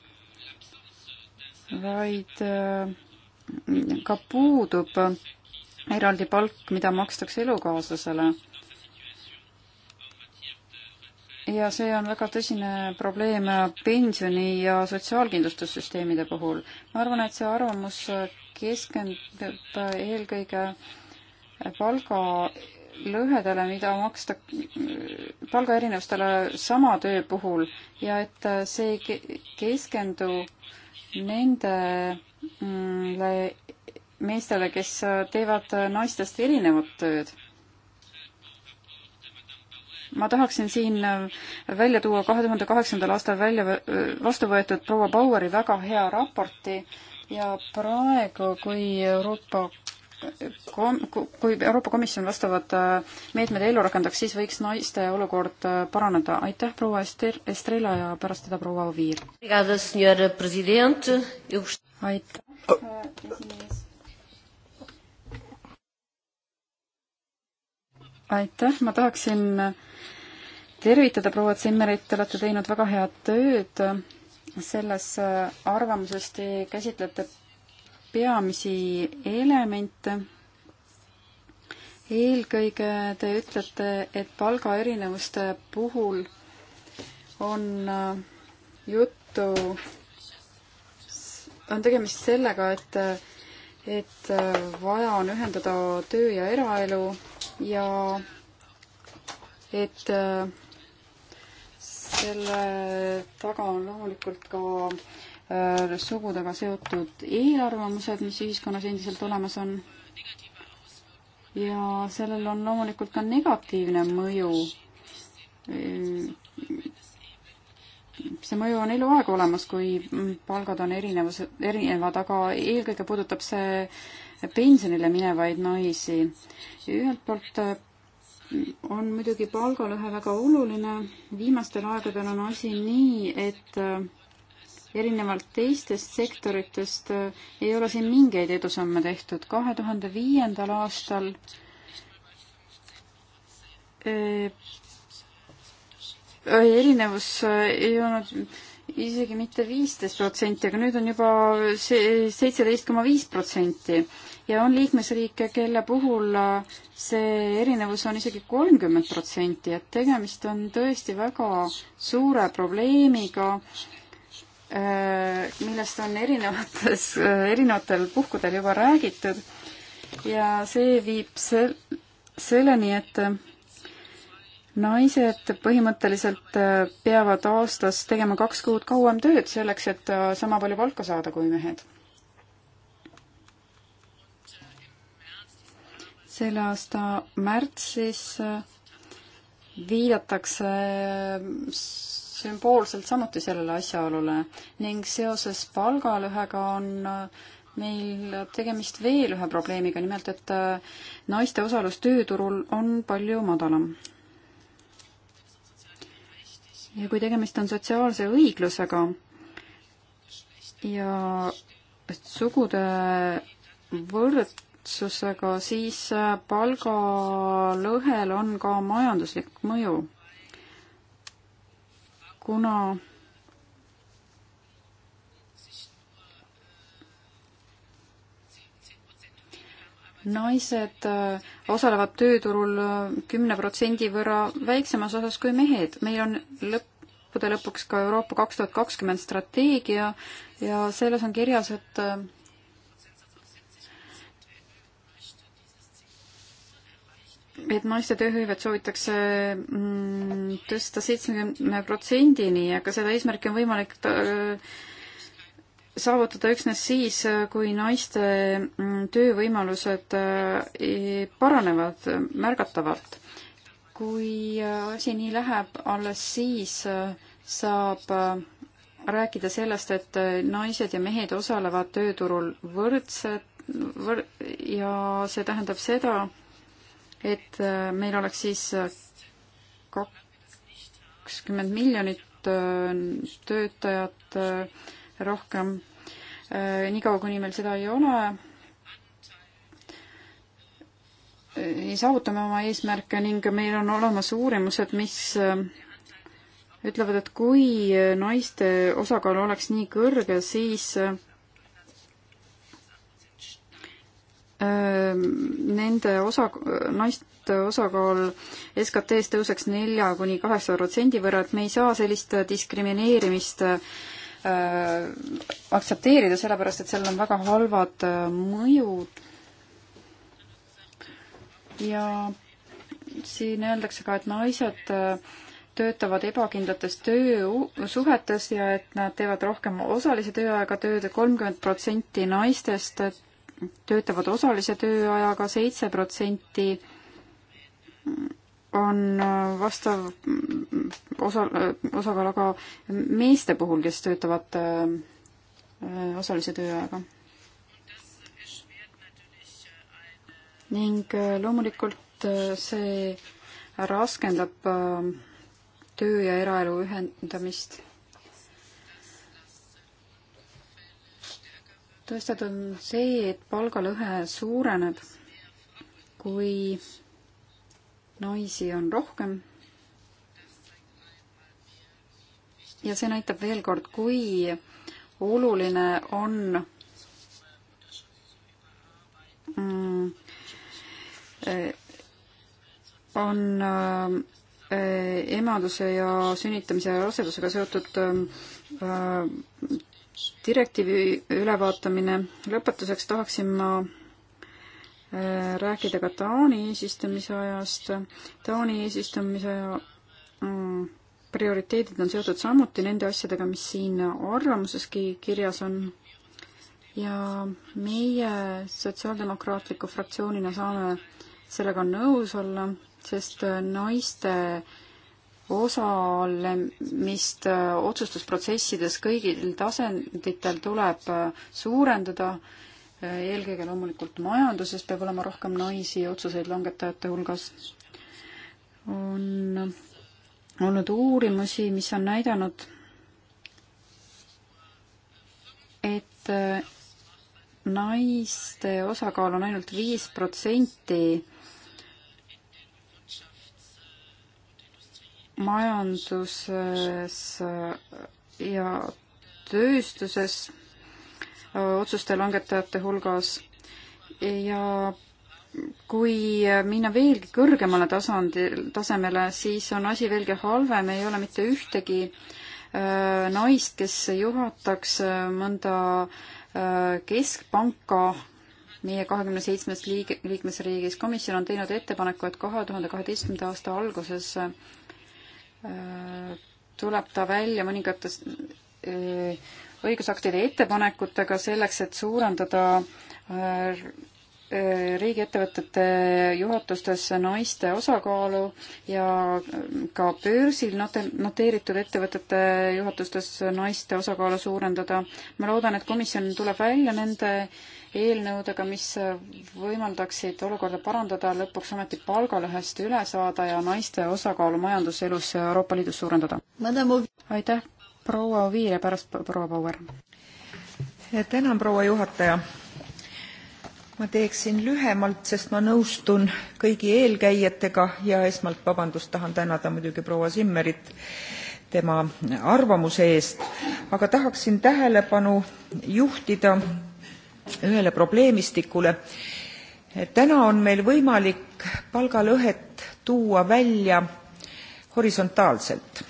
vaid äh, ka puudub eraldi palk, mida makstakse elukaaslasele. ja see on väga tõsine probleem pensioni ja sotsiaalkindlustussüsteemide puhul. ma arvan, et see arvamus keskendub eelkõige palga lõhedele, mida maksta palgaerinevustele sama töö puhul ja et see ei keskendu nendele meestele, kes teevad naistest erinevat tööd. ma tahaksin siin välja tuua kahe tuhande kaheksandal aastal välja, vastu võetud proua Baueri väga hea raporti ja praegu, kui Euroopa kom-, kui Euroopa Komisjon vastavad äh, meetmed ellu rakendaks, siis võiks naiste olukord äh, paraneda. aitäh, proua Ester-, Estrela ja pärast teda proua Oviir. aitäh, oh. äh, esimees. aitäh, ma tahaksin tervitada proua Zimmerit, te olete teinud väga head tööd selles arvamuses, te käsitlete peamisi elemente. eelkõige te ütlete, et palgaerinevuste puhul on äh, juttu, on tegemist sellega, et, et äh, vaja on ühendada töö ja eraelu ja et äh, selle taga on loomulikult ka äh, Äh, sugudega seotud eelarvamused, mis ühiskonnas endiselt olemas on. ja sellel on loomulikult ka negatiivne mõju. see mõju on eluaeg olemas, kui palgad on erinevus, erinevad, aga eelkõige puudutab see pensionile minevaid naisi. ühelt poolt äh, on muidugi palgalõhe väga oluline. viimastel aegadel on asi nii, et äh, erinevalt teistest sektoritest äh, ei ole siin mingeid edusamme tehtud. kahe tuhande viiendal aastal äh, äh, erinevus ei olnud isegi mitte viisteist protsenti, aga nüüd on juba see seitseteist koma viis protsenti ja on liikmesriike, kelle puhul see erinevus on isegi kolmkümmend protsenti, et tegemist on tõesti väga suure probleemiga Äh, millest on erinevates, äh, erinevatel puhkudel juba räägitud ja see viib sel-, selleni, et naised põhimõtteliselt äh, peavad aastas tegema kaks kuud kauem tööd selleks, et sama palju palka saada kui mehed. selle aasta märtsis viidatakse sümboolselt samuti sellele asjaolule ning seoses palgalõhega on äh, meil tegemist veel ühe probleemiga, nimelt et äh, naiste osalus tööturul on palju madalam. ja kui tegemist on sotsiaalse õiglusega ja sugude võrdsusega, siis äh, palgalõhel on ka majanduslik mõju kuna naised äh, osalevad tööturul äh, kümne protsendi võrra väiksemas osas kui mehed. meil on lõppude lõpuks ka Euroopa kaks tuhat kakskümmend strateegia ja selles on kirjas, et äh, et naiste tööhõivet soovitakse mm, tõsta seitsmekümne protsendini, aga seda eesmärki on võimalik saavutada üksnes siis, kui naiste mm, töövõimalused äh, paranevad märgatavalt. kui äh, asi nii läheb, alles siis äh, saab rääkida sellest, et naised ja mehed osalevad tööturul võrdselt võr- ja see tähendab seda, et äh, meil oleks siis äh, kakskümmend miljonit äh, töötajat rohkem, niikaua kuni meil seda ei ole, ei saavuta me oma eesmärke ning meil on olemas uurimused, mis ütlevad, et kui naiste osakaal oleks nii kõrge, siis nende osa, naiste osakaal SKT-s tõuseks nelja kuni kaheksa protsendi võrra, et me ei saa sellist diskrimineerimist aktsepteerida, sellepärast et sellel on väga halvad mõjud. ja siin öeldakse ka, et naised töötavad ebakindlates töösuhetes ja et nad teevad rohkem osalise tööajaga tööd, et kolmkümmend protsenti naistest et töötavad osalise tööajaga, seitse protsenti on vastav osa, osakaal aga meeste puhul, kes töötavad äh, osalise tööajaga. ning äh, loomulikult äh, see raskendab töö ja eraelu ühendamist tõstetud, on see, et palgalõhe suureneb, kui naisi on rohkem. ja see näitab veel kord, kui oluline on mm, on äh, emaduse ja sünnitamise ja rasedusega seotud äh, direktiivi ülevaatamine. lõpetuseks tahaksin ma äh, rääkida ka Taani eesistumise ajast. Taani eesistumise aja mm, prioriteedid on seotud samuti nende asjadega, mis siin arvamuseski kirjas on. ja meie sotsiaaldemokraatliku fraktsioonina saame sellega nõus olla, sest naiste äh, osalemist äh, otsustusprotsessides kõigil tasanditel tuleb äh, suurendada, äh, eelkõige loomulikult majanduses peab olema rohkem naisi otsuseid langetajate hulgas. on olnud uurimusi, mis on näidanud, et naiste osakaal on ainult viis protsenti majanduses ja tööstuses otsuste langetajate hulgas ja kui minna veelgi kõrgemale tasandil, tasemele, siis on asi veelgi halvem, ei ole mitte ühtegi äh, naist, kes juhataks äh, mõnda äh, keskpanka meie kahekümne seitsmes liig-, liikmesriigis. komisjon on teinud ettepaneku, et kahe tuhande kaheteistkümnenda aasta alguses tuleb ta välja mõningates äh, õigusaktide ettepanekutega selleks, et suurendada äh, riigiettevõtete juhatustes naiste osakaalu ja ka börsil noteeritud ettevõtete juhatustes naiste osakaalu suurendada. ma loodan, et komisjon tuleb välja nende eelnõudega, mis võimaldaksid olukorda parandada, lõpuks ometi palgalõhest üle saada ja naiste osakaalu majanduselus Euroopa Liidus suurendada. aitäh, proua Oviir ja pärast proua Bauer. tänan, proua juhataja ma teeksin lühemalt, sest ma nõustun kõigi eelkäijatega ja esmalt vabandust, tahan tänada muidugi proua Simmerit tema arvamuse eest, aga tahaksin tähelepanu juhtida ühele probleemistikule. täna on meil võimalik palgalõhet tuua välja horisontaalselt.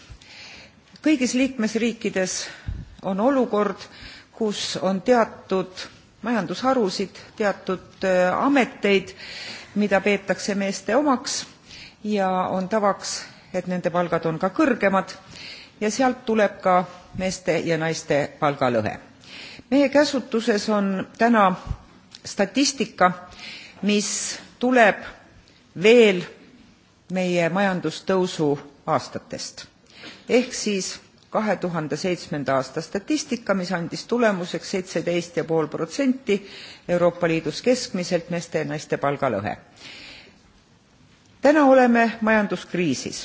kõigis liikmesriikides on olukord kus on teatud majandusharusid teatud äh, ameteid mida peetakse meeste omaks ja on tavaks et nende palgad on ka kõrgemad ja sealt tuleb ka meeste ja naiste palgalõhe. meie käsutuses on täna statistika mis tuleb veel meie majandustõusu aastatest ehk siis kahe tuhande seitsmenda aasta statistika mis andis tulemuseks seitseteist ja pool protsenti euroopa liidus keskmiselt meeste ja naiste palgalõhe. täna oleme majanduskriisis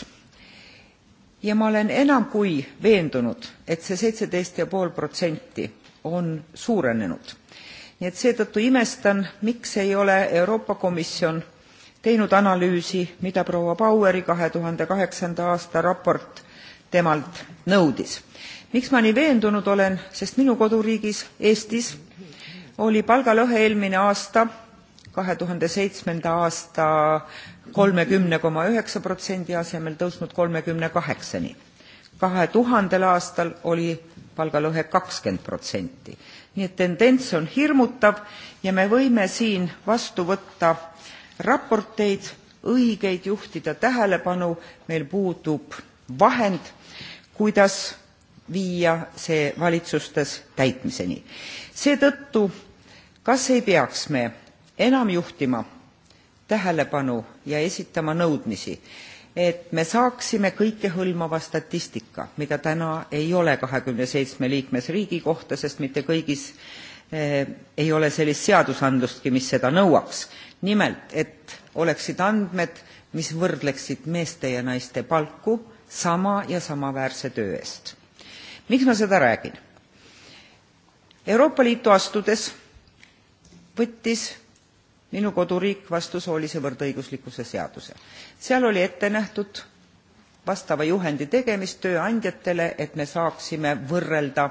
ja ma olen enam kui veendunud et see seitseteist ja pool protsenti on suurenenud nii et seetõttu imestan miks ei ole euroopa komisjon teinud analüüsi mida proua baueri 2008. aasta raport temalt nõudis. miks ma nii veendunud olen sest minu koduriigis eestis oli palgalõhe eelmine aasta kahe tuhande seitsmenda aasta kolmekümne koma üheksa protsendi asemel tõusnud kolmekümne kaheksani kahe tuhandel aastal oli palgalõhe kakskümmend protsenti nii et tendents on hirmutav ja me võime siin vastu võtta raporteid õigeid juhtida tähelepanu meil puudub vahend kuidas viia see valitsustes täitmiseni. seetõttu kas ei peaks me enam juhtima tähelepanu ja esitama nõudmisi et me saaksime kõikehõlmava statistika mida täna ei ole kahekümne seitsme liikmesriigi kohta sest mitte kõigis eh, ei ole sellist seadusandlustki mis seda nõuaks nimelt et oleksid andmed mis võrdleksid meeste ja naiste palku sama ja samaväärse töö eest. miks ma seda räägin? Euroopa Liitu astudes võttis minu koduriik vastu soolise võrdõiguslikkuse seaduse. seal oli ette nähtud vastava juhendi tegemist tööandjatele, et me saaksime võrrelda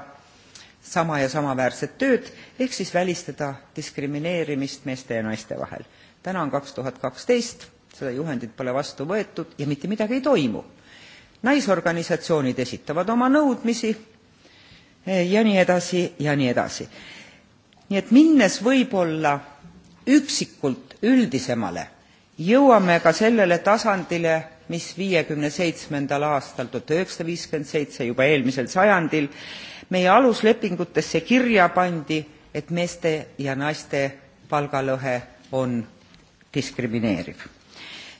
sama ja samaväärset tööd, ehk siis välistada diskrimineerimist meeste ja naiste vahel. täna on kaks tuhat kaksteist, seda juhendit pole vastu võetud ja mitte midagi ei toimu naisorganisatsioonid esitavad oma nõudmisi eh, ja nii edasi ja nii edasi. nii et minnes võib-olla üksikult üldisemale jõuame ka sellele tasandile mis viiekümne seitsmendal aastal tuhat üheksasada viiskümmend seitse juba eelmisel sajandil meie aluslepingutesse kirja pandi et meeste ja naiste palgalõhe on diskrimineeriv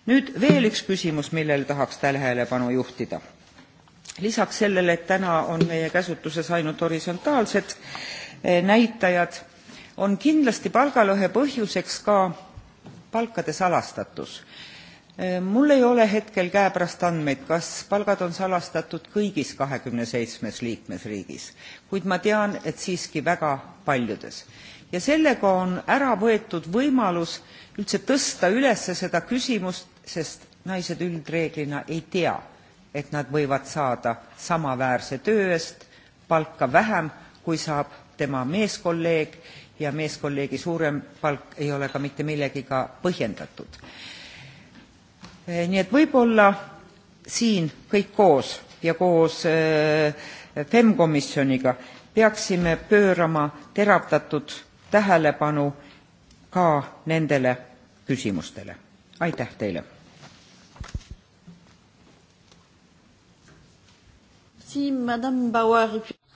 nüüd veel üks küsimus millele tahaks tähelepanu juhtida lisaks sellele et täna on meie käsutuses ainult horisontaalsed eh, näitajad on kindlasti palgalõhe põhjuseks ka palkade salastatus eh, mul ei ole hetkel käepärast andmeid kas palgad on salastatud kõigis 27 liikmesriigis kuid ma tean et siiski väga paljudes ja sellega on ära võetud võimalus üldse tõsta üles seda küsimust sest naised üldreeglina ei tea, et nad võivad saada samaväärse töö eest palka vähem, kui saab tema meeskolleeg ja meeskolleegi suurem palk ei ole ka mitte millegiga põhjendatud. Eh, nii et võib-olla siin kõik koos ja koos eh, FEM komisjoniga peaksime pöörama teravdatud tähelepanu ka nendele küsimustele aitäh teile!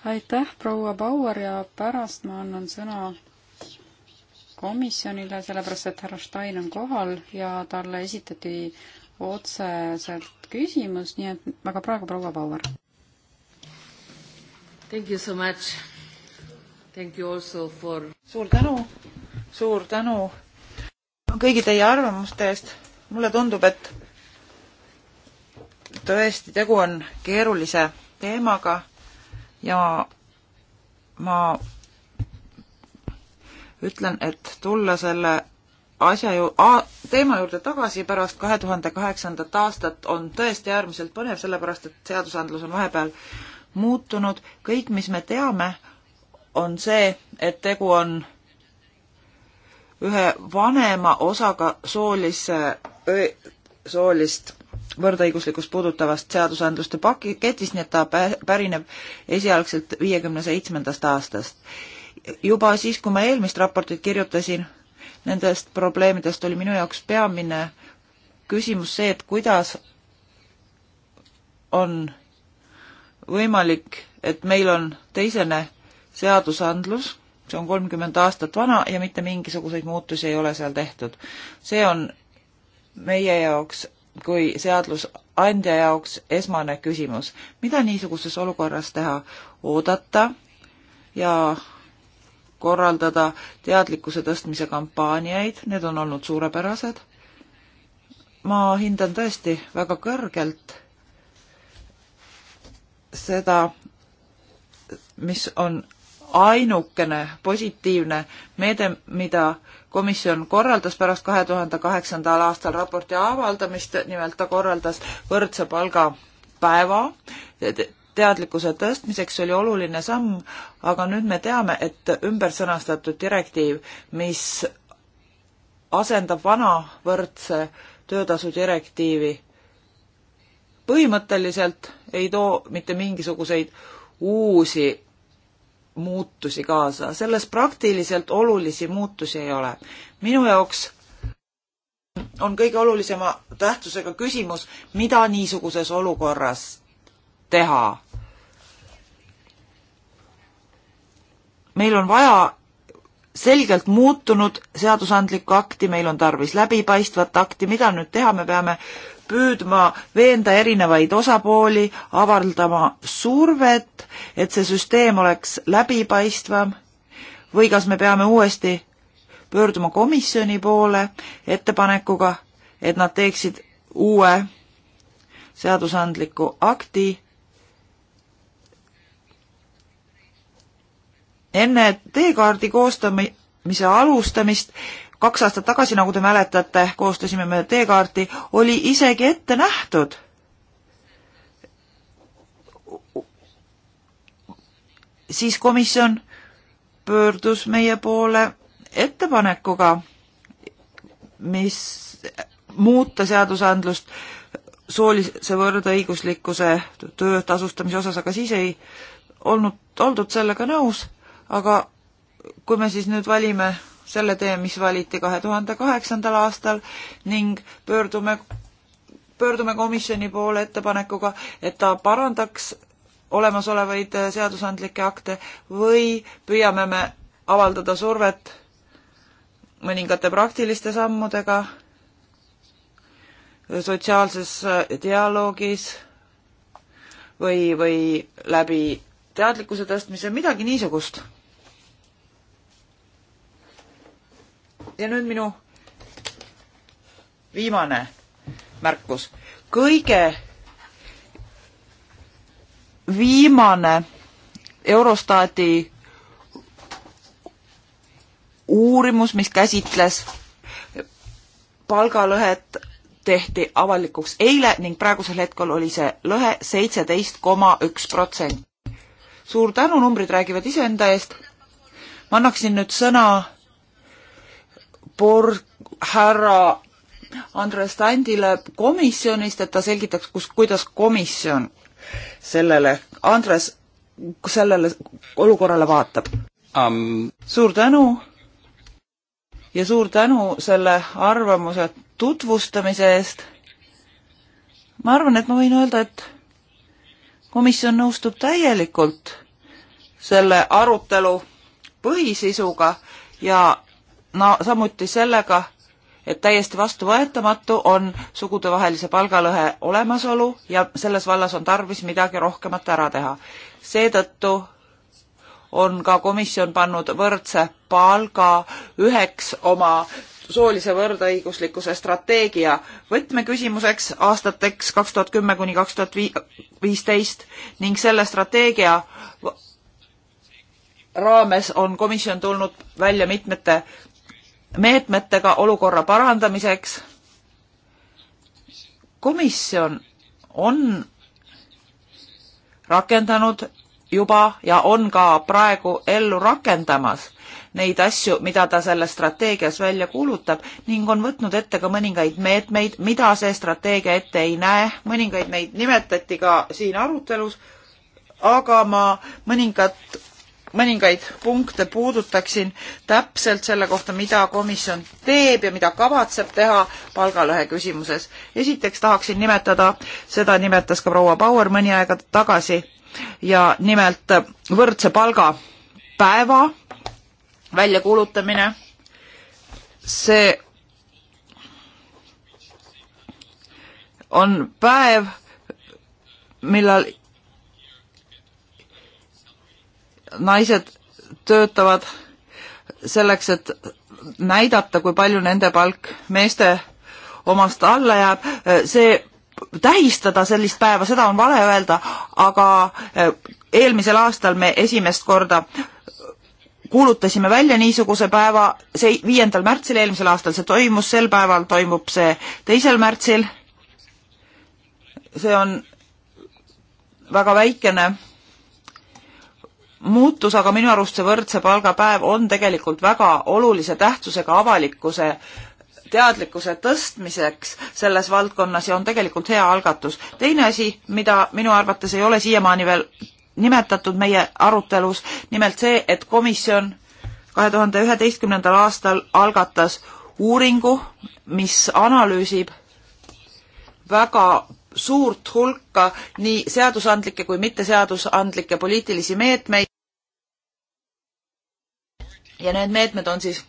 aitäh, proua Bauer ja pärast ma annan sõna komisjonile, sellepärast et härra Stein on kohal ja talle esitati otseselt küsimus, nii et aga praegu proua Bauer. Thank you so much. Thank you also for suur tänu, suur tänu kõigi teie arvamuste eest. mulle tundub, et tõesti, tegu on keerulise teemaga ja ma ütlen, et tulla selle asja ju-, teema juurde tagasi pärast kahe tuhande kaheksandat aastat on tõesti äärmiselt põnev, sellepärast et seadusandlus on vahepeal muutunud, kõik, mis me teame, on see, et tegu on ühe vanema osaga soolise, soolist võrdõiguslikkust puudutavast seadusandluste paketist, nii et ta pärineb esialgselt viiekümne seitsmendast aastast. juba siis, kui ma eelmist raportit kirjutasin, nendest probleemidest oli minu jaoks peamine küsimus see, et kuidas on võimalik, et meil on teisene seadusandlus see on kolmkümmend aastat vana ja mitte mingisuguseid muutusi ei ole seal tehtud. see on meie jaoks kui seadusandja jaoks esmane küsimus, mida niisuguses olukorras teha, oodata ja korraldada teadlikkuse tõstmise kampaaniaid, need on olnud suurepärased. ma hindan tõesti väga kõrgelt seda, mis on ainukene positiivne meede, mida komisjon korraldas pärast kahe tuhande kaheksandal aastal raporti avaldamist, nimelt ta korraldas võrdse palga päeva teadlikkuse tõstmiseks oli oluline samm, aga nüüd me teame, et ümbersõnastatud direktiiv, mis asendab vana võrdse töötasu direktiivi, põhimõtteliselt ei too mitte mingisuguseid uusi muutusi kaasa, selles praktiliselt olulisi muutusi ei ole. minu jaoks on kõige olulisema tähtsusega küsimus, mida niisuguses olukorras teha. meil on vaja selgelt muutunud seadusandlikku akti, meil on tarvis läbipaistvat akti, mida nüüd teha, me peame püüdma veenda erinevaid osapooli, avaldama survet, et see süsteem oleks läbipaistvam või kas me peame uuesti pöörduma komisjoni poole ettepanekuga, et nad teeksid uue seadusandliku akti enne teekaardi koostamise alustamist kaks aastat tagasi, nagu te mäletate, koostasime me teekaarti, oli isegi ette nähtud. siis komisjon pöördus meie poole ettepanekuga, mis muuta seadusandlust soolise võrdõiguslikkuse töö tasustamise osas, aga siis ei olnud, oldud sellega nõus, aga kui me siis nüüd valime selle tee, mis valiti kahe tuhande kaheksandal aastal ning pöördume, pöördume komisjoni poole ettepanekuga, et ta parandaks olemasolevaid äh, seadusandlikke akte või püüame me avaldada survet mõningate praktiliste sammudega äh, sotsiaalses äh, dialoogis või, või läbi teadlikkuse tõstmise, midagi niisugust ja nüüd minu viimane märkus. kõige viimane Eurostaadi uurimus, mis käsitles palgalõhet, tehti avalikuks eile ning praegusel hetkel oli see lõhe seitseteist koma üks protsenti. suur tänu, numbrid räägivad iseenda eest. ma annaksin nüüd sõna Borg härra Andres Tandile komisjonist, et ta selgitaks, kus, kuidas komisjon sellele, Andres, sellele olukorrale vaatab um.? suur tänu ja suur tänu selle arvamuse tutvustamise eest. ma arvan, et ma võin öelda, et komisjon nõustub täielikult selle arutelu põhisisuga ja no samuti sellega, et täiesti vastuvõetamatu on sugudevahelise palgalõhe olemasolu ja selles vallas on tarvis midagi rohkemat ära teha. seetõttu on ka komisjon pannud võrdse palga üheks oma soolise võrdõiguslikkuse strateegia võtmeküsimuseks aastateks kaks tuhat kümme kuni kaks tuhat viisteist ning selle strateegia raames on komisjon tulnud välja mitmete meetmetega olukorra parandamiseks. komisjon on rakendanud juba ja on ka praegu ellu rakendamas neid asju, mida ta selles strateegias välja kuulutab ning on võtnud ette ka mõningaid meetmeid, mida see strateegia ette ei näe, mõningaid neid nimetati ka siin arutelus, aga ma mõningat mõningaid punkte puudutaksin täpselt selle kohta, mida komisjon teeb ja mida kavatseb teha palgalõhe küsimuses. esiteks tahaksin nimetada, seda nimetas ka proua Bauer mõni aeg tagasi, ja nimelt võrdse palga päeva väljakuulutamine. see on päev, millal naised töötavad selleks, et näidata, kui palju nende palk meeste omast alla jääb, see tähistada sellist päeva, seda on vale öelda, aga eh, eelmisel aastal me esimest korda kuulutasime välja niisuguse päeva, see viiendal märtsil eelmisel aastal see toimus, sel päeval toimub see teisel märtsil. see on väga väikene muutus, aga minu arust see võrdse palga päev on tegelikult väga olulise tähtsusega avalikkuse teadlikkuse tõstmiseks selles valdkonnas ja on tegelikult hea algatus. teine asi, mida minu arvates ei ole siiamaani veel nimetatud meie arutelus, nimelt see, et komisjon kahe tuhande üheteistkümnendal aastal algatas uuringu, mis analüüsib väga suurt hulka nii seadusandlikke kui mitteseadusandlikke poliitilisi meetmeid ja need meetmed on siis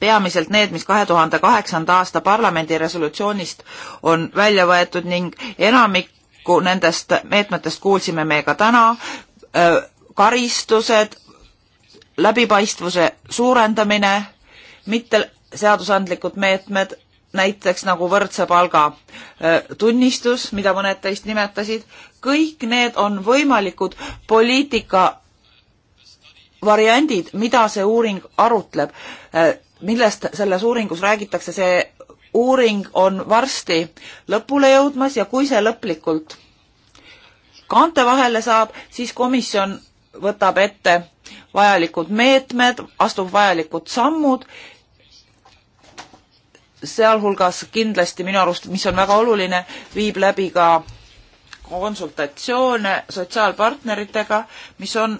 peamiselt need, mis kahe tuhande kaheksanda aasta parlamendi resolutsioonist on välja võetud ning enamikku nendest meetmetest kuulsime me ka täna, karistused, läbipaistvuse suurendamine, mitte seadusandlikud meetmed, näiteks nagu võrdse palga tunnistus, mida mõned teist nimetasid, kõik need on võimalikud poliitika variandid, mida see uuring arutleb, äh, millest selles uuringus räägitakse, see uuring on varsti lõpule jõudmas ja kui see lõplikult kaante vahele saab, siis komisjon võtab ette vajalikud meetmed, astub vajalikud sammud, sealhulgas kindlasti minu arust, mis on väga oluline, viib läbi ka konsultatsioone sotsiaalpartneritega, mis on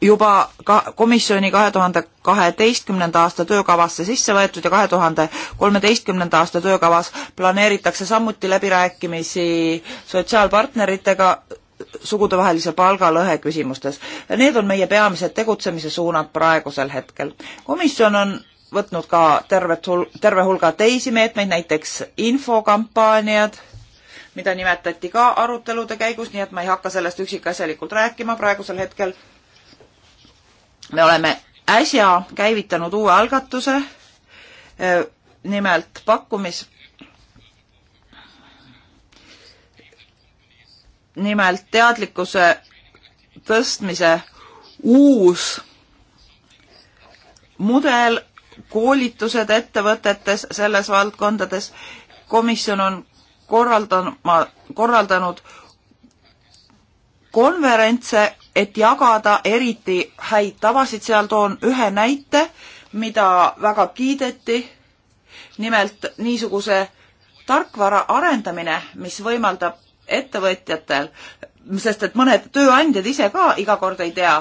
juba ka komisjoni kahe tuhande kaheteistkümnenda aasta töökavasse sisse võetud ja kahe tuhande kolmeteistkümnenda aasta töökavas planeeritakse samuti läbirääkimisi sotsiaalpartneritega sugudevahelise palgalõhe küsimustes. Need on meie peamised tegutsemise suunad praegusel hetkel. komisjon on võtnud ka tervet hul-, terve hulga teisi meetmeid, näiteks infokampaaniad mida nimetati ka arutelude käigus, nii et ma ei hakka sellest üksikasjalikult rääkima praegusel hetkel. me oleme äsja käivitanud uue algatuse, e, nimelt pakkumis, nimelt teadlikkuse tõstmise uus mudel, koolitused ettevõtetes selles valdkondades. komisjon on korraldama, korraldanud konverentse, et jagada eriti häid tavasid, seal toon ühe näite, mida väga kiideti, nimelt niisuguse tarkvara arendamine, mis võimaldab ettevõtjatel, sest et mõned tööandjad ise ka iga kord ei tea,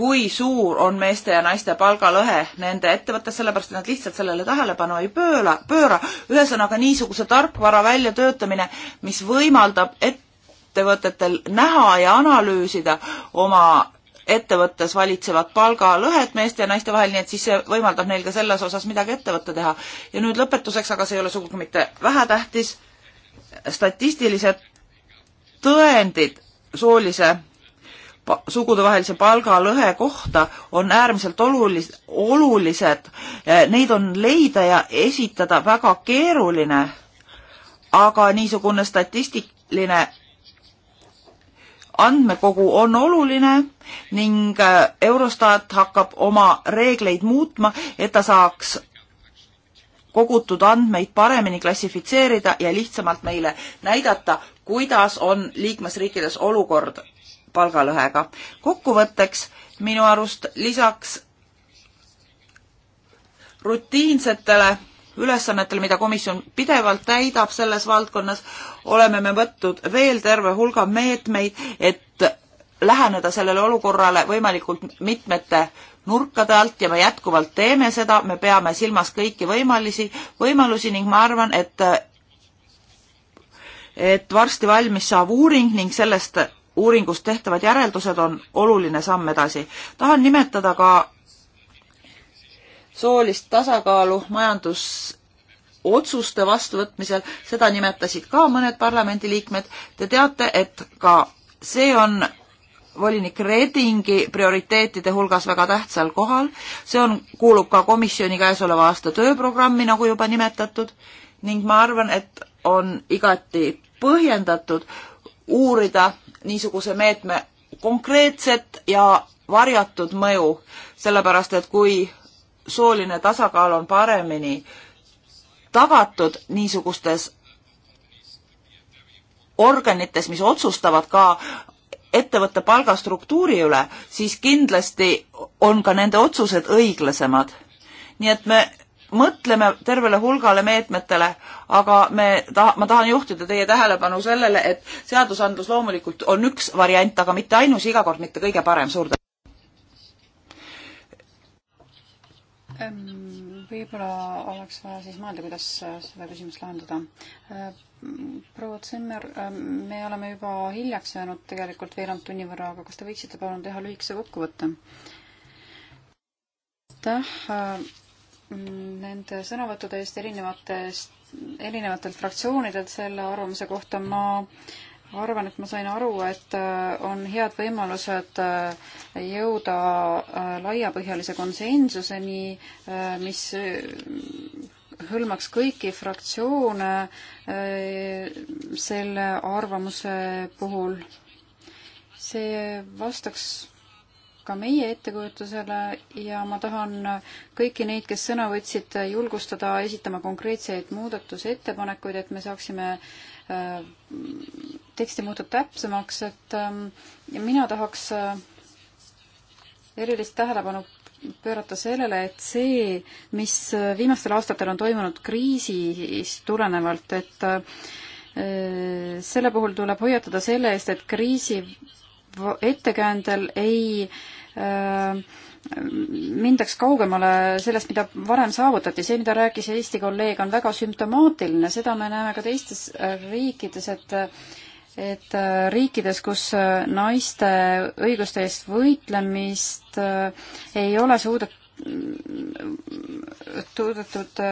kui suur on meeste ja naiste palgalõhe nende ettevõttes, sellepärast et nad lihtsalt sellele tähelepanu ei pööra, pööra. ühesõnaga niisuguse tarkvara väljatöötamine, mis võimaldab ettevõtetel näha ja analüüsida oma ettevõttes valitsevat palgalõhet meeste ja naiste vahel, nii et siis see võimaldab neil ka selles osas midagi ette võtta teha. ja nüüd lõpetuseks, aga see ei ole sugugi mitte vähetähtis, statistilised tõendid soolise sugudevahelise palgalõhe kohta on äärmiselt olulis-, olulised, eh, neid on leida ja esitada väga keeruline, aga niisugune statistiline andmekogu on oluline ning eh, Eurostat hakkab oma reegleid muutma, et ta saaks kogutud andmeid paremini klassifitseerida ja lihtsamalt meile näidata, kuidas on liikmesriikides olukord palgalõhega. kokkuvõtteks minu arust lisaks rutiinsetele ülesannetele, mida komisjon pidevalt täidab selles valdkonnas, oleme me võtnud veel terve hulga meetmeid, et läheneda sellele olukorrale võimalikult mitmete nurkade alt ja me jätkuvalt teeme seda, me peame silmas kõiki võimalusi, võimalusi ning ma arvan, et et varsti valmis saav uuring ning sellest uuringust tehtavad järeldused on oluline samm edasi. tahan nimetada ka soolist tasakaalu majandusotsuste vastuvõtmisel, seda nimetasid ka mõned parlamendiliikmed. Te teate, et ka see on volinik Redingi prioriteetide hulgas väga tähtsal kohal. see on, kuulub ka komisjoni käesoleva aasta tööprogrammi, nagu juba nimetatud ning ma arvan, et on igati põhjendatud uurida niisuguse meetme konkreetset ja varjatud mõju, sellepärast et kui sooline tasakaal on paremini tagatud niisugustes organites, mis otsustavad ka ettevõtte palgastruktuuri üle, siis kindlasti on ka nende otsused õiglasemad. nii et me mõtleme tervele hulgale meetmetele, aga me taha, ma tahan juhtida teie tähelepanu sellele, et seadusandlus loomulikult on üks variant, aga mitte ainus, iga kord mitte kõige parem, suur tänu. võib-olla oleks vaja siis mõelda, kuidas äh, seda küsimust lahendada. Äh, proua Zimmer, ähm, me oleme juba hiljaks jäänud tegelikult veerand tunni võrra, aga kas te võiksite palun teha lühikese kokkuvõtte? aitäh äh, nende sõnavõttude eest erinevatest, erinevatelt fraktsioonidelt selle arvamuse kohta. ma arvan, et ma sain aru, et äh, on head võimalused äh, jõuda äh, laiapõhjalise konsensuseni, mis hõlmaks kõiki fraktsioone selle arvamuse puhul. see vastaks ka meie ettekujutusele ja ma tahan kõiki neid, kes sõna võtsid, julgustada esitama konkreetseid muudatusettepanekuid, et me saaksime äh, teksti muuta täpsemaks, et ähm, mina tahaks äh, erilist tähelepanu pöörata sellele, et see, mis viimastel aastatel on toimunud kriisist tulenevalt, et äh, selle puhul tuleb hoiatada selle eest, et kriisi ettekäändel ei äh, Äh, mindaks kaugemale sellest, mida varem saavutati. see, mida rääkis Eesti kolleeg, on väga sümptomaatiline, seda me näeme ka teistes äh, riikides, et et äh, riikides, kus naiste õiguste eest võitlemist ei ole suudet-, mm, suudetud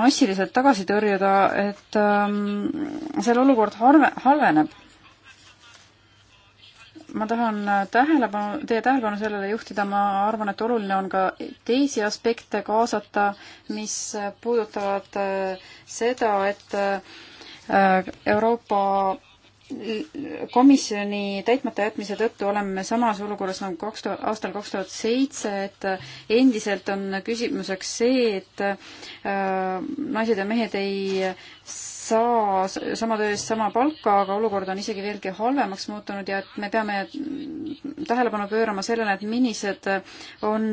massiliselt tagasi tõrjuda, et ähm, seal olukord harve-, halveneb ma tahan tähelepanu, teie tähelepanu sellele juhtida, ma arvan, et oluline on ka teisi aspekte kaasata, mis puudutavad äh, seda, et äh, Euroopa komisjoni täitmata jätmise tõttu oleme samas olukorras nagu kaks tuhat, aastal kaks tuhat seitse, et endiselt on küsimuseks see, et äh, naised ja mehed ei saa sama töö eest sama palka, aga olukord on isegi veelgi halvemaks muutunud ja et me peame tähelepanu pöörama sellele, et millised on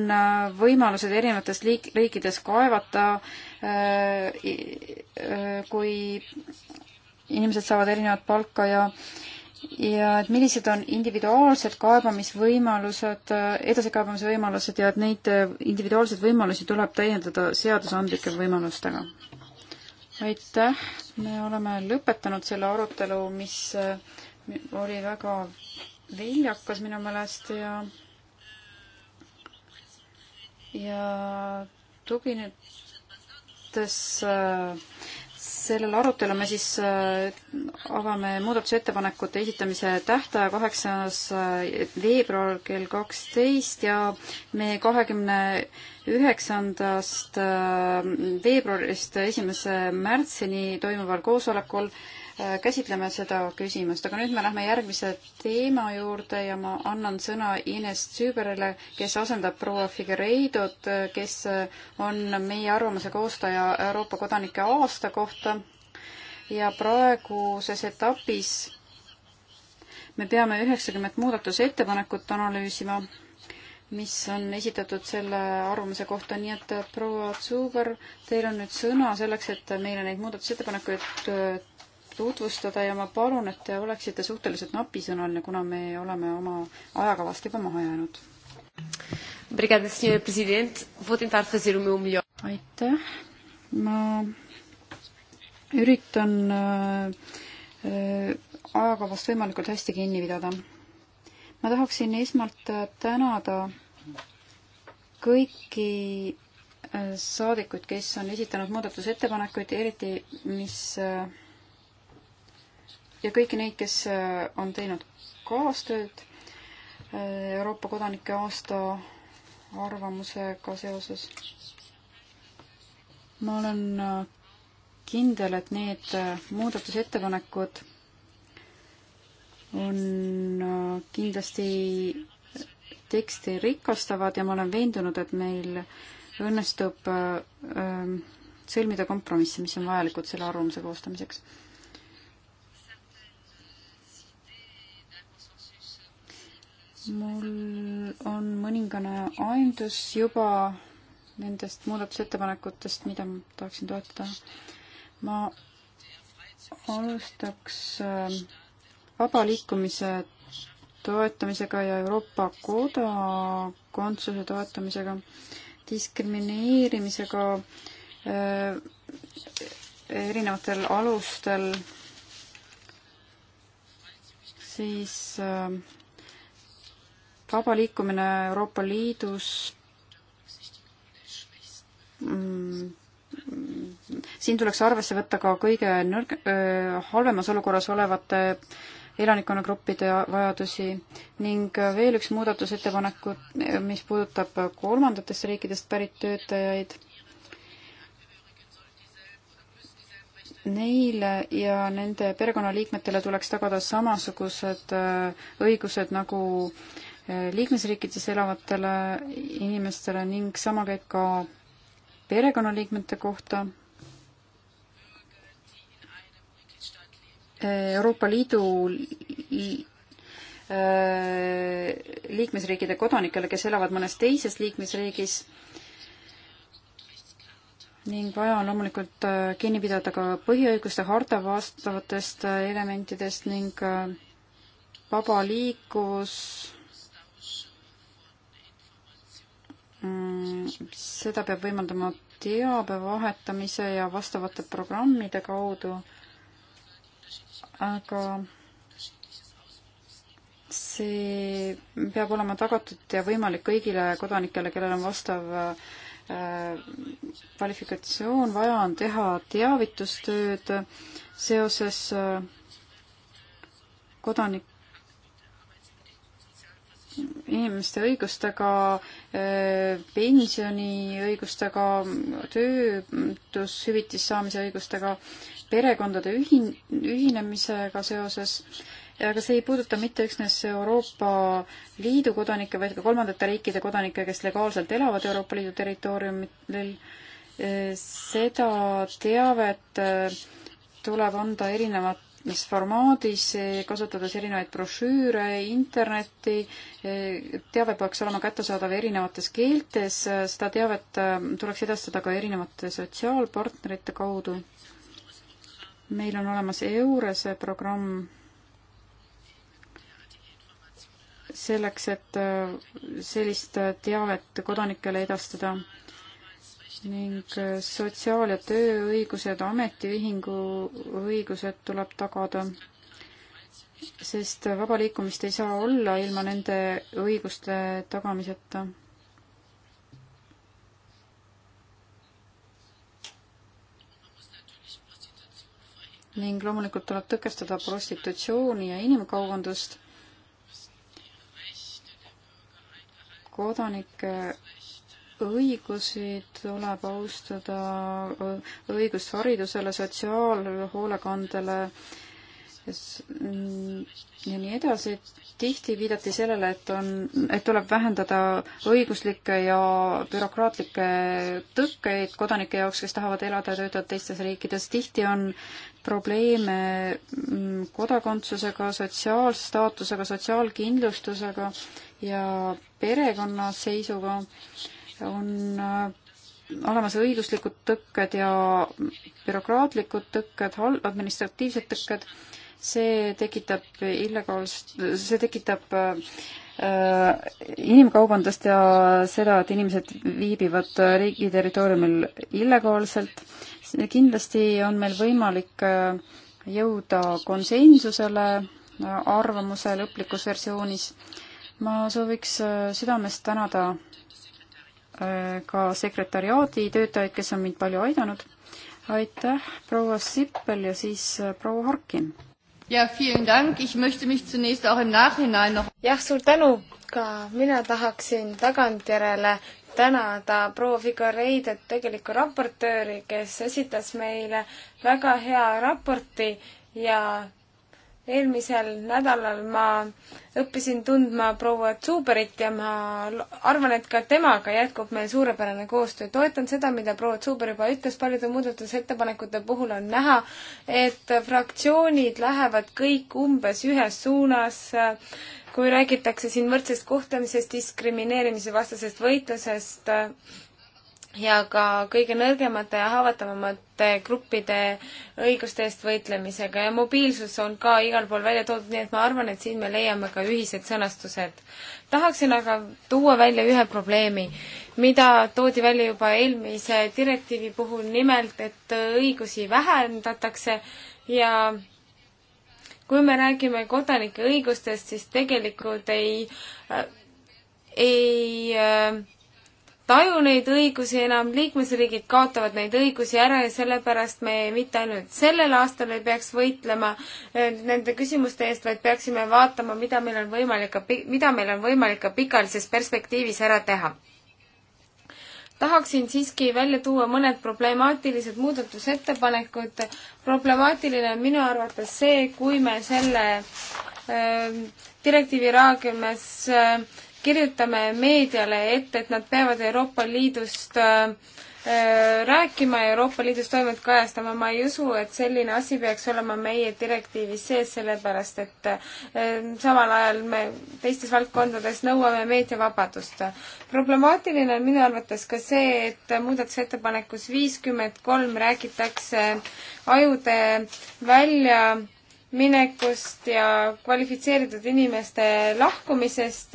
võimalused erinevates liik-, riikides kaevata äh,, äh kui inimesed saavad erinevat palka ja ja et millised on individuaalsed kaebamisvõimalused, edasikaebamise võimalused ja et neid individuaalseid võimalusi tuleb täiendada seadusandlike võimalustega. aitäh, me oleme lõpetanud selle arutelu, mis äh, oli väga viljakas minu meelest ja ja tuginedes äh, sellele arutelu me siis äh, avame muudatusettepanekute esitamise tähtaja kaheksas äh, veebruar kell kaksteist ja me kahekümne üheksandast äh, veebruarist esimese märtsini toimuval koosolekul Äh, käsitleme seda küsimust, aga nüüd me lähme järgmise teema juurde ja ma annan sõna Ines Züberile, kes asendab proua Figuereidot, äh, kes äh, on meie arvamuse koostaja Euroopa kodanike aasta kohta. ja praeguses etapis me peame üheksakümmet muudatusettepanekut analüüsima, mis on esitatud selle arvamuse kohta, nii et proua Zuber, teil on nüüd sõna selleks, et meile neid muudatusettepanekuid tutvustada ja ma palun, et te oleksite suhteliselt napisõnaline, kuna me oleme oma ajakavast juba maha jäänud. aitäh, ma üritan äh, äh, ajakavast võimalikult hästi kinni pidada. ma tahaksin esmalt äh, tänada kõiki saadikuid, kes on esitanud muudatusettepanekuid, eriti mis äh, ja kõiki neid, kes äh, on teinud kaastööd äh, Euroopa kodanike aasta arvamusega seoses. ma olen äh, kindel, et need muudatusettepanekud on kindlasti teksti rikastavad ja ma olen veendunud, et meil õnnestub sõlmida kompromisse, mis on vajalikud selle arvamuse koostamiseks mul on mõningane aimdus juba nendest muudatusettepanekutest, mida ma tahaksin toetada. ma alustaks äh, vaba liikumise toetamisega ja Euroopa kodakondsuse toetamisega, diskrimineerimisega äh, erinevatel alustel, siis äh, vaba liikumine Euroopa Liidus mm, siin tuleks arvesse võtta ka kõige nõrg-, halvemas olukorras olevate elanikkonnagruppide vajadusi ning veel üks muudatusettepanek, mis puudutab kolmandatest riikidest pärit töötajaid. Neile ja nende perekonnaliikmetele tuleks tagada samasugused õigused nagu äh, liikmesriikides elavatele inimestele ning sama käib ka perekonnaliikmete kohta. Euroopa Liidu äh, liikmesriikide kodanikele, kes elavad mõnes teises liikmesriigis ning vaja on loomulikult äh, kinni pidada ka põhiõiguste harta vastavatest äh, elementidest ning vaba liiklus Mm, seda peab võimaldama teabe vahetamise ja vastavate programmide kaudu, aga see peab olema tagatud ja võimalik kõigile kodanikele, kellel on vastav äh, kvalifikatsioon, vaja on teha teavitustööd seoses äh, kodanik, inimeste õigustega, eh, pensioniõigustega, töötushüvitist saamise õigustega, perekondade ühin-, ühinemisega seoses, aga see ei puuduta mitte üksnes Euroopa Liidu kodanikke, vaid ka kolmandate riikide kodanikke, kes legaalselt elavad Euroopa Liidu territooriumil. Eh, seda teavet eh, tuleb anda erinevat formaadis, eh, kasutades erinevaid brošüüre, internetti, eh, teave peaks olema kättesaadav erinevates keeltes, seda teavet ähm, tuleks edastada ka erinevate sotsiaalpartnerite kaudu. meil on olemas EURES-e programm selleks, et äh, sellist äh, teavet kodanikele edastada ning äh, sotsiaal- ja tööõigused, ametiühingu õigused tuleb tagada, sest vaba liikumist ei saa olla ilma nende õiguste tagamiseta ning loomulikult tuleb tõkestada prostitutsiooni ja inimkaubandust. kodanike õigusi tuleb austada, õigust haridusele, sotsiaalhoolekandele ja nii edasi. tihti viidati sellele, et on, et tuleb vähendada õiguslikke ja bürokraatlikke tõkkeid kodanike jaoks, kes tahavad elada ja töötada teistes riikides. tihti on probleeme mm, kodakondsusega, sotsiaalstaatusega, sotsiaalkindlustusega ja perekonna seisuga on äh, olemas õiguslikud tõkked ja bürokraatlikud tõkked, administratiivsed tõkked, see tekitab illegaalset, see tekitab äh, inimkaubandust ja seda, et inimesed viibivad riigi territooriumil illegaalselt. kindlasti on meil võimalik äh, jõuda konsensusele äh, arvamuse lõplikus versioonis. ma sooviks südamest tänada Äh, ka sekretariaadi töötajaid, kes on mind palju aidanud. aitäh, proua Sippel ja siis äh, proua Harkin. jah, suur tänu, ka mina tahaksin tagantjärele tänada proua Figureidet, tegelikku raportööri, kes esitas meile väga hea raporti ja eelmisel nädalal ma õppisin tundma proua Zuberit ja ma arvan, et ka temaga jätkub meil suurepärane koostöö. toetan seda, mida proua Zuber juba ütles, paljude muudatusettepanekute puhul on näha, et fraktsioonid lähevad kõik umbes ühes suunas kui räägitakse siin võrdsest kohtlemisest, diskrimineerimise vastasest võitlusest ja ka kõige nõrgemate ja haavatavamate gruppide õiguste eest võitlemisega ja mobiilsus on ka igal pool välja toodud, nii et ma arvan, et siin me leiame ka ühised sõnastused. tahaksin aga tuua välja ühe probleemi, mida toodi välja juba eelmise direktiivi puhul, nimelt et õigusi vähendatakse ja kui me räägime kodanike õigustest, siis tegelikult ei, äh, ei äh, taju neid õigusi enam, liikmesriigid kaotavad neid õigusi ära ja sellepärast me mitte ainult sellel aastal ei peaks võitlema eh, nende küsimuste eest, vaid peaksime vaatama, mida meil on võimalik ka, mida meil on võimalik ka pikaajalises perspektiivis ära teha. tahaksin siiski välja tuua mõned problemaatilised muudatusettepanekud. problemaatiline on minu arvates see, kui me selle äh, direktiivi raagimes äh, eh, kirjutame meediale ette, et nad peavad Euroopa Liidust äh, äh, rääkima ja Euroopa Liidus toimuvat kajastama, ma ei usu, et selline asi peaks olema meie direktiivis sees, sellepärast et äh, samal ajal me teistes valdkondades nõuame meediavabadust. problemaatiline on minu arvates ka see, et muudatusettepanekus viiskümmend kolm räägitakse ajude välja minekust ja kvalifitseeritud inimeste lahkumisest.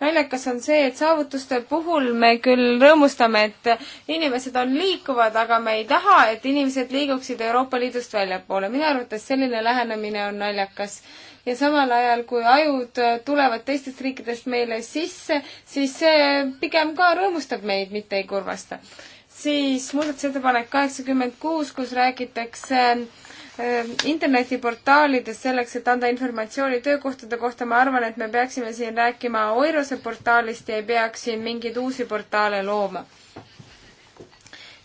naljakas on see, et saavutuste puhul me küll rõõmustame, et inimesed on liikuvad, aga me ei taha, et inimesed liiguksid Euroopa Liidust väljapoole. minu arvates selline lähenemine on naljakas. ja samal ajal, kui ajud tulevad teistest riikidest meile sisse, siis see pigem ka rõõmustab meid, mitte ei kurvasta. siis muudatusettepanek kaheksakümmend kuus, kus räägitakse äh, Ehm, internetiportaalides selleks, et anda informatsiooni töökohtade kohta, ma arvan, et me peaksime siin rääkima Oiruse portaalist ja ei peaks siin mingeid uusi portaale looma.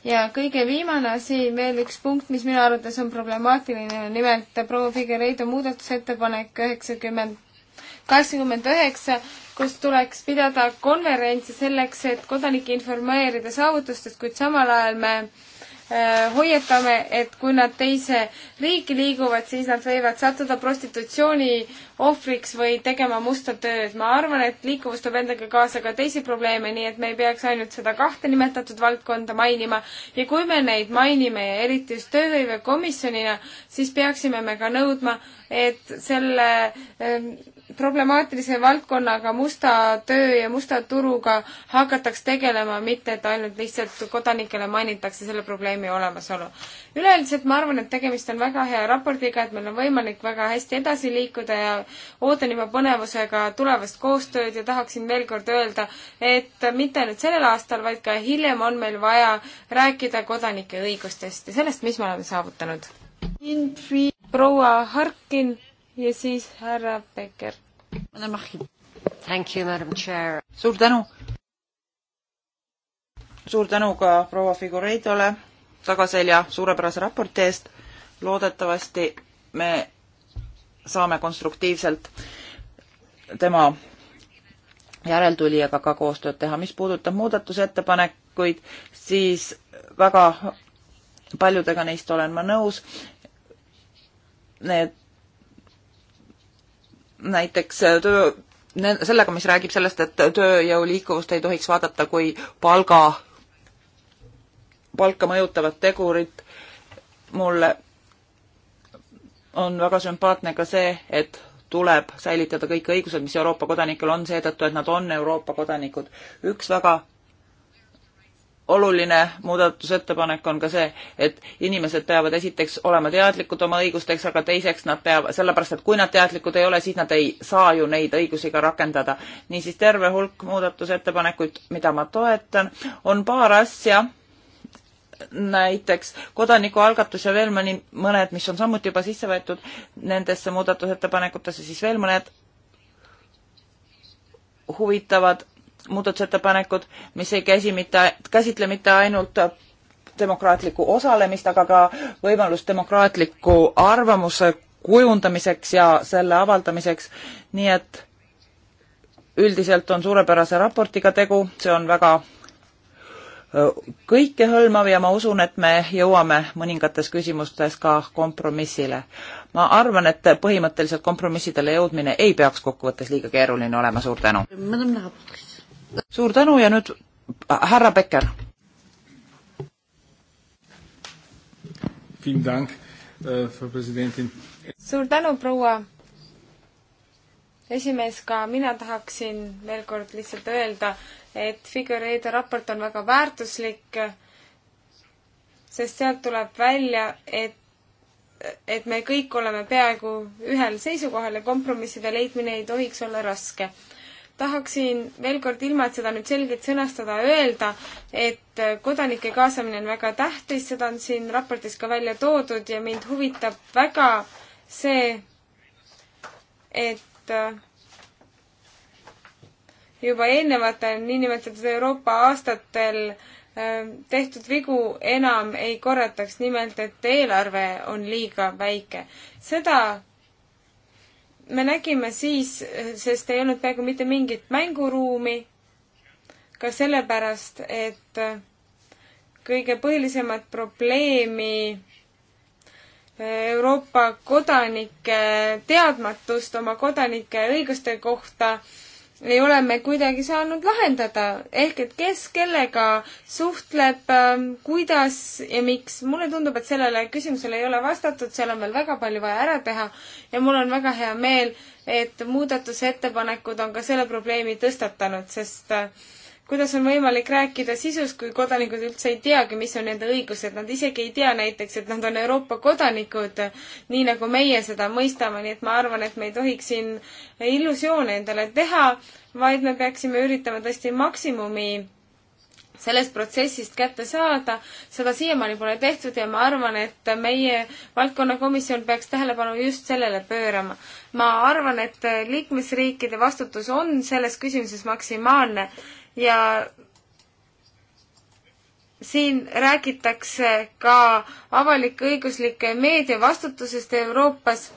ja kõige viimane asi, veel üks punkt, mis minu arvates on problemaatiline, nimelt proua Figueiredo muudatusettepanek üheksakümmend, kaheksakümmend üheksa, kus tuleks pidada konverentsi selleks, et kodanikke informeerida saavutustest, kuid samal ajal me äh, Äh, hoiatame, et kui nad teise riiki liiguvad, siis nad võivad sattuda prostitutsiooni ohvriks või tegema musta tööd. ma arvan, et liikuvus toob endaga kaasa ka teisi probleeme, nii et me ei peaks ainult seda kahte nimetatud valdkonda mainima ja kui me neid mainime ja eriti just tööhõivekomisjonina, siis peaksime me ka nõudma, et selle ähm, problemaatilise valdkonnaga, musta töö ja musta turuga hakataks tegelema, mitte et ainult lihtsalt kodanikele mainitakse selle probleemi olemasolu. üleüldiselt ma arvan, et tegemist on väga hea raportiga, et meil on võimalik väga hästi edasi liikuda ja ootan juba põnevusega tulevast koostööd ja tahaksin veel kord öelda, et mitte ainult sellel aastal, vaid ka hiljem on meil vaja rääkida kodanike õigustest ja sellest, mis me oleme saavutanud. proua Harkin ja siis härra Becker. suur tänu. suur tänu ka proua Figureidole tagaselja suurepärase raporti eest. loodetavasti me saame konstruktiivselt tema järeltulijaga ka koostööd teha. mis puudutab muudatusettepanekuid, siis väga paljudega neist olen ma nõus. Need näiteks äh, töö, sellega, mis räägib sellest, et tööjõu liikuvust ei tohiks vaadata kui palga, palka mõjutavat tegurit. mulle on väga sümpaatne ka see, et tuleb säilitada kõik õigused, mis Euroopa kodanikel on, seetõttu, et nad on Euroopa kodanikud. üks väga oluline muudatusettepanek on ka see, et inimesed peavad esiteks olema teadlikud oma õigusteks, aga teiseks nad peavad, sellepärast et kui nad teadlikud ei ole, siis nad ei saa ju neid õigusi ka rakendada. niisiis terve hulk muudatusettepanekuid, mida ma toetan, on paar asja, näiteks kodanikualgatus ja veel mõni, mõned, mis on samuti juba sisse võetud nendesse muudatusettepanekutesse, siis veel mõned huvitavad muudatusettepanekud, mis ei käsi mitte, käsitle mitte ainult demokraatlikku osalemist, aga ka võimalust demokraatliku arvamuse kujundamiseks ja selle avaldamiseks, nii et üldiselt on suurepärase raportiga tegu, see on väga kõikehõlmav ja ma usun, et me jõuame mõningates küsimustes ka kompromissile. ma arvan, et põhimõtteliselt kompromissidele jõudmine ei peaks kokkuvõttes liiga keeruline olema, suur tänu suur tänu ja nüüd äh, härra Becker. Äh, suur tänu, proua esimees, ka mina tahaksin veel kord lihtsalt öelda, et Figureide raport on väga väärtuslik, sest sealt tuleb välja, et et me kõik oleme peaaegu ühel seisukohal ja kompromisside leidmine ei tohiks olla raske tahaksin veel kord, ilma et seda nüüd selgelt sõnastada, öelda, et äh, kodanike kaasamine on väga tähtis, seda on siin raportis ka välja toodud ja mind huvitab väga see, et äh, juba eelnevatel niinimetatud Euroopa aastatel äh, tehtud vigu enam ei korrataks, nimelt et eelarve on liiga väike. seda me nägime siis, sest ei olnud peaaegu mitte mingit mänguruumi, ka sellepärast, et kõige põhilisemat probleemi äh, Euroopa kodanike teadmatust oma kodanike õiguste kohta äh, ei ole me kuidagi saanud lahendada, ehk et kes kellega suhtleb, ähm, kuidas ja miks. mulle tundub, et sellele küsimusele ei ole vastatud, seal on veel väga palju vaja ära teha ja mul on väga hea meel, et muudatusettepanekud on ka selle probleemi tõstatanud, sest äh, kuidas on võimalik rääkida sisust, kui kodanikud üldse ei teagi, mis on nende õigused, nad isegi ei tea näiteks, et nad on Euroopa kodanikud, nii nagu meie seda mõistame, nii et ma arvan, et me ei tohiks siin illusioone endale teha, vaid me peaksime üritama tõesti maksimumi sellest protsessist kätte saada, seda siiamaani pole tehtud ja ma arvan, et meie valdkonnakomisjon peaks tähelepanu just sellele pöörama. ma arvan, et liikmesriikide vastutus on selles küsimuses maksimaalne ja siin räägitakse ka avalik-õiguslike meedia vastutusest Euroopas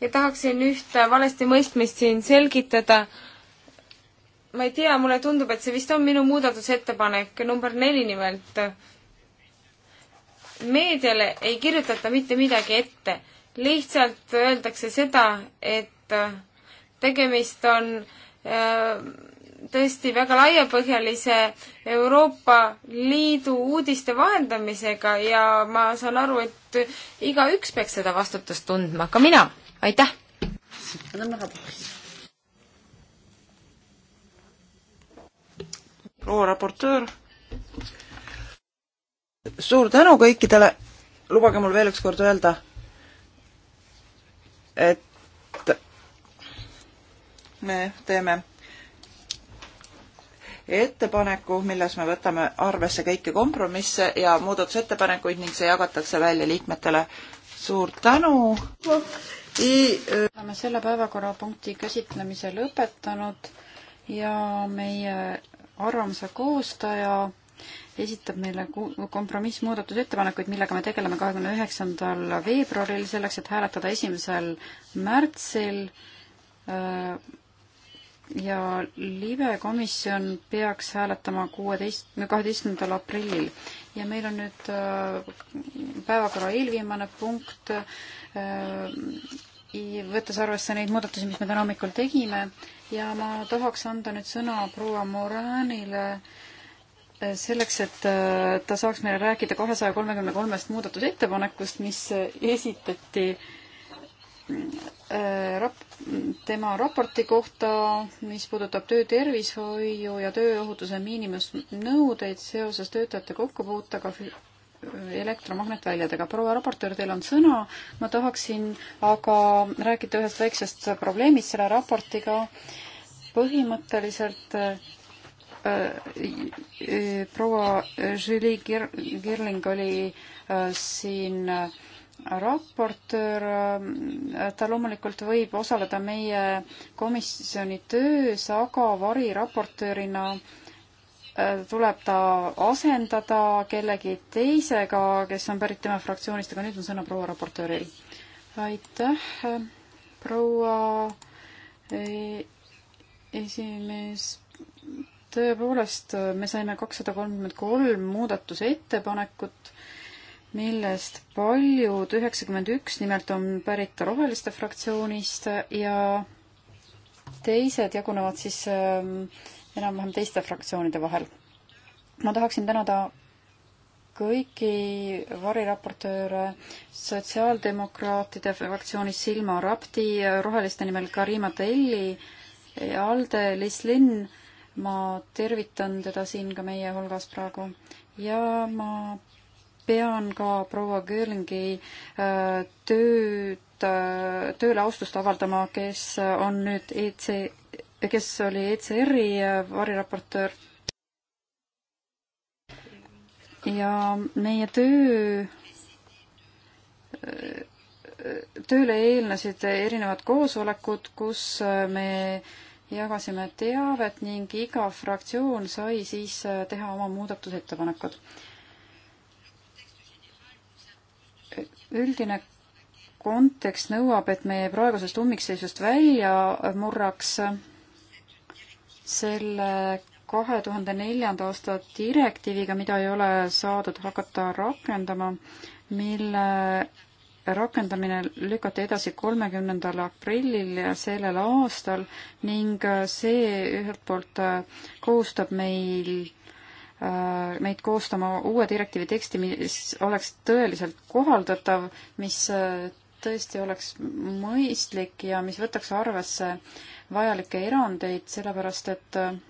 ja tahaksin ühte valesti mõistmist siin selgitada. ma ei tea, mulle tundub, et see vist on minu muudatusettepanek number neli nimelt. meediale ei kirjutata mitte midagi ette, lihtsalt öeldakse seda, et tegemist on äh, tõesti väga laiapõhjalise Euroopa Liidu uudiste vahendamisega ja ma saan aru, et igaüks peaks seda vastutust tundma, ka mina, aitäh! proua raportöör, suur tänu kõikidele, lubage mul veel ükskord öelda, et me teeme ettepaneku, milles me võtame arvesse kõiki kompromisse ja muudatusettepanekuid ning see jagatakse välja liikmetele. suur tänu! oleme selle päevakorrapunkti käsitlemise lõpetanud ja meie arvamuse koostaja esitab meile kompromissmuudatusettepanekuid, millega me tegeleme kahekümne üheksandal veebruaril, selleks et hääletada esimesel märtsil äh, ja libe komisjon peaks hääletama kuueteist, kaheteistkümnendal aprillil ja meil on nüüd äh, päevakorra eelviimane punkt, äh, võttes arvesse neid muudatusi, mis me täna hommikul tegime ja ma tahaks anda nüüd sõna proua Moranile äh, selleks, et ta saaks meile rääkida kahesaja kolmekümne kolmest muudatusettepanekust, mis esitati äh, Äh, rap-, tema raporti kohta, mis puudutab töötervishoiu ja tööohutuse miinimumnõudeid seoses töötajate kokkupuutega elektromagnetväljadega. proua raportöör, teil on sõna, ma tahaksin aga rääkida ühest väiksest probleemist selle raportiga. põhimõtteliselt äh, äh, proua Julie Gerling oli siin äh, raportöör, ta loomulikult võib osaleda meie komisjoni töös, aga variraportöörina äh, tuleb ta asendada kellegi teisega, kes on pärit tema fraktsioonist, aga nüüd on sõna proua raportööril. aitäh, proua eh, esimees. tõepoolest, me saime kakssada kolmkümmend kolm muudatusettepanekut millest paljud, üheksakümmend üks nimelt, on pärit Roheliste fraktsioonist ja teised jagunevad siis ähm, enam-vähem teiste fraktsioonide vahel. ma tahaksin tänada kõiki variraportööre Sotsiaaldemokraatide fraktsioonist Silma Rapti, Roheliste nimel Karima Telli, Alde Liis Linn, ma tervitan teda siin ka meie hulgas praegu ja ma pean ka proua Göringi äh, tööd, äh, tööle austust avaldama, kes äh, on nüüd EC, kes oli ECR-i variraportöör. ja meie töö tööle eelnesid erinevad koosolekud, kus me jagasime teavet ning iga fraktsioon sai siis teha oma muudatusettepanekud üldine kontekst nõuab, et me praegusest ummikseisust välja murraks selle kahe tuhande neljanda aasta direktiiviga, mida ei ole saadud hakata rakendama, mille rakendamine lükati edasi kolmekümnendal aprillil sellel aastal ning see ühelt poolt kohustab meil Äh, meid koostama uue direktiivi teksti, mis oleks tõeliselt kohaldatav, mis äh, tõesti oleks mõistlik ja mis võtaks arvesse vajalikke erandeid, sellepärast et äh,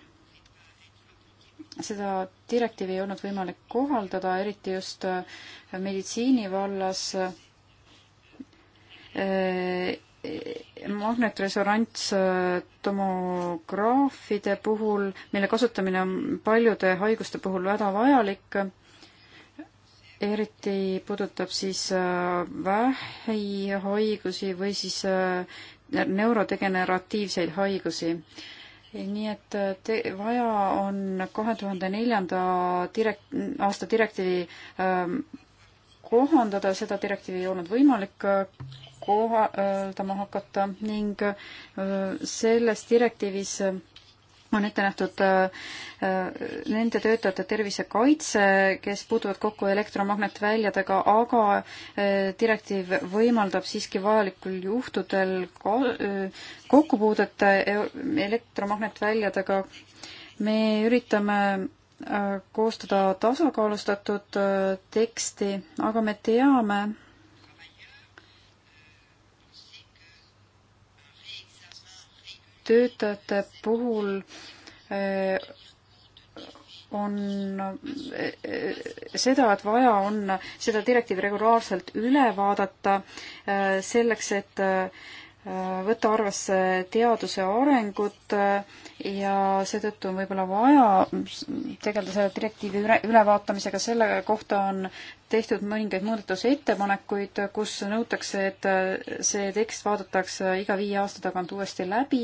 seda direktiivi ei olnud võimalik kohaldada, eriti just meditsiini vallas magnetresonantstomograafide äh, puhul, mille kasutamine on paljude haiguste puhul hädavajalik, eriti puudutab siis äh, vähihaigusi või siis äh, neurodegeneratiivseid haigusi nii et te, vaja on kahe tuhande neljanda direkt-, aasta direktiivi ähm, kohandada, seda direktiivi ei olnud võimalik kohaldama hakata ning äh, selles direktiivis on ette nähtud äh, nende töötajate tervisekaitse, kes puutuvad kokku elektromagnetväljadega, aga äh, direktiiv võimaldab siiski vajalikul juhtudel kokkupuudet e-, elektromagnetväljadega. me üritame koostada tasakaalustatud teksti, aga me teame, töötajate puhul eh, on eh, seda, et vaja on seda direktiivi regulaarselt üle vaadata eh, selleks, et võtta arvesse teaduse arengut ja seetõttu on võib-olla vaja tegeleda selle direktiivi ülevaatamisega, selle kohta on tehtud mõningaid muudatusettepanekuid, kus nõutakse, et see tekst vaadatakse iga viie aasta tagant uuesti läbi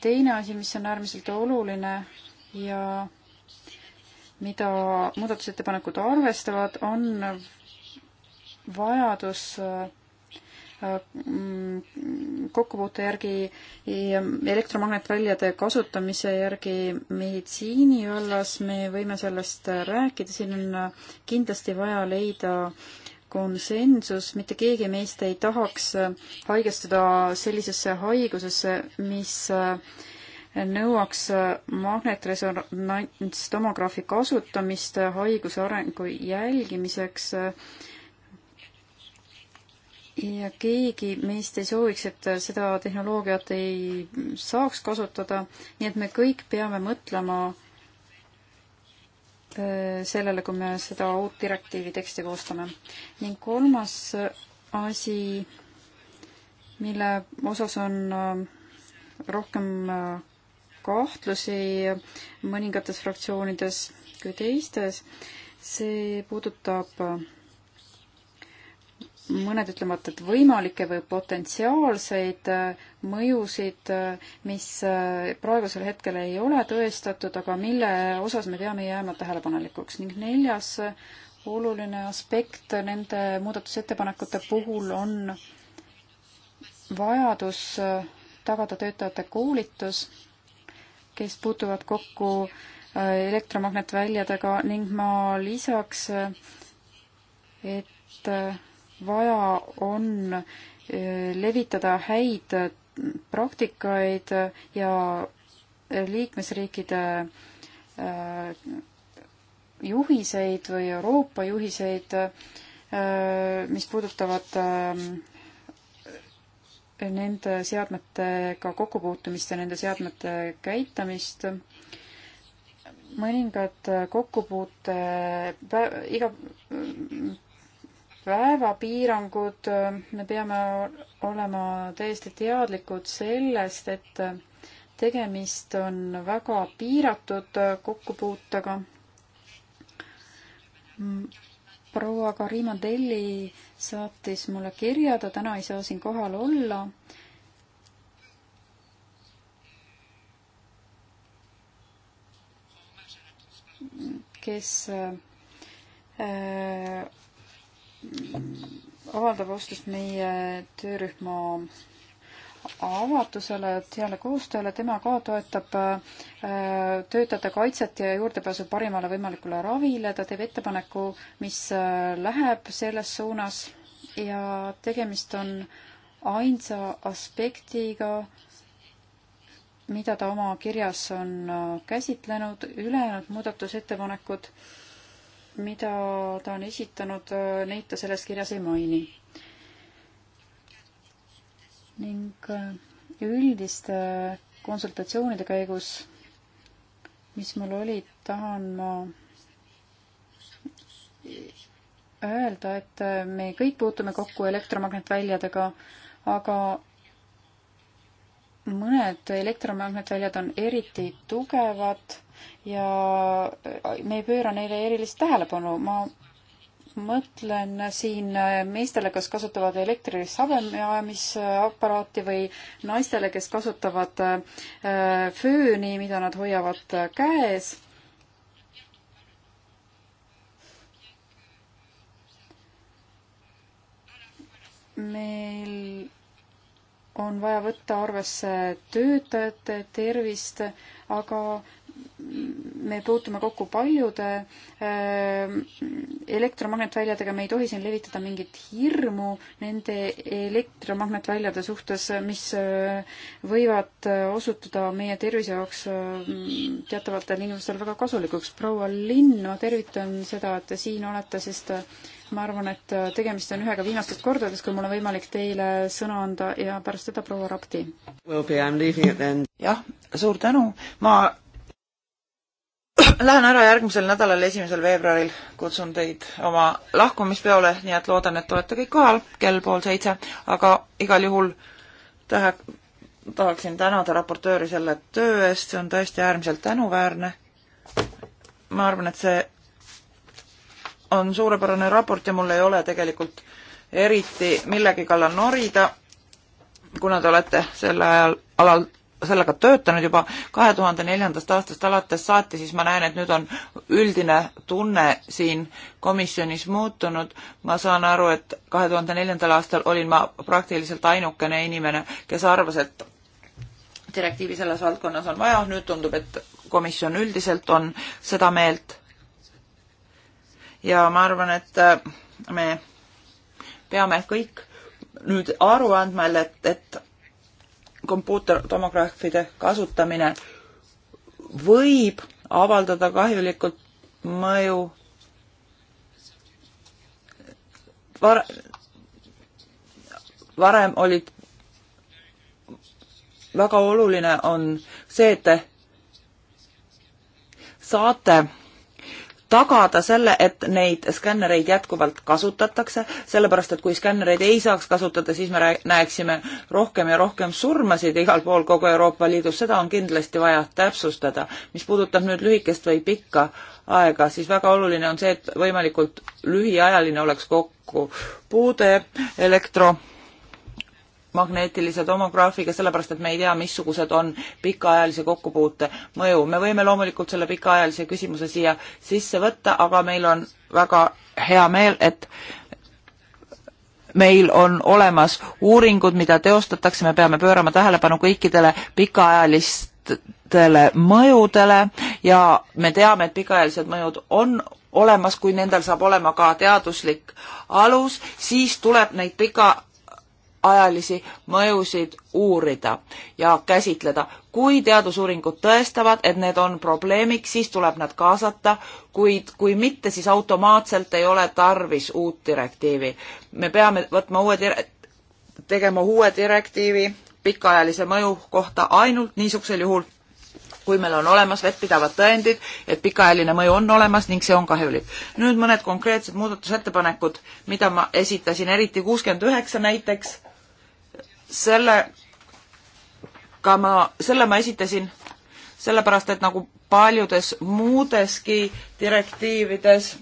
teine asi, mis on äärmiselt oluline ja mida muudatusettepanekud arvestavad, on vajadus äh, mm, kokkupuute järgi elektromagnetväljade kasutamise järgi meditsiini vallas, me võime sellest rääkida, siin on kindlasti vaja leida äh, konsensus, mitte keegi meist ei tahaks äh, haigestuda sellisesse haigusesse, mis äh, nõuaks äh, magnetresonantstomograafi kasutamist haiguse arengu jälgimiseks ja keegi meist ei sooviks, et seda tehnoloogiat ei saaks kasutada, nii et me kõik peame mõtlema Äh, sellele, kui me seda uut direktiivi teksti koostame. ning kolmas äh, asi, mille osas on äh, rohkem kahtlusi mõningates fraktsioonides kui teistes, see puudutab mõned ütlevad, et võimalikke või potentsiaalseid äh, mõjusid, äh, mis äh, praegusel hetkel ei ole tõestatud, aga mille osas me peame jääma tähelepanelikuks ning neljas oluline aspekt nende muudatusettepanekute puhul on vajadus tagada töötajate koolitus, kes puutuvad kokku elektromagnetväljadega ning ma lisaks, et vaja on eh, levitada häid eh, praktikaid eh, ja liikmesriikide juhiseid või Euroopa juhiseid, mis puudutavad nende seadmetega kokkupuutumist ja nende seadmete käitamist mõningad kokkupuute päev, iga päevapiirangud, me peame olema täiesti teadlikud sellest, et tegemist on väga piiratud kokkupuutega. proua Karima Telli saatis mulle kirja, ta täna ei saa siin kohal olla kes äh, avaldab vastust meie töörühma avatusele, heale koostööle, tema ka toetab äh, töötajate kaitset ja juurdepääsu parimale võimalikule ravile, ta teeb ettepaneku, mis äh, läheb selles suunas ja tegemist on ainsa aspektiga, mida ta oma kirjas on äh, käsitlenud, ülejäänud muudatusettepanekud äh, mida ta on esitanud, neid ta selles kirjas ei maini. ning äh, üldiste konsultatsioonide käigus, mis mul olid, tahan ma öelda, et äh, me kõik puutume kokku elektromagnetväljadega, aga mõned elektromagnetväljad on eriti tugevad ja äh, me ei pööra neile erilist tähelepanu. ma mõtlen siin äh, meestele, kes kasutavad elektrilist habemeajamisaparaati või naistele, kes kasutavad äh, fööni, mida nad hoiavad käes. meil on vaja võtta arvesse töötajate tervist, aga me puutume kokku paljude äh, elektromagnetväljadega, me ei tohi siin levitada mingit hirmu nende elektromagnetväljade suhtes, mis äh, võivad äh, osutuda meie tervise jaoks teatavatel inimestel väga kasulikuks. proua Linn, ma tervitan seda, et te siin olete, sest ma arvan, et tegemist on ühega viimastest kordadest, kui mul on võimalik teile sõna anda ja pärast seda proua Rapti. jah, suur tänu, ma Lähen ära järgmisel nädalal, esimesel veebruaril, kutsun teid oma lahkumispeole, nii et loodan, et olete kõik kohal kell pool seitse, aga igal juhul tähe, tahaksin tänada raportööri selle töö eest, see on tõesti äärmiselt tänuväärne. ma arvan, et see on suurepärane raport ja mul ei ole tegelikult eriti millegi kallal norida, kuna te olete sel ajal, alal sellega töötanud juba kahe tuhande neljandast aastast alates saati, siis ma näen, et nüüd on üldine tunne siin komisjonis muutunud. ma saan aru, et kahe tuhande neljandal aastal olin ma praktiliselt ainukene inimene, kes arvas, et direktiivi selles valdkonnas on vaja, nüüd tundub, et komisjon üldiselt on seda meelt. ja ma arvan, et äh, me peame kõik nüüd aru andma, et, et kompuutertomograafide kasutamine võib avaldada kahjulikult mõju var-, varem olid, väga oluline on see, et te saate tagada selle, et neid skännereid jätkuvalt kasutatakse, sellepärast et kui skännereid ei saaks kasutada, siis me näeksime rohkem ja rohkem surmasid igal pool kogu Euroopa Liidus, seda on kindlasti vaja täpsustada. mis puudutab nüüd lühikest või pikka aega, siis väga oluline on see, et võimalikult lühiajaline oleks kokkupuude elektro magneetilise tomograafiga, sellepärast et me ei tea, missugused on pikaajalise kokkupuute mõju. me võime loomulikult selle pikaajalise küsimuse siia sisse võtta, aga meil on väga hea meel, et meil on olemas uuringud, mida teostatakse, me peame pöörama tähelepanu kõikidele pikaajalistele mõjudele ja me teame, et pikaajalised mõjud on olemas, kui nendel saab olema ka teaduslik alus, siis tuleb neid pika, ajalisi mõjusid uurida ja käsitleda. kui teadusuuringud tõestavad, et need on probleemiks, siis tuleb nad kaasata, kuid kui mitte, siis automaatselt ei ole tarvis uut direktiivi. me peame võtma uue dire-, tegema uue direktiivi pikaajalise mõju kohta ainult niisugusel juhul, kui meil on olemas vettpidavad tõendid, et pikaajaline mõju on olemas ning see on kahjulik. nüüd mõned konkreetsed muudatusettepanekud, mida ma esitasin, eriti kuuskümmend üheksa näiteks, sellega ma, selle ma esitasin sellepärast, et nagu paljudes muudeski direktiivides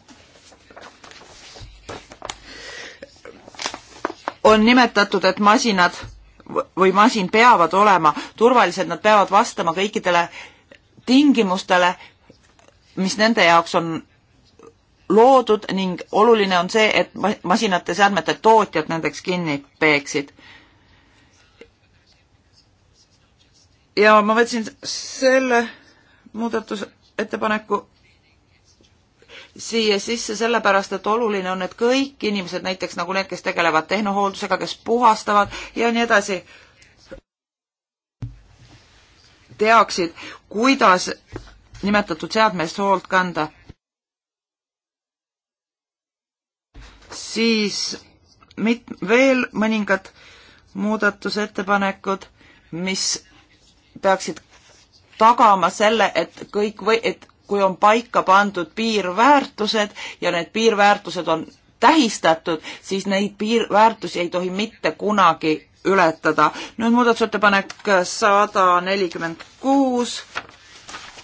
on nimetatud, et masinad või masin peavad olema turvalised, nad peavad vastama kõikidele tingimustele, mis nende jaoks on loodud ning oluline on see, et masinate seadmete tootjad nendeks kinni peeksid. ja ma võtsin selle muudatusettepaneku siia sisse sellepärast, et oluline on, et kõik inimesed, näiteks nagu need, kes tegelevad tehnohooldusega, kes puhastavad ja nii edasi, teaksid, kuidas nimetatud seadmest hoolt kanda. siis mit-, veel mõningad muudatusettepanekud, mis peaksid tagama selle, et kõik või, et kui on paika pandud piirväärtused ja need piirväärtused on tähistatud, siis neid piirväärtusi ei tohi mitte kunagi ületada. nüüd muudatusettepanek sada nelikümmend kuus,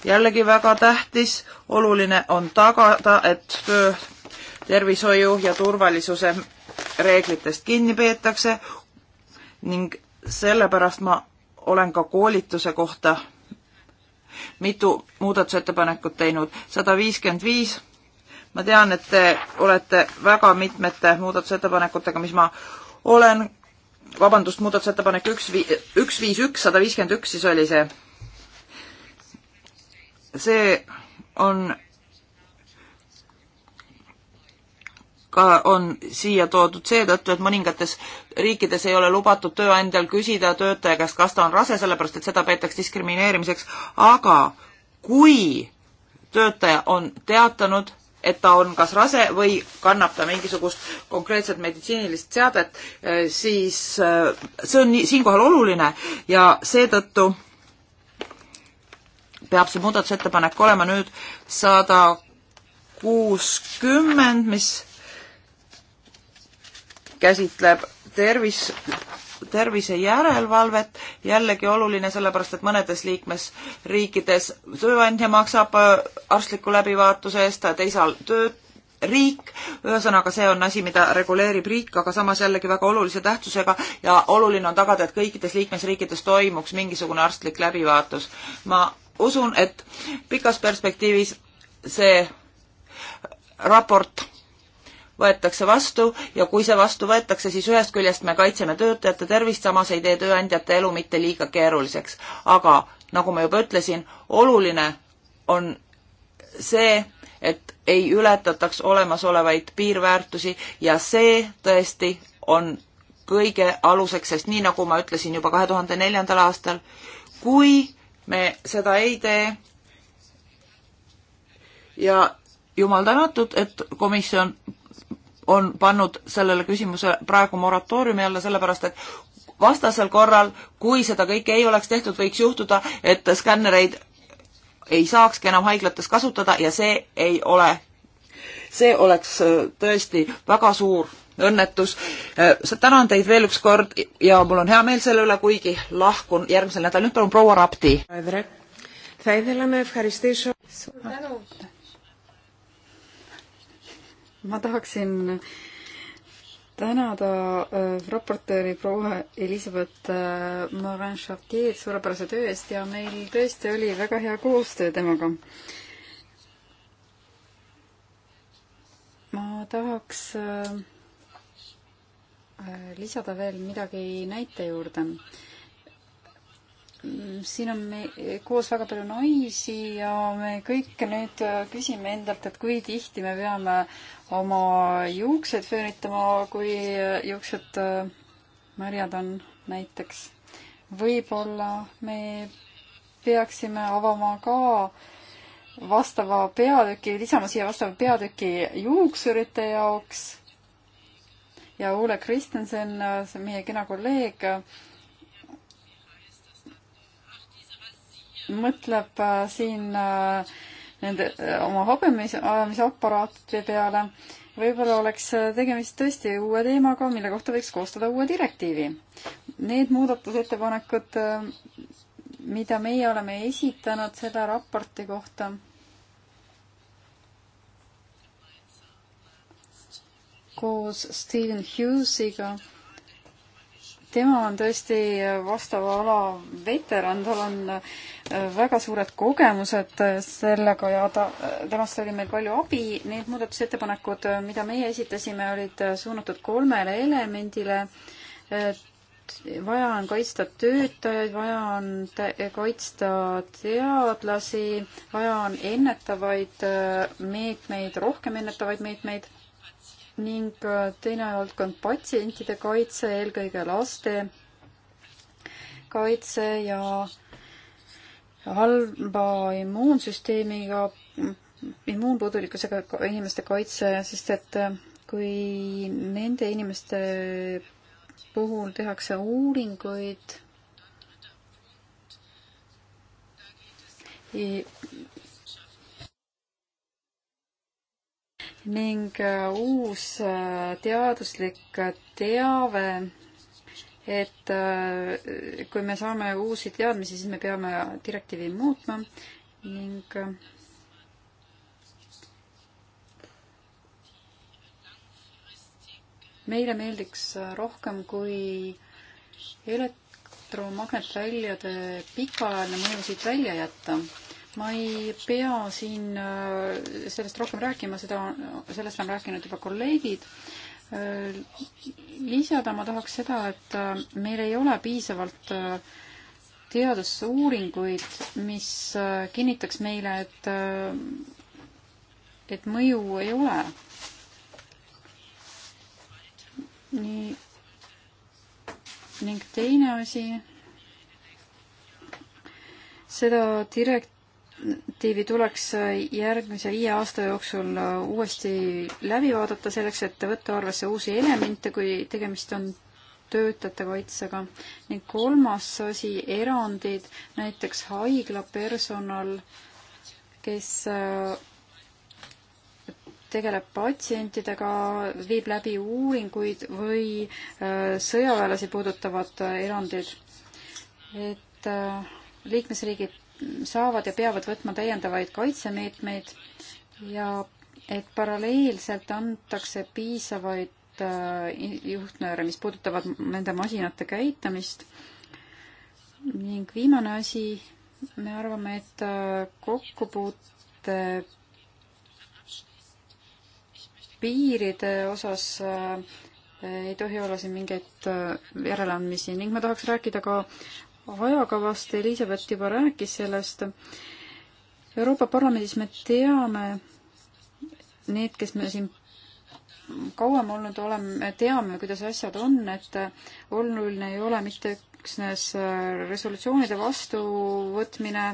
jällegi väga tähtis, oluline on tagada, et töö tervishoiu ja turvalisuse reeglitest kinni peetakse ning sellepärast ma olen ka koolituse kohta mitu muudatusettepanekut teinud, sada viiskümmend viis. ma tean, et te olete väga mitmete muudatusettepanekutega, mis ma olen vabandust, muudatusettepanek üks, üks viis üks, sada viiskümmend üks siis oli see. see on ka on siia toodud seetõttu, et mõningates riikides ei ole lubatud tööandjal küsida töötaja käest, kas ta on rase, sellepärast et seda peetakse diskrimineerimiseks, aga kui töötaja on teatanud, et ta on kas rase või kannab ta mingisugust konkreetset meditsiinilist seadet, eh, siis eh, see on siinkohal oluline ja seetõttu peab see muudatusettepanek olema nüüd sada kuuskümmend, mis käsitleb tervis, tervisejärelevalvet, jällegi oluline, sellepärast et mõnedes liikmesriikides tööandja maksab äh, arstliku läbivaatuse eest, teisal töö, riik, ühesõnaga see on asi, mida reguleerib riik, aga samas jällegi väga olulise tähtsusega ja oluline on tagada, et kõikides liikmesriikides toimuks mingisugune arstlik läbivaatus. ma usun, et pikas perspektiivis see raport võetakse vastu ja kui see vastu võetakse, siis ühest küljest me kaitseme töötajate tervist, samas ei tee tööandjate elu mitte liiga keeruliseks. aga nagu ma juba ütlesin, oluline on see, et ei ületataks olemasolevaid piirväärtusi ja see tõesti on kõige aluseks, sest nii nagu ma ütlesin juba kahe tuhande neljandal aastal, kui me seda ei tee ja jumal tänatud, et komisjon on pannud sellele küsimusele praegu moratooriumi alla, sellepärast et vastasel korral, kui seda kõike ei oleks tehtud, võiks juhtuda, et skännereid ei saakski enam haiglates kasutada ja see ei ole, see oleks äh, tõesti väga suur õnnetus. Äh, tänan teid veel üks kord ja mul on hea meel selle üle, kuigi lahkun järgmisel nädalal. nüüd palun proua Rapti. suur tänu ma tahaksin tänada äh, raportööri proua Elizabeth äh, Morin-Chartier suurepärase töö eest ja meil tõesti oli väga hea koostöö temaga. ma tahaks äh, lisada veel midagi näite juurde Mm, siin on me koos väga palju naisi ja me kõik nüüd äh, küsime endalt, et kui tihti me peame oma juuksed föönitama, kui äh, juuksed äh, märjad on näiteks. võib-olla me peaksime avama ka vastava peatüki, lisama siia vastava peatüki juuksurite jaoks. ja Ole Kristensen, see meie kena kolleeg, mõtleb äh, siin äh, nende äh, oma habemajamisaparaatide peale, võib-olla oleks tegemist tõesti uue teemaga, mille kohta võiks koostada uue direktiivi. Need muudatusettepanekud, mida meie oleme esitanud selle raporti kohta, koos Steven Hughesiga tema on tõesti vastava ala veteran, tal on äh, väga suured kogemused äh, sellega ja ta, äh, temast oli meil palju abi. Need muudatusettepanekud, mida meie esitasime, olid suunatud kolmele elemendile. vaja on kaitsta töötajaid, vaja on kaitsta teadlasi, vaja on ennetavaid meetmeid, rohkem ennetavaid meetmeid ning äh, teine valdkond patsientide kaitse, eelkõige laste kaitse ja halba immuunsüsteemiga, immuunpuudulikkusega inimeste kaitse, sest et äh, kui nende inimeste puhul tehakse uuringuid ning äh, uus äh, teaduslik teave, et äh, kui me saame uusi teadmisi, siis me peame direktiivi muutma ning meile meeldiks rohkem, kui elektromagnetväljade pikaajaline mõju siit välja jätta ma ei pea siin äh, sellest rohkem rääkima, seda, sellest on rääkinud juba kolleegid. Äh, lisada ma tahaks seda, et äh, meil ei ole piisavalt teadusuuringuid, mis kinnitaks meile, et et mõju ei ole. nii. ning teine asi, seda direkt-, direktiivi tuleks järgmise viie aasta jooksul uuesti läbi vaadata selleks, et võtta arvesse uusi elemente, kui tegemist on töötajate kaitsega. ning kolmas asi, erandid, näiteks haiglapersonal, kes äh, tegeleb patsientidega, viib läbi uuringuid või äh, sõjaväelasi puudutavad erandid. et äh, liikmesriigid saavad ja peavad võtma täiendavaid kaitsemeetmeid ja et paralleelselt antakse piisavaid äh, juhtnööre, mis puudutavad nende masinate käitamist. ning viimane asi, me arvame, et äh, kokkupuute piiride osas äh, ei tohi olla siin mingeid järeleandmisi ning ma tahaks rääkida ka ajakavast, Elizabeth juba rääkis sellest. Euroopa Parlamendis me teame, need, kes me siin kauem olnud oleme, teame, kuidas asjad on, et oluline ei ole mitte üksnes resolutsioonide vastuvõtmine,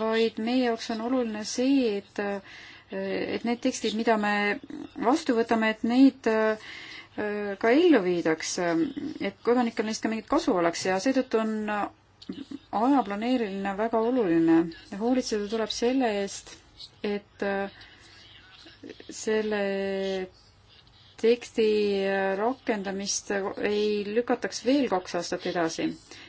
vaid meie jaoks on oluline see, et et need tekstid, mida me vastu võtame, et neid äh, ka ellu viidaks, et kodanikel neist ka mingit kasu oleks ja seetõttu on aja planeerimine on väga oluline ja hoolitseda tuleb selle eest, et äh, selle teksti äh, rakendamist äh, ei lükataks veel kaks aastat edasi.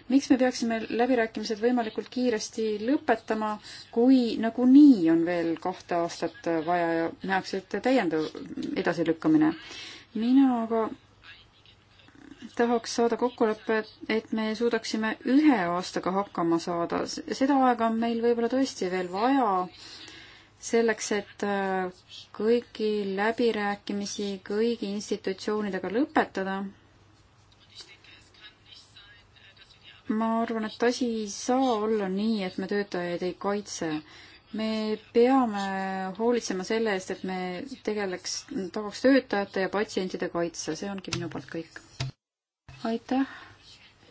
miks me peaksime läbirääkimised võimalikult kiiresti lõpetama, kui nagunii on veel kahte aastat vaja ja nähakse ette täiendav edasilükkamine? mina aga tahaks saada kokkuleppe, et me suudaksime ühe aastaga hakkama saada. seda aega on meil võib-olla tõesti veel vaja selleks, et äh, kõiki läbirääkimisi kõigi institutsioonidega lõpetada. ma arvan, et asi ei saa olla nii, et me töötajaid ei kaitse me peame hoolitsema selle eest, et me tegeleks, tagaks töötajate ja patsientide kaitse, see ongi minu poolt kõik aitäh,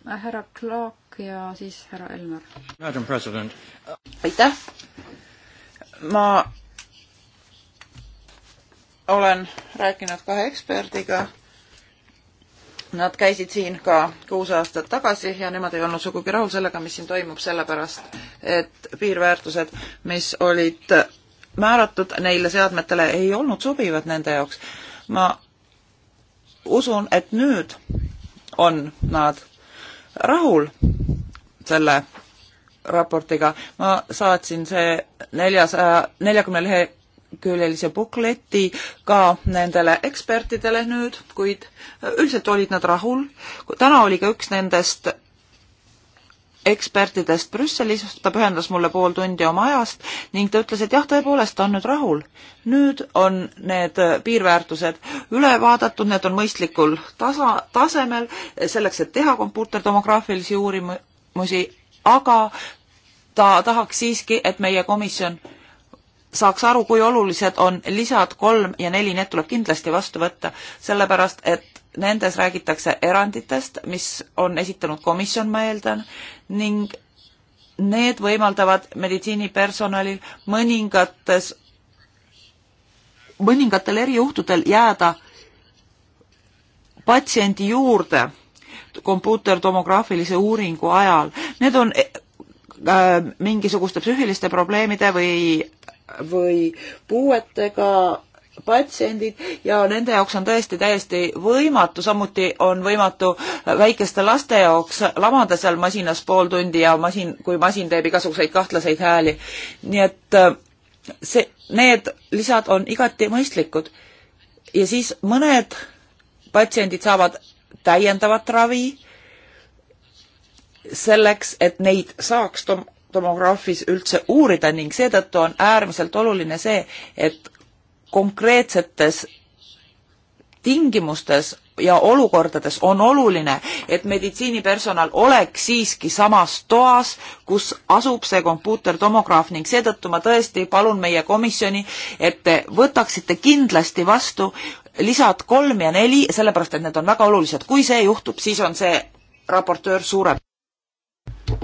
härra Clark ja siis härra Elmer. aitäh, ma olen rääkinud kahe eksperdiga. Nad käisid siin ka kuus aastat tagasi ja nemad ei olnud sugugi rahul sellega, mis siin toimub, sellepärast et piirväärtused, mis olid määratud neile seadmetele, ei olnud sobivad nende jaoks. ma usun, et nüüd on nad rahul selle raportiga. ma saatsin see neljasaja, neljakümne leheküljelise bukleti ka nendele ekspertidele nüüd, kuid üldiselt olid nad rahul. täna oli ka üks nendest ekspertidest Brüsselis, ta pühendas mulle pool tundi oma ajast ning ta ütles, et jah, tõepoolest, ta on nüüd rahul. nüüd on need piirväärtused üle vaadatud, need on mõistlikul tasa, tasemel selleks, et teha kompuutertomograafilisi uurimusi, aga ta tahaks siiski, et meie komisjon saaks aru, kui olulised on lisad kolm ja neli, need tuleb kindlasti vastu võtta, sellepärast et Nendes räägitakse eranditest, mis on esitanud komisjon, ma eeldan, ning need võimaldavad meditsiinipersonalil mõningates, mõningatel erijuhtudel jääda patsiendi juurde kompuutertomograafilise uuringu ajal. Need on eh, äh, mingisuguste psüühiliste probleemide või, või puuetega patsiendid ja nende jaoks on tõesti täiesti võimatu, samuti on võimatu väikeste laste jaoks lamada seal masinas pool tundi ja masin, kui masin teeb igasuguseid kahtlaseid hääli. nii et äh, see, need lisad on igati mõistlikud. ja siis mõned patsiendid saavad täiendavat ravi selleks, et neid saaks tom-, tomograafis üldse uurida ning seetõttu on äärmiselt oluline see, et konkreetsetes tingimustes ja olukordades on oluline, et meditsiinipersonal oleks siiski samas toas, kus asub see kompuutertomograaf ning seetõttu ma tõesti palun meie komisjoni, et te võtaksite kindlasti vastu lisad kolm ja neli, sellepärast et need on väga olulised. kui see juhtub, siis on see raportöör suurem.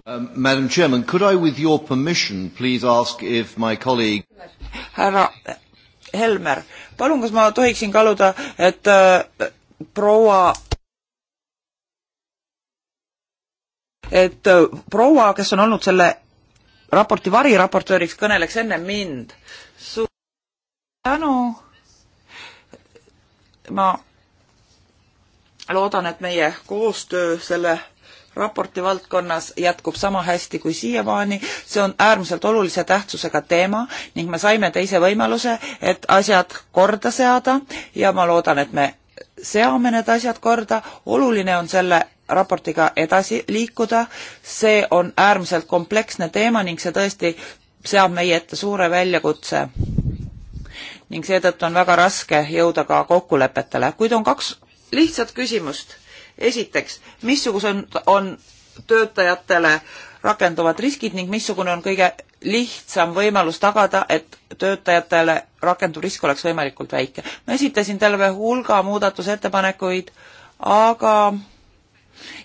Um, Madam Chairman, could I with your permission please ask if my colleague härra Helmer, palun, kas ma tohiksin kaluda, et äh, proua et äh, proua, kes on olnud selle raporti variraportööriks, kõneleks enne mind. suur tänu. ma loodan, et meie koostöö selle raporti valdkonnas jätkub sama hästi kui siiamaani, see on äärmiselt olulise tähtsusega teema ning me saime teise võimaluse, et asjad korda seada ja ma loodan, et me seame need asjad korda, oluline on selle raportiga edasi liikuda, see on äärmiselt kompleksne teema ning see tõesti seab meie ette suure väljakutse. ning seetõttu on väga raske jõuda ka kokkulepetele, kuid on kaks lihtsat küsimust esiteks, missugused on, on töötajatele rakenduvad riskid ning missugune on kõige lihtsam võimalus tagada, et töötajatele rakenduv risk oleks võimalikult väike. ma esitasin terve hulga muudatusettepanekuid, aga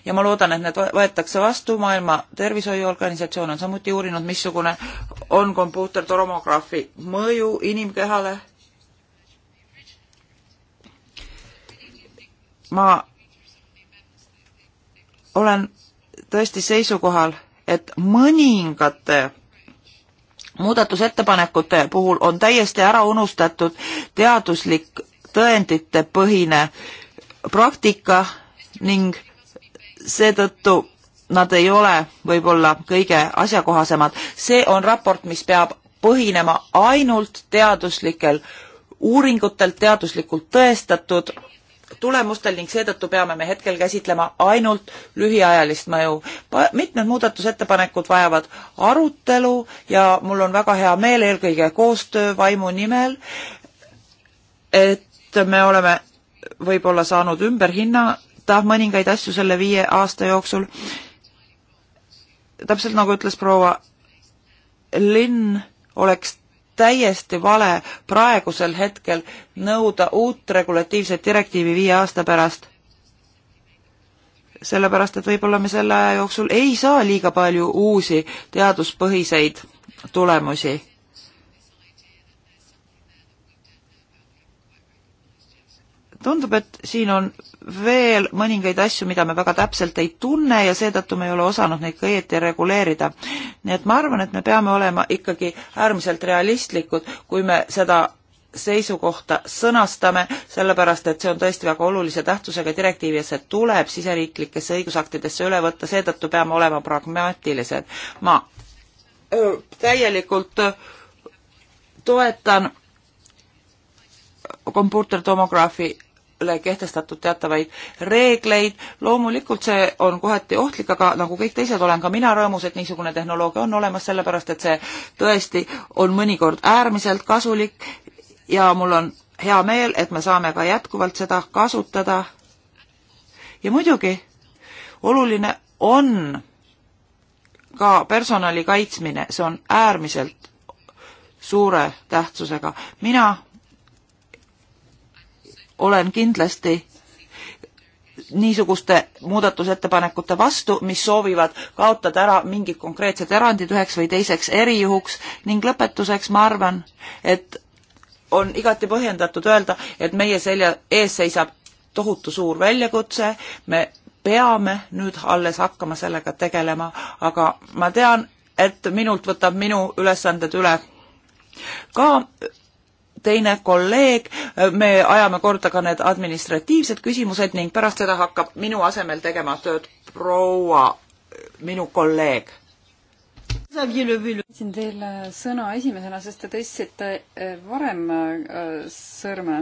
ja ma loodan, et need võetakse vastu, Maailma Tervishoiuorganisatsioon on samuti uurinud, missugune on kompuutertomograafi mõju inimkehale. ma olen tõesti seisukohal, et mõningate muudatusettepanekute puhul on täiesti ära unustatud teaduslik tõendite põhine praktika ning seetõttu nad ei ole võib-olla kõige asjakohasemad. see on raport, mis peab põhinema ainult teaduslikel uuringutelt, teaduslikult tõestatud tulemustel ning seetõttu peame me hetkel käsitlema ainult lühiajalist mõju. mitmed muudatusettepanekud vajavad arutelu ja mul on väga hea meel eelkõige koostöövaimu nimel, et me oleme võib-olla saanud ümber hinnata mõningaid asju selle viie aasta jooksul. täpselt nagu ütles proua Linn, oleks täiesti vale praegusel hetkel nõuda uut regulatiivset direktiivi viie aasta pärast. sellepärast, et võib-olla me selle aja jooksul ei saa liiga palju uusi teaduspõhiseid tulemusi tundub, et siin on veel mõningaid asju, mida me väga täpselt ei tunne ja seetõttu me ei ole osanud neid ka õieti reguleerida. nii et ma arvan, et me peame olema ikkagi äärmiselt realistlikud, kui me seda seisukohta sõnastame, sellepärast et see on tõesti väga olulise tähtsusega direktiiv ja see tuleb siseriiklikesse õigusaktidesse üle võtta, seetõttu peame olema pragmaatilised. ma öö, täielikult toetan kompuutertomograafi kehtestatud teatavaid reegleid, loomulikult see on kohati ohtlik, aga nagu kõik teised, olen ka mina rõõmus, et niisugune tehnoloogia on olemas, sellepärast et see tõesti on mõnikord äärmiselt kasulik ja mul on hea meel, et me saame ka jätkuvalt seda kasutada. ja muidugi, oluline on ka personali kaitsmine, see on äärmiselt suure tähtsusega. mina olen kindlasti niisuguste muudatusettepanekute vastu, mis soovivad kaotada ära mingid konkreetsed erandid üheks või teiseks erijuhuks ning lõpetuseks ma arvan, et on igati põhjendatud öelda, et meie selja ees seisab tohutu suur väljakutse, me peame nüüd alles hakkama sellega tegelema, aga ma tean, et minult võtab minu ülesanded üle ka teine kolleeg, me ajame korda ka need administratiivsed küsimused ning pärast seda hakkab minu asemel tegema tööd proua, minu kolleeg. andsin teile sõna esimesena, sest te tõstsite eh, varem eh, sõrme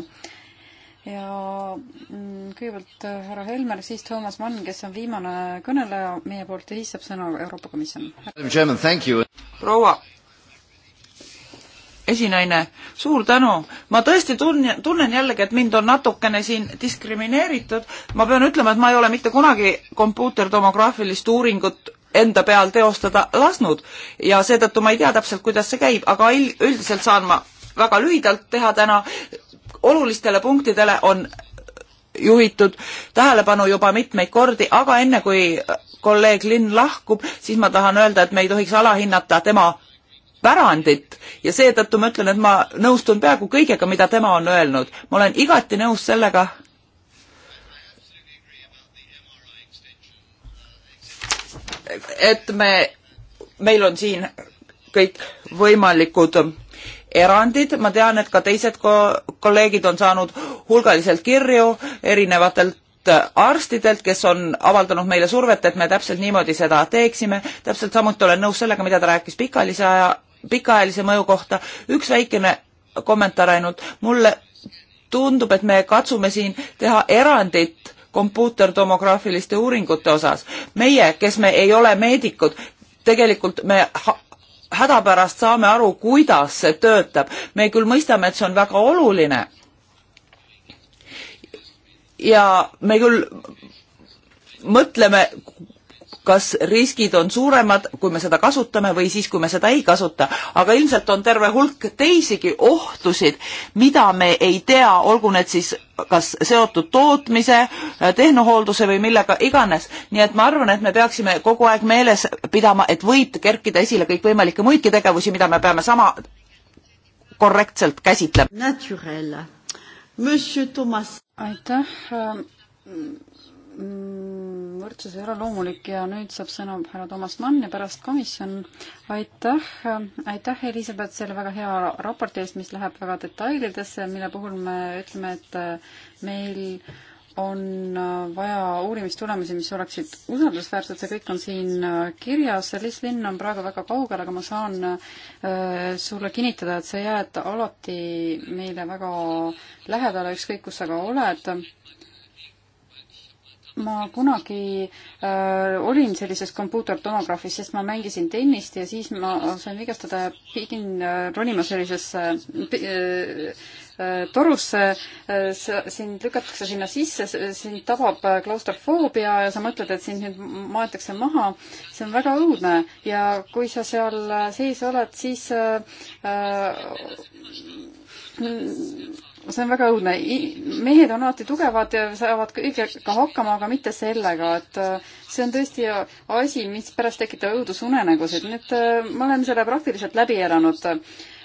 ja mm, kõigepealt eh, härra Helmer, siis Toomas Mann, kes on viimane kõneleja meie poolt ja siis saab sõna Euroopa Komisjon. proua esinaine, suur tänu. ma tõesti tunnen, tunnen jällegi, et mind on natukene siin diskrimineeritud. ma pean ütlema, et ma ei ole mitte kunagi kompuutertomograafilist uuringut enda peal teostada lasknud ja seetõttu ma ei tea täpselt, kuidas see käib, aga üldiselt saan ma väga lühidalt teha täna. olulistele punktidele on juhitud tähelepanu juba mitmeid kordi, aga enne kui kolleeg Linn lahkub, siis ma tahan öelda, et me ei tohiks alahinnata tema pärandit ja seetõttu ma ütlen, et ma nõustun peaaegu kõigega, mida tema on öelnud. ma olen igati nõus sellega, et me, meil on siin kõik võimalikud erandid, ma tean, et ka teised ko-, kolleegid on saanud hulgaliselt kirju erinevatelt arstidelt, kes on avaldanud meile survet, et me täpselt niimoodi seda teeksime. täpselt samuti olen nõus sellega, mida ta rääkis pikaajalise aja pikaajalise mõju kohta üks väikene kommentaar ainult. mulle tundub, et me katsume siin teha erandit kompuutertomograafiliste uuringute osas. meie, kes me ei ole meedikud, tegelikult me hädapärast saame aru, kuidas see töötab. me küll mõistame, et see on väga oluline. ja me küll mõtleme, kas riskid on suuremad, kui me seda kasutame või siis, kui me seda ei kasuta. aga ilmselt on terve hulk teisigi ohtusid, mida me ei tea, olgu need siis kas seotud tootmise, tehnohoolduse või millega iganes. nii et ma arvan, et me peaksime kogu aeg meeles pidama, et võib kerkida esile kõikvõimalikke muidki tegevusi, mida me peame sama korrektselt käsitlema. aitäh Mm, võrdsus ei ole loomulik ja nüüd saab sõna härra Toomas Mann ja pärast komisjon. aitäh, aitäh Elizabeth selle väga hea raporti eest, mis läheb väga detailidesse, mille puhul me ütleme, et äh, meil on äh, vaja uurimistulemusi, mis oleksid usaldusväärsed, see kõik on siin äh, kirjas, Liis Linn on praegu väga kaugel, aga ma saan sulle kinnitada, et sa jääd alati meile väga lähedale, ükskõik kus sa ka oled ma kunagi äh, olin sellises kompuutertomograafis, sest ma mängisin tennist ja siis ma sain vigastada ja pidin äh, ronima sellisesse äh, äh, torusse äh,, sind lükatakse sinna sisse, sind tabab äh, klaustrofoobia ja sa mõtled, et sind nüüd maetakse maha. see on väga õudne ja kui sa seal äh, sees oled, siis äh, äh, see on väga õudne. mehed on alati tugevad ja saavad kõigega hakkama, aga mitte sellega, et äh, see on tõesti asi, mis pärast tekitab õudusunenägusid. nii et äh, me oleme selle praktiliselt läbi elanud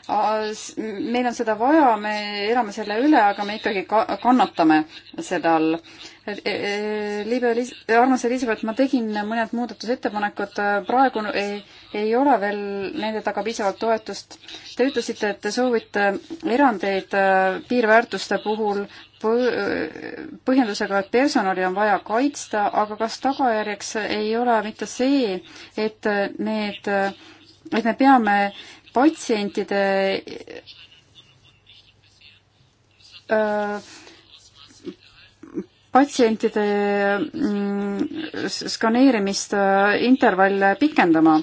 meil on seda vaja, me elame selle üle, aga me ikkagi ka kannatame seda all. E, e, Liibe Liis-, armas Elizabeth, ma tegin mõned muudatusettepanekud, praegu ei, ei ole veel nende taga piisavalt toetust. Te ütlesite, et te soovite erandeid e, piirväärtuste puhul põhjendusega, et personali on vaja kaitsta, aga kas tagajärjeks ei ole mitte see, et need, et me peame patsientide äh, patsientide mm, skaneerimist äh, intervalle pikendama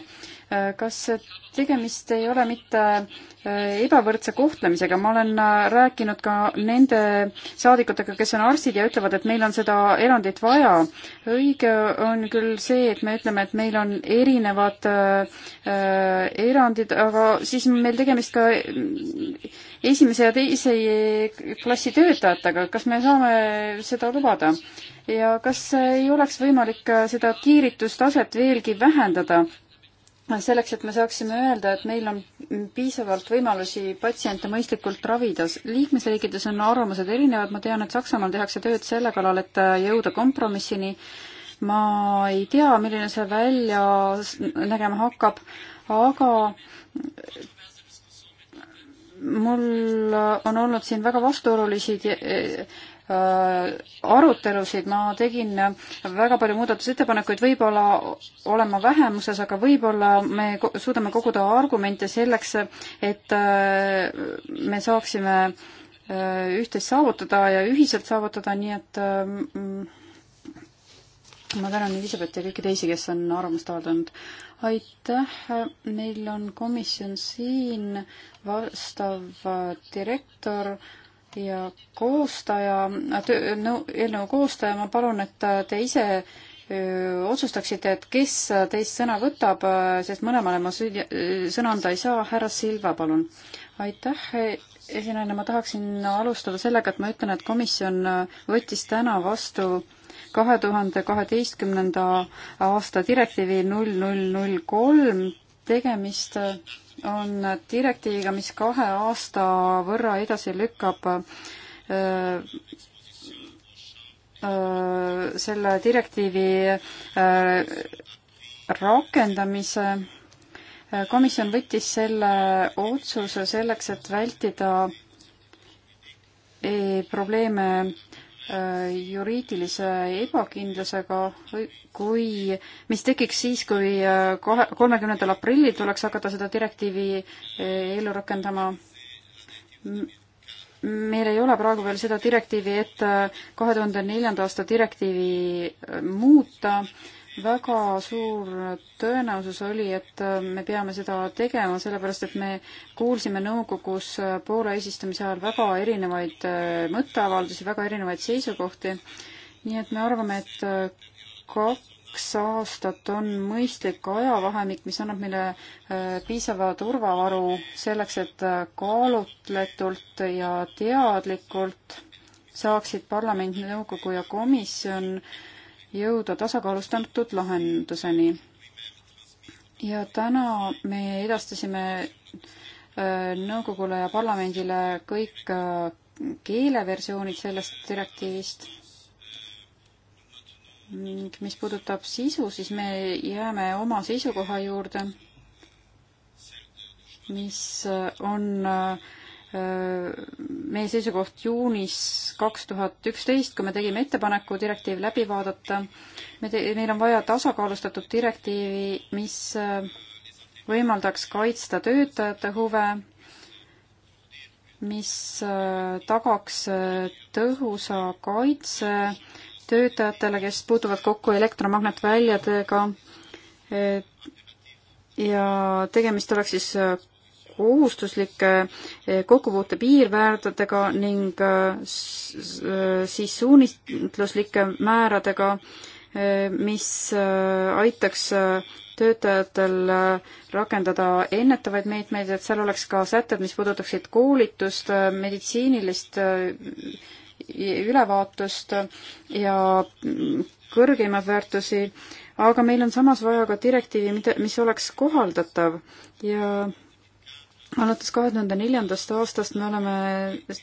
kas tegemist ei ole mitte äh, ebavõrdse kohtlemisega, ma olen äh, rääkinud ka nende saadikutega, kes on arstid ja ütlevad, et meil on seda erandit vaja. õige on küll see, et me ütleme, et meil on erinevad äh, erandid, aga siis on meil tegemist ka mm, esimese ja teise klassi töötajatega, kas me saame seda lubada? ja kas ei oleks võimalik seda kiiritustaset veelgi vähendada? selleks, et me saaksime öelda, et meil on piisavalt võimalusi patsiente mõistlikult ravida. liikmesriikides on arvamused erinevad, ma tean, et Saksamaal tehakse tööd selle kallal, et jõuda kompromissini. ma ei tea, milline see välja nägema hakkab, aga mul on olnud siin väga vastuolulisi Äh, arutelusid, ma tegin väga palju muudatusettepanekuid, võib-olla olen ma vähemuses, aga võib-olla me suudame koguda argumente selleks, et äh, me saaksime äh, üht-teist saavutada ja ühiselt saavutada, nii et mm, ma tänan Elisabeth ja kõiki teisi, kes on arvamust avaldanud. aitäh, meil on komisjon siin, vastav direktor äh, ja koostaja, eelnõu koostaja, ma palun, et te ise öö, otsustaksite, et kes teist sõna võtab, sest mõlemale ma süüdi, sõna anda ei saa. härra Silva, palun. aitäh, e, esinejana ma tahaksin alustada sellega, et ma ütlen, et komisjon võttis täna vastu kahe tuhande kaheteistkümnenda aasta direktiivi null null null kolm tegemist on direktiiviga, mis kahe aasta võrra edasi lükkab äh, äh, selle direktiivi äh, rakendamise komisjon võttis selle otsuse selleks, et vältida probleeme Äh, juriidilise ebakindlusega, kui, mis tekiks siis, kui äh, kahe, kolmekümnendal aprillil tuleks hakata seda direktiivi äh, ellu rakendama. meil ei ole praegu veel seda direktiivi, et kahe tuhande neljanda aasta direktiivi muuta väga suur tõenäosus oli, et me peame seda tegema, sellepärast et me kuulsime nõukogus Poola eesistumise ajal väga erinevaid äh, mõtteavaldusi, väga erinevaid seisukohti. nii et me arvame, et kaks aastat on mõistlik ajavahemik, mis annab meile äh, piisava turvavaru selleks, et kaalutletult ja teadlikult saaksid parlament, nõukogu ja komisjon äh, jõuda tasakaalustatud lahenduseni. ja täna me edastasime äh, nõukogule ja parlamendile kõik äh, keeleversioonid sellest direktiivist ning mis puudutab sisu, siis me jääme oma seisukoha juurde, mis äh, on äh, meie seisukoht juunis kaks tuhat üksteist, kui me tegime ettepaneku direktiiv läbi vaadata. me te-, meil on vaja tasakaalustatud direktiivi, mis äh, võimaldaks kaitsta töötajate huve, mis äh, tagaks äh, tõhusa kaitse töötajatele, kes puutuvad kokku elektromagnetväljadega ja tegemist oleks siis kohustuslik eh, kokkupuute piirväärtudega ning eh, siis suunitluslike määradega, eh, mis aitaks töötajatel rakendada ennetavaid meetmeid, et seal oleks ka sätted, mis puudutaksid koolitust, meditsiinilist ülevaatust ja mm, kõrgeimaid väärtusi, aga meil on samas vaja ka direktiivi, mida, mis oleks kohaldatav ja alates kahe tuhande neljandast aastast me oleme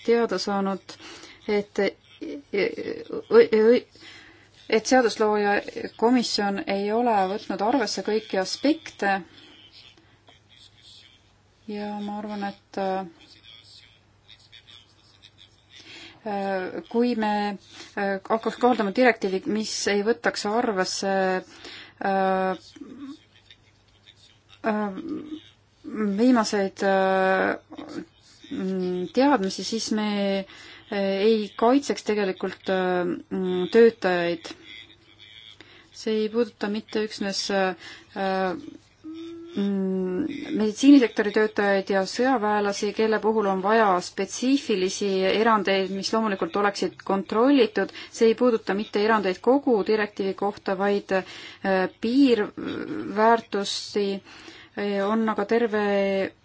teada saanud, et et seaduslooja komisjon ei ole võtnud arvesse kõiki aspekte ja ma arvan, et kui me hakkaks kohaldama direktiivi, mis ei võtaks arvesse viimaseid äh, teadmisi, siis me äh, ei kaitseks tegelikult äh, töötajaid. see ei puuduta mitte üksnes mm, meditsiinisektori töötajaid ja sõjaväelasi, kelle puhul on vaja spetsiifilisi erandeid, mis loomulikult oleksid kontrollitud, see ei puuduta mitte erandeid kogu direktiivi kohta, vaid piirväärtusi äh, on aga terve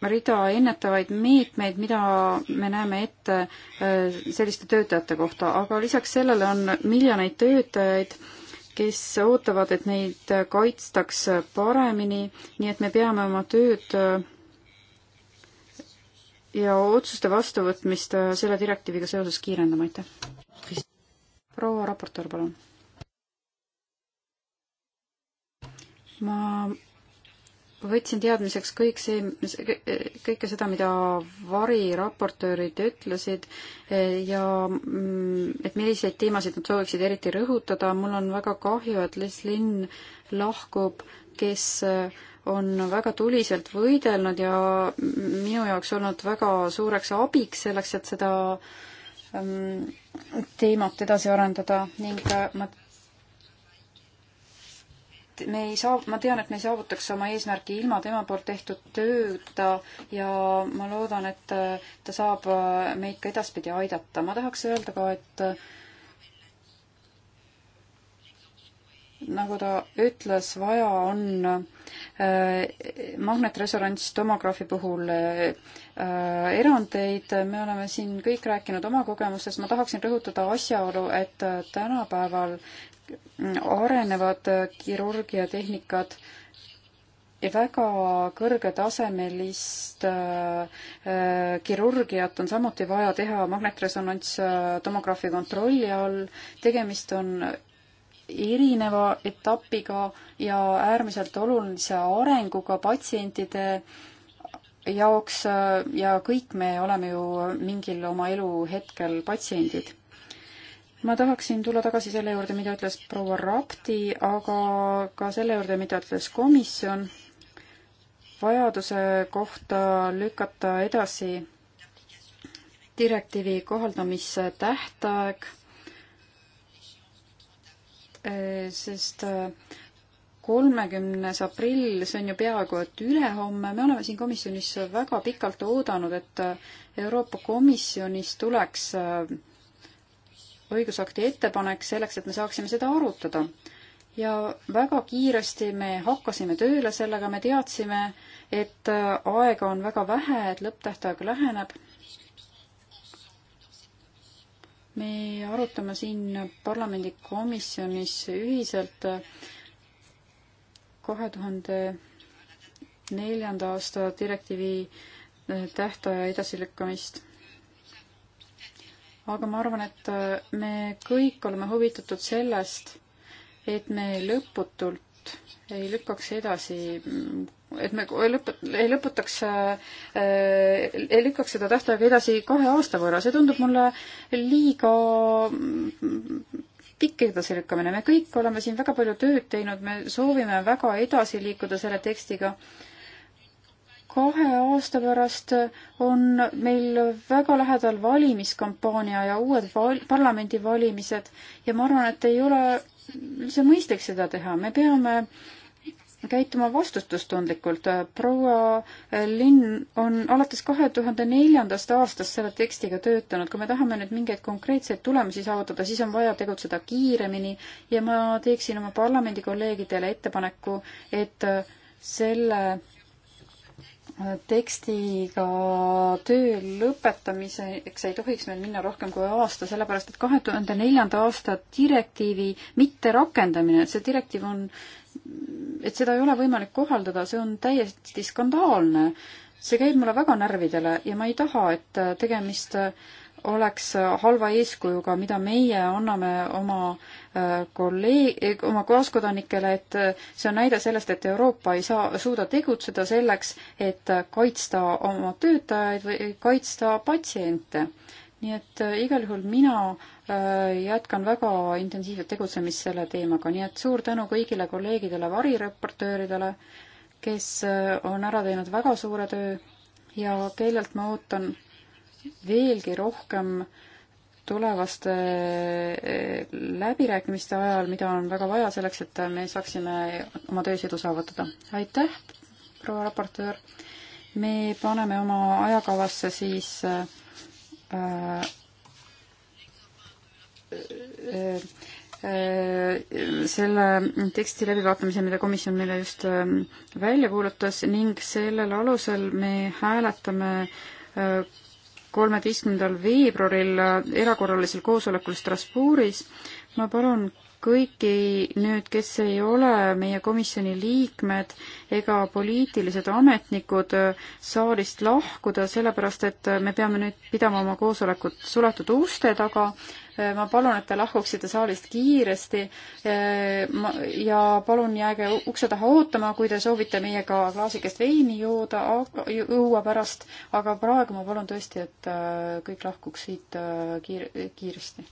rida ennetavaid meetmeid, mida me näeme ette äh, selliste töötajate kohta, aga lisaks sellele on miljoneid töötajaid, kes ootavad, et neid kaitstaks paremini, nii et me peame oma tööd äh, ja otsuste vastuvõtmist äh, selle direktiiviga seoses kiirendama, aitäh. proua raportöör, palun. ma võtsin teadmiseks kõik see, kõike seda, mida variraportöörid ütlesid eh, ja mm, et milliseid teemasid nad sooviksid eriti rõhutada. mul on väga kahju, et Les Linn lahkub, kes eh, on väga tuliselt võidelnud ja minu jaoks olnud väga suureks abiks selleks, et seda mm, teemat edasi arendada ning eh, ma me ei saa, ma tean, et me ei saavutaks oma eesmärki ilma tema poolt tehtud tööta ja ma loodan, et äh, ta saab äh, meid ka edaspidi aidata. ma tahaks öelda ka, et äh, nagu ta ütles, vaja on äh, magnetresonantstomograafi puhul äh, erandeid, me oleme siin kõik rääkinud oma kogemustest, ma tahaksin rõhutada asjaolu, et tänapäeval arenevad kirurgiatehnikad väga kõrgetasemelist äh, kirurgiat on samuti vaja teha magnetresonantstomograafi äh, kontrolli all. tegemist on erineva etapiga ja äärmiselt olulise arenguga patsientide jaoks äh, ja kõik me oleme ju mingil oma elu hetkel patsiendid ma tahaksin tulla tagasi selle juurde, mida ütles proua Rapti, aga ka selle juurde, mida ütles komisjon vajaduse kohta lükata edasi direktiivi kohaldamise tähtaeg, eh, sest eh, kolmekümnes aprill, see on ju peaaegu et ülehomme, me oleme siin komisjonis väga pikalt oodanud, et Euroopa Komisjonist tuleks eh, õigusakti ettepanek selleks, et me saaksime seda arutada. ja väga kiiresti me hakkasime tööle sellega, me teadsime, et äh, aega on väga vähe, et lõpptähtaeg läheneb. me arutame siin parlamendikomisjonis ühiselt äh, kahe tuhande neljanda aasta direktiivi äh, tähtaja edasilükkamist aga ma arvan, et äh, me kõik oleme huvitatud sellest, et me lõputult ei lükkaks edasi, et me lõp-, ei lõpetaks äh,, ei lükkaks seda tähtaega edasi kahe aasta võrra, see tundub mulle liiga mm, pikk edasilükkamine, me kõik oleme siin väga palju tööd teinud, me soovime väga edasi liikuda selle tekstiga äh, kahe aasta pärast on meil väga lähedal valimiskampaania ja uued val-, parlamendivalimised ja ma arvan, et ei ole üldse mõistlik seda teha, me peame käituma vastutustundlikult. proua Linn on alates kahe tuhande neljandast aastast selle tekstiga töötanud. kui me tahame nüüd mingeid konkreetseid tulemusi saavutada, siis on vaja tegutseda kiiremini ja ma teeksin oma parlamendikolleegidele ettepaneku, et selle tekstiga töö lõpetamiseks ei tohiks meil minna rohkem kui aasta, sellepärast et kahe tuhande neljanda aasta direktiivi mitterakendamine, see direktiiv on, et seda ei ole võimalik kohaldada, see on täiesti skandaalne. see käib mulle väga närvidele ja ma ei taha, et tegemist oleks halva eeskujuga, mida meie anname oma äh, kolleeg, oma kaaskodanikele, et see on näide sellest, et Euroopa ei saa, suuda tegutseda selleks, et kaitsta oma töötajaid või kaitsta patsiente. nii et äh, igal juhul mina äh, jätkan väga intensiivset tegutsemist selle teemaga, nii et suur tänu kõigile kolleegidele, varireportööridele, kes äh, on ära teinud väga suure töö ja kellelt ma ootan veelgi rohkem äh, tulevaste eh, läbirääkimiste ajal, mida on väga vaja selleks, et me saaksime oma töös edu saavutada. aitäh, proua raportöör. me paneme oma ajakavasse siis äh, äh, äh selle teksti läbivaatamise, mida komisjon meile just äh, välja kuulutas ning sellel alusel me hääletame äh, kolmeteistkümnendal veebruaril erakorralisel koosolekul Strasbourgis. ma palun kõiki nüüd, kes ei ole meie komisjoni liikmed ega poliitilised ametnikud, saalist lahkuda, sellepärast et me peame nüüd pidama oma koosolekut suletud uste taga. ma palun, et te lahkuksite saalist kiiresti eh, ja palun jääge ukse taha ootama, kui te soovite meiega klaasikest veini jooda, juua pärast, aga praegu ma palun tõesti, et eh, kõik lahkuks siit eh, kiir-, kiiresti.